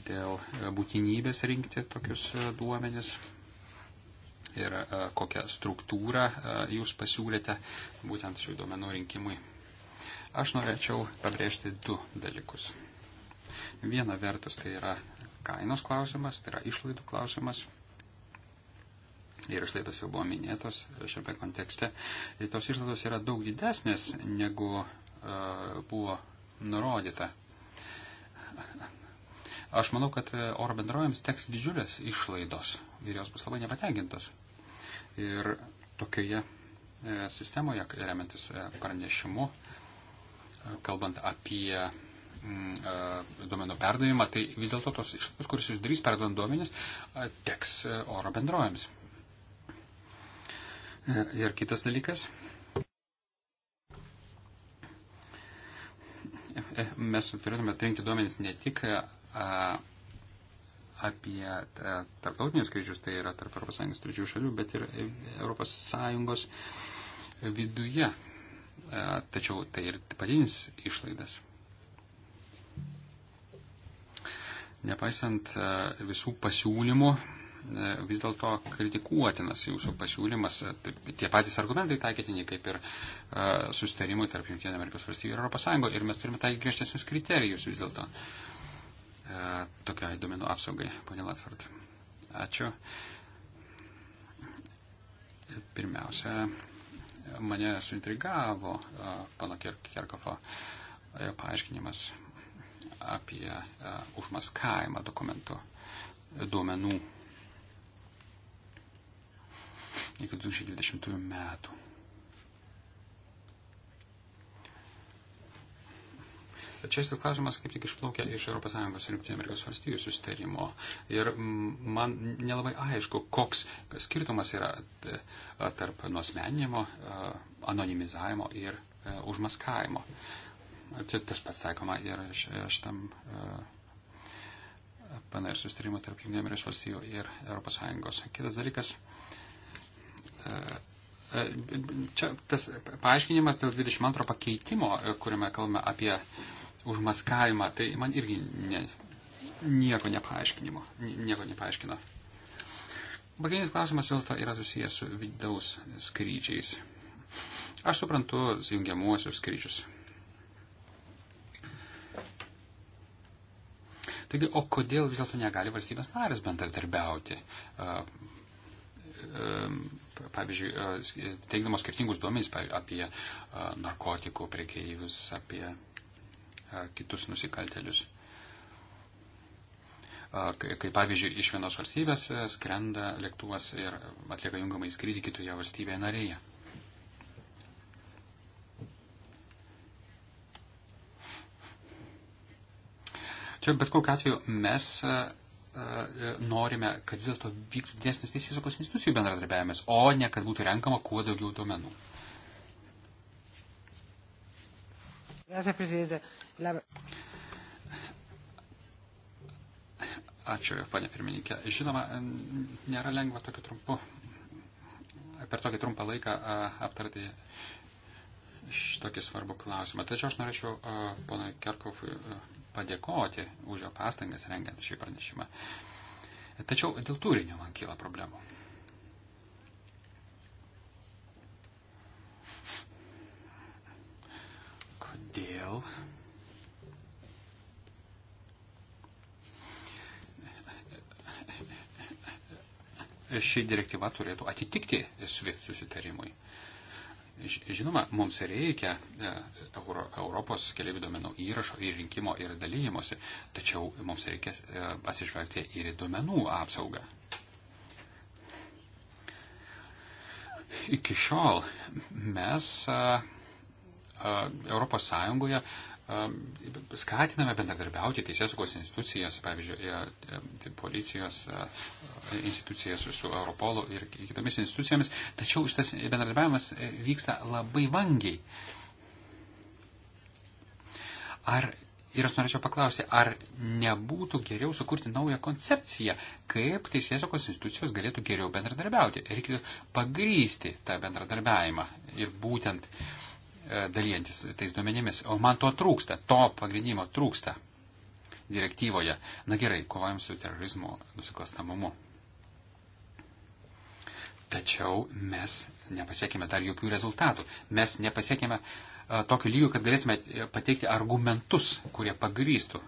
[SPEAKER 3] dėl būtinybės rinkti tokius duomenis ir e, kokią struktūrą e, jūs pasiūlėte būtent šių duomenų rinkimui. Aš norėčiau pabrėžti du dalykus. Viena vertus tai yra kainos klausimas, tai yra išlaidų klausimas. Ir išlaidos jau buvo minėtos šiame kontekste. Ir tos išlaidos yra daug didesnės, negu uh, buvo nurodyta. Aš manau, kad oro bendrovėms teks didžiulės išlaidos ir jos bus labai nepatenkintos. Ir tokioje e, sistemoje, e, remiantis e, pranešimu, kalbant apie mm, duomenų perdavimą, tai vis dėlto tos išlaidos, kuris jūs darys perdant duomenis, teks oro bendrovėms. Ir kitas dalykas. Mes turėtume atrinkti duomenis ne tik apie e, tarptautinius skrydžius, tai yra tarp ES trečiųjų šalių, bet ir ES viduje. E, tačiau tai ir padidins išlaidas. Nepaisant e, visų pasiūlymų, vis dėlto kritikuotinas jūsų pasiūlymas, tie patys argumentai taikytini kaip ir sustarimui tarp JAV ir ES ir mes turime taikyti griežtesnius kriterijus vis dėlto. Uh, E, tokiai domenų apsaugai, ponė Latvart. Ačiū. Pirmiausia, mane suintrigavo e, pana Kerkofo e, paaiškinimas apie užmaskavimą dokumentų duomenų iki 2020 metų. Čia šis klausimas kaip tik išplaukia iš ES ir JAV susitarimo. Ir mm, man nelabai aišku, koks skirtumas yra tarp nuosmeninimo, anonimizavimo ir e, užmaskavimo. Čia tas pats taikoma ir e, šitam e, PNR susitarimo tarp JAV ir ES. Kitas dalykas. Čia tas paaiškinimas dėl 22 pakeitimo, kuriame kalbame apie uh, užmaskavimą, tai man irgi ne, nieko nepaaiškinimo, nieko nepaaiškina. Pagrindinis klausimas vėl to yra susijęs su vidaus skrydžiais. Aš suprantu jungiamuosius skrydžius. Taigi, o kodėl vis dėlto negali valstybės narės bendradarbiauti? Pavyzdžiui, teikdamos skirtingus duomenys apie narkotikų priekeivius, apie kitus nusikaltelius. Kaip pavyzdžiui, iš vienos valstybės e, skrenda lėktuvas ir atlieka jungamai skrydį kitoje valstybėje narėje. Čia bet kokiu atveju mes e, e, norime, kad vis dėlto vyktų didesnis teisės saugos institucijų bendradarbiavimas, o ne kad būtų renkama kuo daugiau duomenų.
[SPEAKER 1] Ačiū,
[SPEAKER 3] panė pirmininkė. Žinoma, nėra lengva tokiu trumpu, per tokį trumpą laiką aptarti šitokį svarbų klausimą. Tačiau aš norėčiau ponui Kerkovui padėkoti už jo pastangas rengiant šį pranešimą. Tačiau dėl turinio man kyla problemų. dėl ši direktyva turėtų atitikti SWIFT susitarimui. Žinoma, mums reikia e, Euro, Europos keliaivių duomenų įrašo ir rinkimo ir dalyjimuose, tačiau mums reikia pasižvelgti e, ir į duomenų apsaugą. Iki šiol mes e, Europos Sąjungoje skatiname bendradarbiauti teisėsaugos institucijas, pavyzdžiui, e, e, policijos institucijas su Europolu ir kitomis institucijomis, tačiau šitas bendradarbiavimas e, vyksta labai vangiai. Ar, ir aš norėčiau paklausti, ar nebūtų geriau sukurti naują koncepciją, kaip teisėsaugos institucijos galėtų geriau bendradarbiauti? Reikėtų pagrysti tą bendradarbiavimą ir būtent uh, E, dalyjantis tais duomenimis. O man to trūksta, to pagrindimo trūksta direktyvoje. Na gerai, kovojam su terorizmu nusikalstamumu. Tačiau mes nepasiekime dar jokių rezultatų. Mes nepasiekime e, tokio lygio, kad galėtume e, pateikti argumentus, kurie pagrystų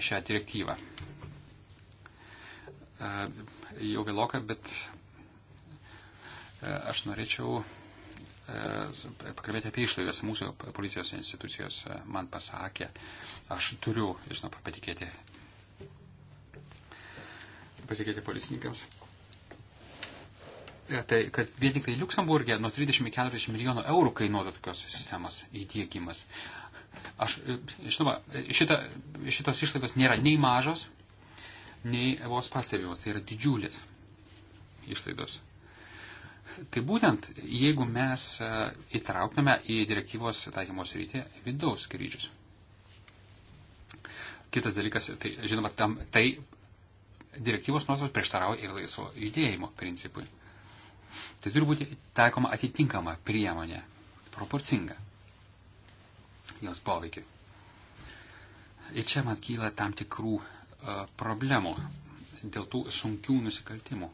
[SPEAKER 3] šią direktyvą. Jau vėloka, bet aš norėčiau E, pakalbėti apie išlaidas. Mūsų policijos institucijos e, man pasakė, aš turiu, žinoma, patikėti, patikėti policininkams. E, tai, kad vien tik tai Luksemburgė nuo 30-40 milijonų eurų kainuoja tokios sistemos įdėgymas. Aš, žinoma, šita, šitos išlaidos nėra nei mažos, nei vos pastebimos, tai yra didžiulės išlaidos. Tai būtent, jeigu mes e, įtrauktume į direktyvos taikymos rytį vidaus skrydžius. Kitas dalykas, tai žinoma, tam, tai direktyvos nuostatos prieštarauja ir laisvo judėjimo principui. Tai turi būti taikoma atitinkama priemonė, proporcinga jos poveikiai. Ir čia man kyla tam tikrų uh, problemų dėl tų sunkių nusikaltimų.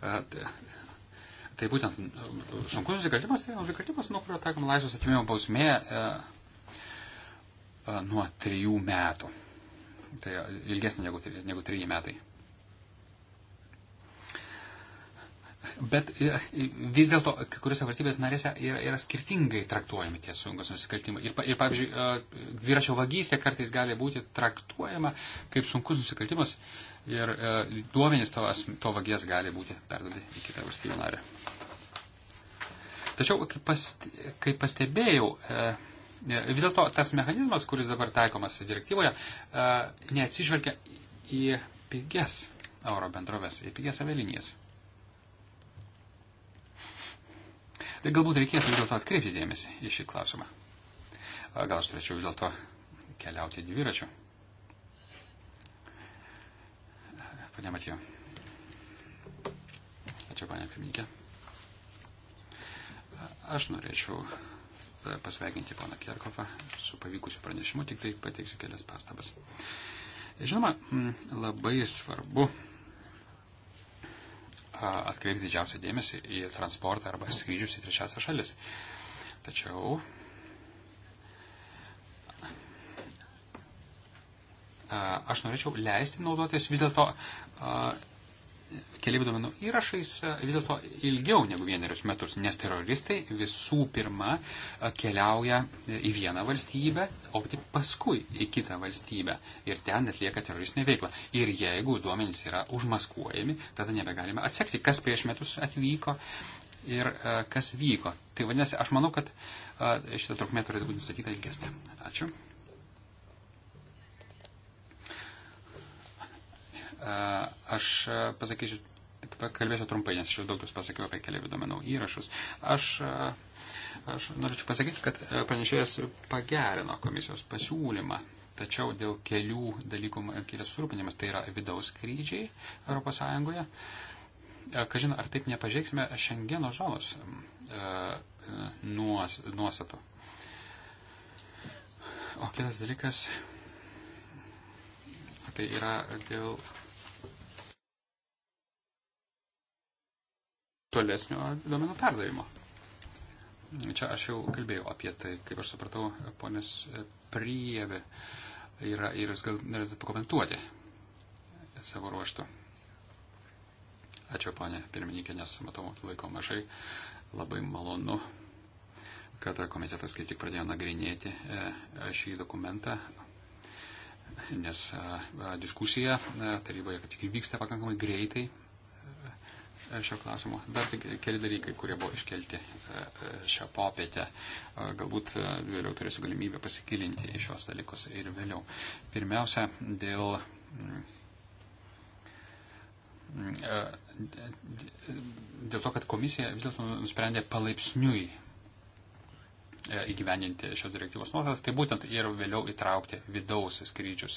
[SPEAKER 3] Tai, tai būtent e, sunkus nusikaltimas, tai nusikaltimas, nuo kurio taikoma laisvės atimimo bausmė e, e, nuo trijų metų. Tai ilgesnė negu, negu trijai metai. Bet e, vis dėlto, kai kuriuose valstybės narėse yra, yra skirtingai traktuojami tie sunkus nusikaltimai. Ir, ir pavyzdžiui, dviračio vagystė kartais gali būti traktuojama kaip sunkus nusikaltimas, ir e, duomenys to, to vagies gali būti perdodai į kitą valstybę narę. Tačiau, kaip, pas, kaip pastebėjau, e, e, vis dėlto tas mechanizmas, kuris dabar taikomas direktyvoje, e, neatsižvelgia į pigias euro bendrovės, į pigias avialinijas. Tai galbūt reikėtų vis dėlto atkreipti dėmesį į šį klausimą. Gal aš turėčiau vis dėlto keliauti dviračiu. Pane Matijo. Ačiū, pane pirmininkė. Aš norėčiau e, pasveikinti pana Kerkovą su pavykusiu pranešimu, tik tai pateiksiu kelias pastabas. Žinoma, labai svarbu atkreipti didžiausią dėmesį į transportą arba skrydžius į trečiasią šalis. Tačiau Aš norėčiau leisti naudotis vis dėlto keliaivių duomenų įrašais vis dėlto ilgiau negu vienerius metus, nes teroristai visų pirma keliauja į vieną valstybę, o tik paskui į kitą valstybę ir ten atlieka teroristinę veiklą. Ir jeigu duomenys yra užmaskuojami, tada nebegalime atsekti, kas prieš metus atvyko. Ir kas vyko. Tai vadinasi, aš manau, kad šitą trukmę turėtų būti nustatyta ilgesnė. Ačiū. Aš pasakysiu, kalbėsiu trumpai, nes aš jau daug jūs pasakiau apie keliaivių domenų įrašus. Aš, aš norėčiau pasakyti, kad pranešėjas pagerino komisijos pasiūlymą. Tačiau dėl kelių dalykų kilęs surūpinimas, tai yra vidaus skrydžiai ES. Kažin, ar taip nepažeiksime Šengeno zonos nuos, nuostatų. O kitas dalykas, tai yra dėl tolesnio duomenų perdavimo. Čia aš jau kalbėjau apie tai, kaip aš supratau, ponės Prievė yra ir jūs gal norėtumėte pakomentuoti savo ruoštų. Ačiū, ponė pirmininkė, nes matau laiko mažai. Labai malonu, kad komitetas kaip tik pradėjo nagrinėti e, šį dokumentą, nes e, diskusija e, taryboje kaip tik vyksta pakankamai greitai E, šio klausimo. Dar tik keli dalykai, kurie buvo iškelti e, e, šią popietę. Galbūt vėliau turėsiu galimybę pasikilinti į šios dalykus ir vėliau. Pirmiausia, dėl. Mm, mm, dėl to, kad komisija vis dėlto nusprendė palaipsniui įgyveninti šios direktyvos nuostatas, tai būtent ir vėliau įtraukti vidaus skrydžius.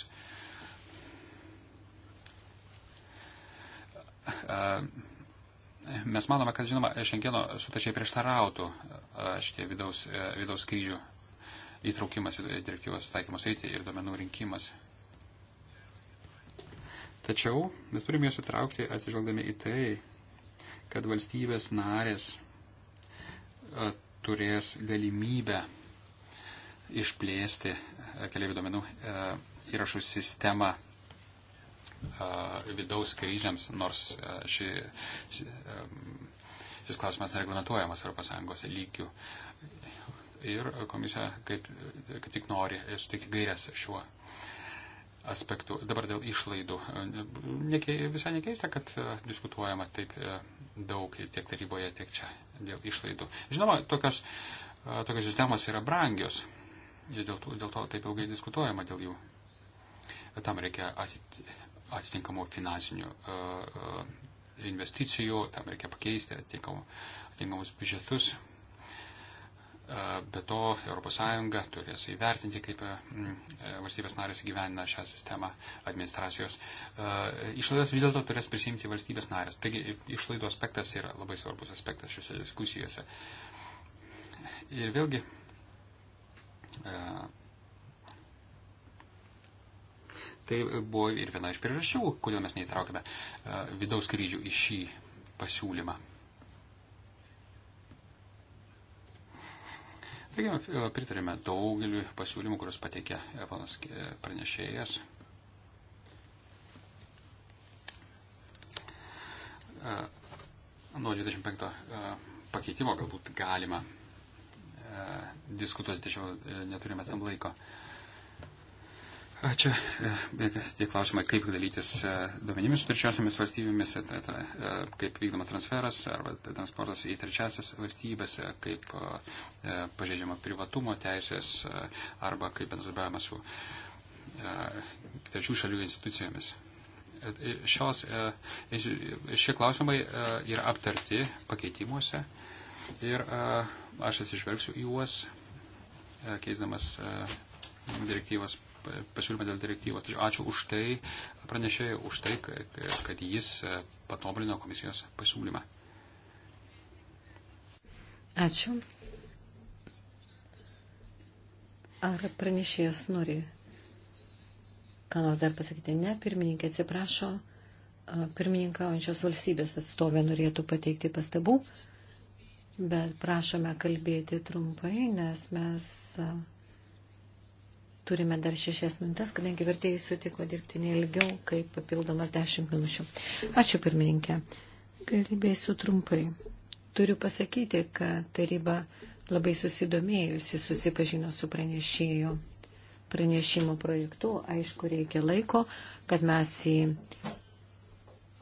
[SPEAKER 3] Mes manome, kad, žinoma, Šengeno sutarčiai prieštarautų šitie vidaus, e, vidaus skrydžių įtraukimas į direktyvos taikymus eiti ir domenų rinkimas. Tačiau mes turime juos įtraukti atsižvelgdami į tai, kad valstybės narės turės galimybę išplėsti keliaivių domenų įrašų sistemą vidaus skrydžiams, nors ši, šis klausimas reglamentuojamas ES lygių. Ir komisija kaip, kaip tik nori suteikti gairias šiuo aspektu. Dabar dėl išlaidų. Neke, visai nekeista, kad diskutuojama taip daug tiek taryboje, tiek čia dėl išlaidų. Žinoma, tokios, tokios sistemos yra brangios. Ir dėl to, dėl to taip ilgai diskutuojama dėl jų. Tam reikia atitinkamų finansinių e, e, investicijų, tam reikia pakeisti atitinkamus biudžetus. E, be to, ES turės įvertinti, kaip valstybės narės gyvena šią sistemą administracijos. Išlaidas vis dėlto turės prisimti valstybės narės. Taigi, išlaidų aspektas yra labai svarbus aspektas šiuose diskusijose. Ir vėlgi, Tai buvo ir viena iš priežasčių, kodėl mes neįtraukėme e, vidaus skrydžių į šį pasiūlymą. Taigi, e, pritarėme daugeliu pasiūlymų, kuriuos pateikė e, panas pranešėjas. Nuo 25 pakeitimo galbūt galima diskutuoti, tačiau neturime tam laiko. Uh, Čia e, tie klausimai, kaip dalytis e, duomenimis su trečiosiomis valstybėmis, e, tai kaip vykdoma transferas arba transportas į trečiasias valstybės, kaip pažeidžiama privatumo teisės arba kaip bendradarbiavama su trečių šalių institucijomis. Šios, šie klausimai yra aptarti pakeitimuose ir aš atsižvelgsiu į juos, keisdamas direktyvos pasiūlymą dėl direktyvos. Tačiau ačiū už tai, pranešėjai už tai, kad jis e, patobulino komisijos pasiūlymą.
[SPEAKER 1] Ačiū. Ar pranešėjas nori ką nors dar pasakyti? Ne, pirmininkė atsiprašo, e, pirmininkaujančios valstybės atstovė norėtų pateikti pastabų, bet prašome kalbėti trumpai, nes mes Turime dar šešias minutės, kadangi vertėjai sutiko dirbti neilgiau kaip papildomas dešimt minučių. Ačiū pirmininkė. Kalbėsiu trumpai. Turiu pasakyti, kad taryba labai susidomėjusi susipažino su pranešėju pranešimo projektu. Aišku, reikia laiko, kad mes jį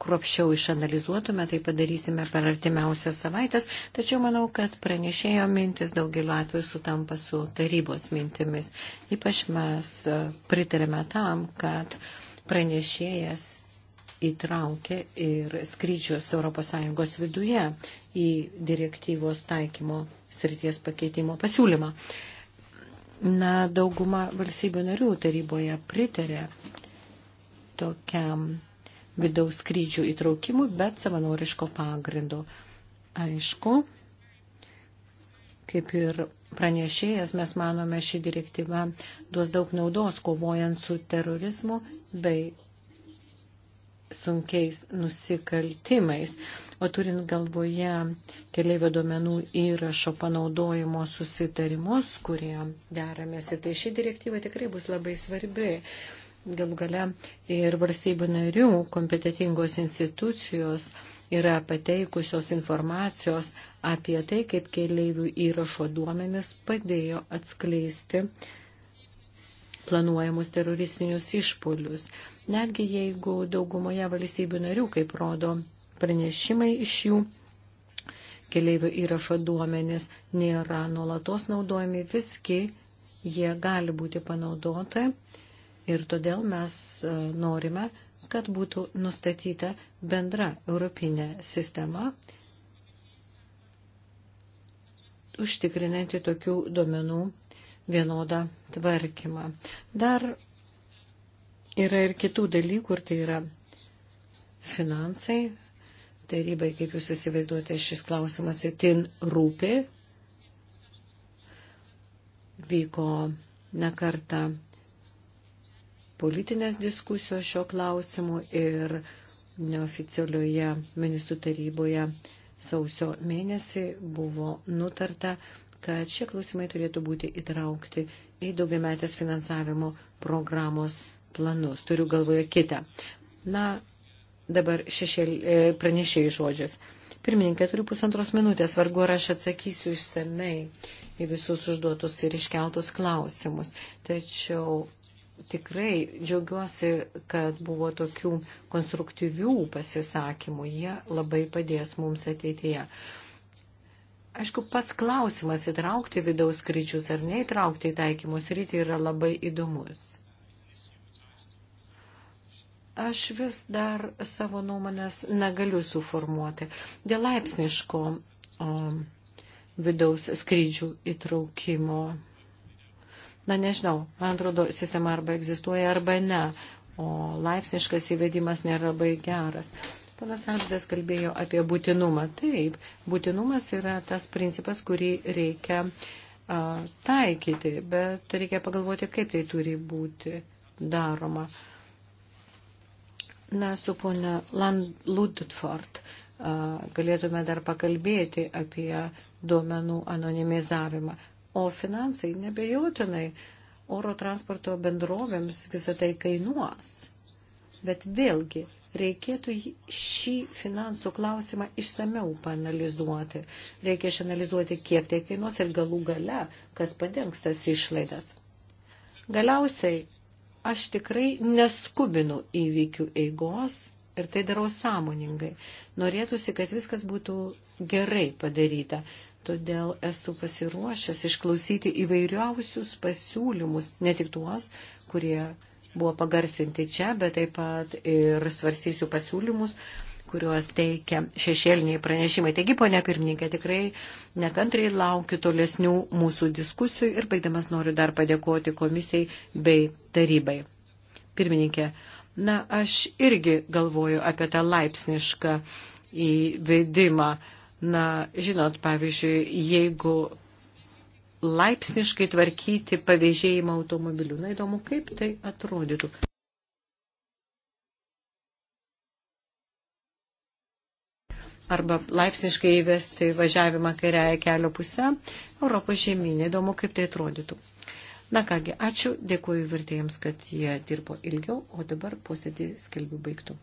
[SPEAKER 1] kruopščiau išanalizuotume, tai padarysime per artimiausias savaitės, tačiau manau, kad pranešėjo mintis daugeliu atveju sutampa su tarybos mintimis. Ypač mes e, pritarėme tam, kad pranešėjas įtraukė ir skrydžius ES viduje į direktyvos taikymo srities pakeitimo pasiūlymą. Na, dauguma valstybių narių taryboje pritarė tokiam vidaus skrydžių įtraukimui, bet savanoriško pagrindo. Aišku, kaip ir pranešėjas, mes manome, ši direktyva duos daug naudos kovojant su terorizmu bei sunkiais nusikaltimais. O turint galvoje keliaivio duomenų įrašo panaudojimo susitarimus, kurie deramėsi, tai ši direktyva tikrai bus labai svarbi gal gale ir valstybių narių kompetitingos institucijos yra pateikusios informacijos apie tai, kaip keliaivių įrašo duomenis padėjo atskleisti planuojamus teroristinius išpolius. Netgi jeigu daugumoje valstybių narių, kaip rodo pranešimai iš jų, keliaivių įrašo duomenis nėra nuolatos naudojami, viski jie gali būti panaudoti Ir todėl mes e, norime, kad būtų nustatyta bendra europinė sistema, užtikrinanti tokių duomenų vienodą tvarkymą. Dar yra ir kitų dalykų, ir tai yra finansai. Tarybai, kaip jūs įsivaizduojate, šis klausimas itin rūpi. Vyko nekarta politinės diskusijos šio klausimu ir neoficialioje ministrų taryboje sausio mėnesį buvo nutarta, kad šie klausimai turėtų būti įtraukti į daugiametės finansavimo programos planus. Turiu galvoje kitą. Na, dabar šešėl, e, pranešėjai žodžius. Pirmininkė, turiu pusantros minutės, vargu ar aš atsakysiu išsamei į visus užduotus ir iškeltus klausimus. Tačiau tikrai džiaugiuosi, kad buvo tokių konstruktyvių pasisakymų. Jie labai padės mums ateityje. Aišku, pats klausimas įtraukti vidaus skrydžius ar neįtraukti į taikymus rytį yra labai įdomus. Aš vis dar savo nuomonės negaliu suformuoti dėl laipsniško o, um, vidaus skrydžių įtraukimo Na nežinau, man atrodo, sistema arba egzistuoja arba ne, o laipsniškas įvedimas nėra labai geras. Panas Amždas kalbėjo apie būtinumą. Taip, būtinumas yra tas principas, kurį reikia a, taikyti, bet reikia pagalvoti, kaip tai turi būti daroma. Na, su ponia Ludford galėtume dar pakalbėti apie duomenų anonimizavimą. O finansai nebejotinai oro transporto bendrovėms visą tai kainuos. Bet vėlgi reikėtų šį finansų klausimą išsameu panalizuoti. Reikia išanalizuoti, kiek tai kainuos ir galų gale, kas padengs tas išlaidas. Galiausiai aš tikrai neskubinu įvykių eigos ir tai darau sąmoningai. Norėtųsi, kad viskas būtų gerai padaryta todėl esu pasiruošęs išklausyti įvairiausius pasiūlymus, ne tik tuos, kurie buvo pagarsinti čia, bet taip pat ir svarstysiu pasiūlymus, kuriuos teikia šešėliniai pranešimai. Taigi, ponia pirmininkė, tikrai nekantriai laukiu tolesnių mūsų diskusijų ir baigdamas noriu dar padėkoti komisijai bei tarybai. Pirmininkė, na, aš irgi galvoju apie tą laipsnišką įvedimą Na, žinot, pavyzdžiui, jeigu laipsniškai tvarkyti pavėžėjimą automobilių, na įdomu, kaip tai atrodytų. arba laipsniškai įvesti važiavimą kairiaje kelio pusę Europos žemynė. Įdomu, kaip tai atrodytų. Na kągi, ačiū, dėkuoju vertėjams, kad jie dirbo ilgiau, o dabar posėdį skelbiu baigtų.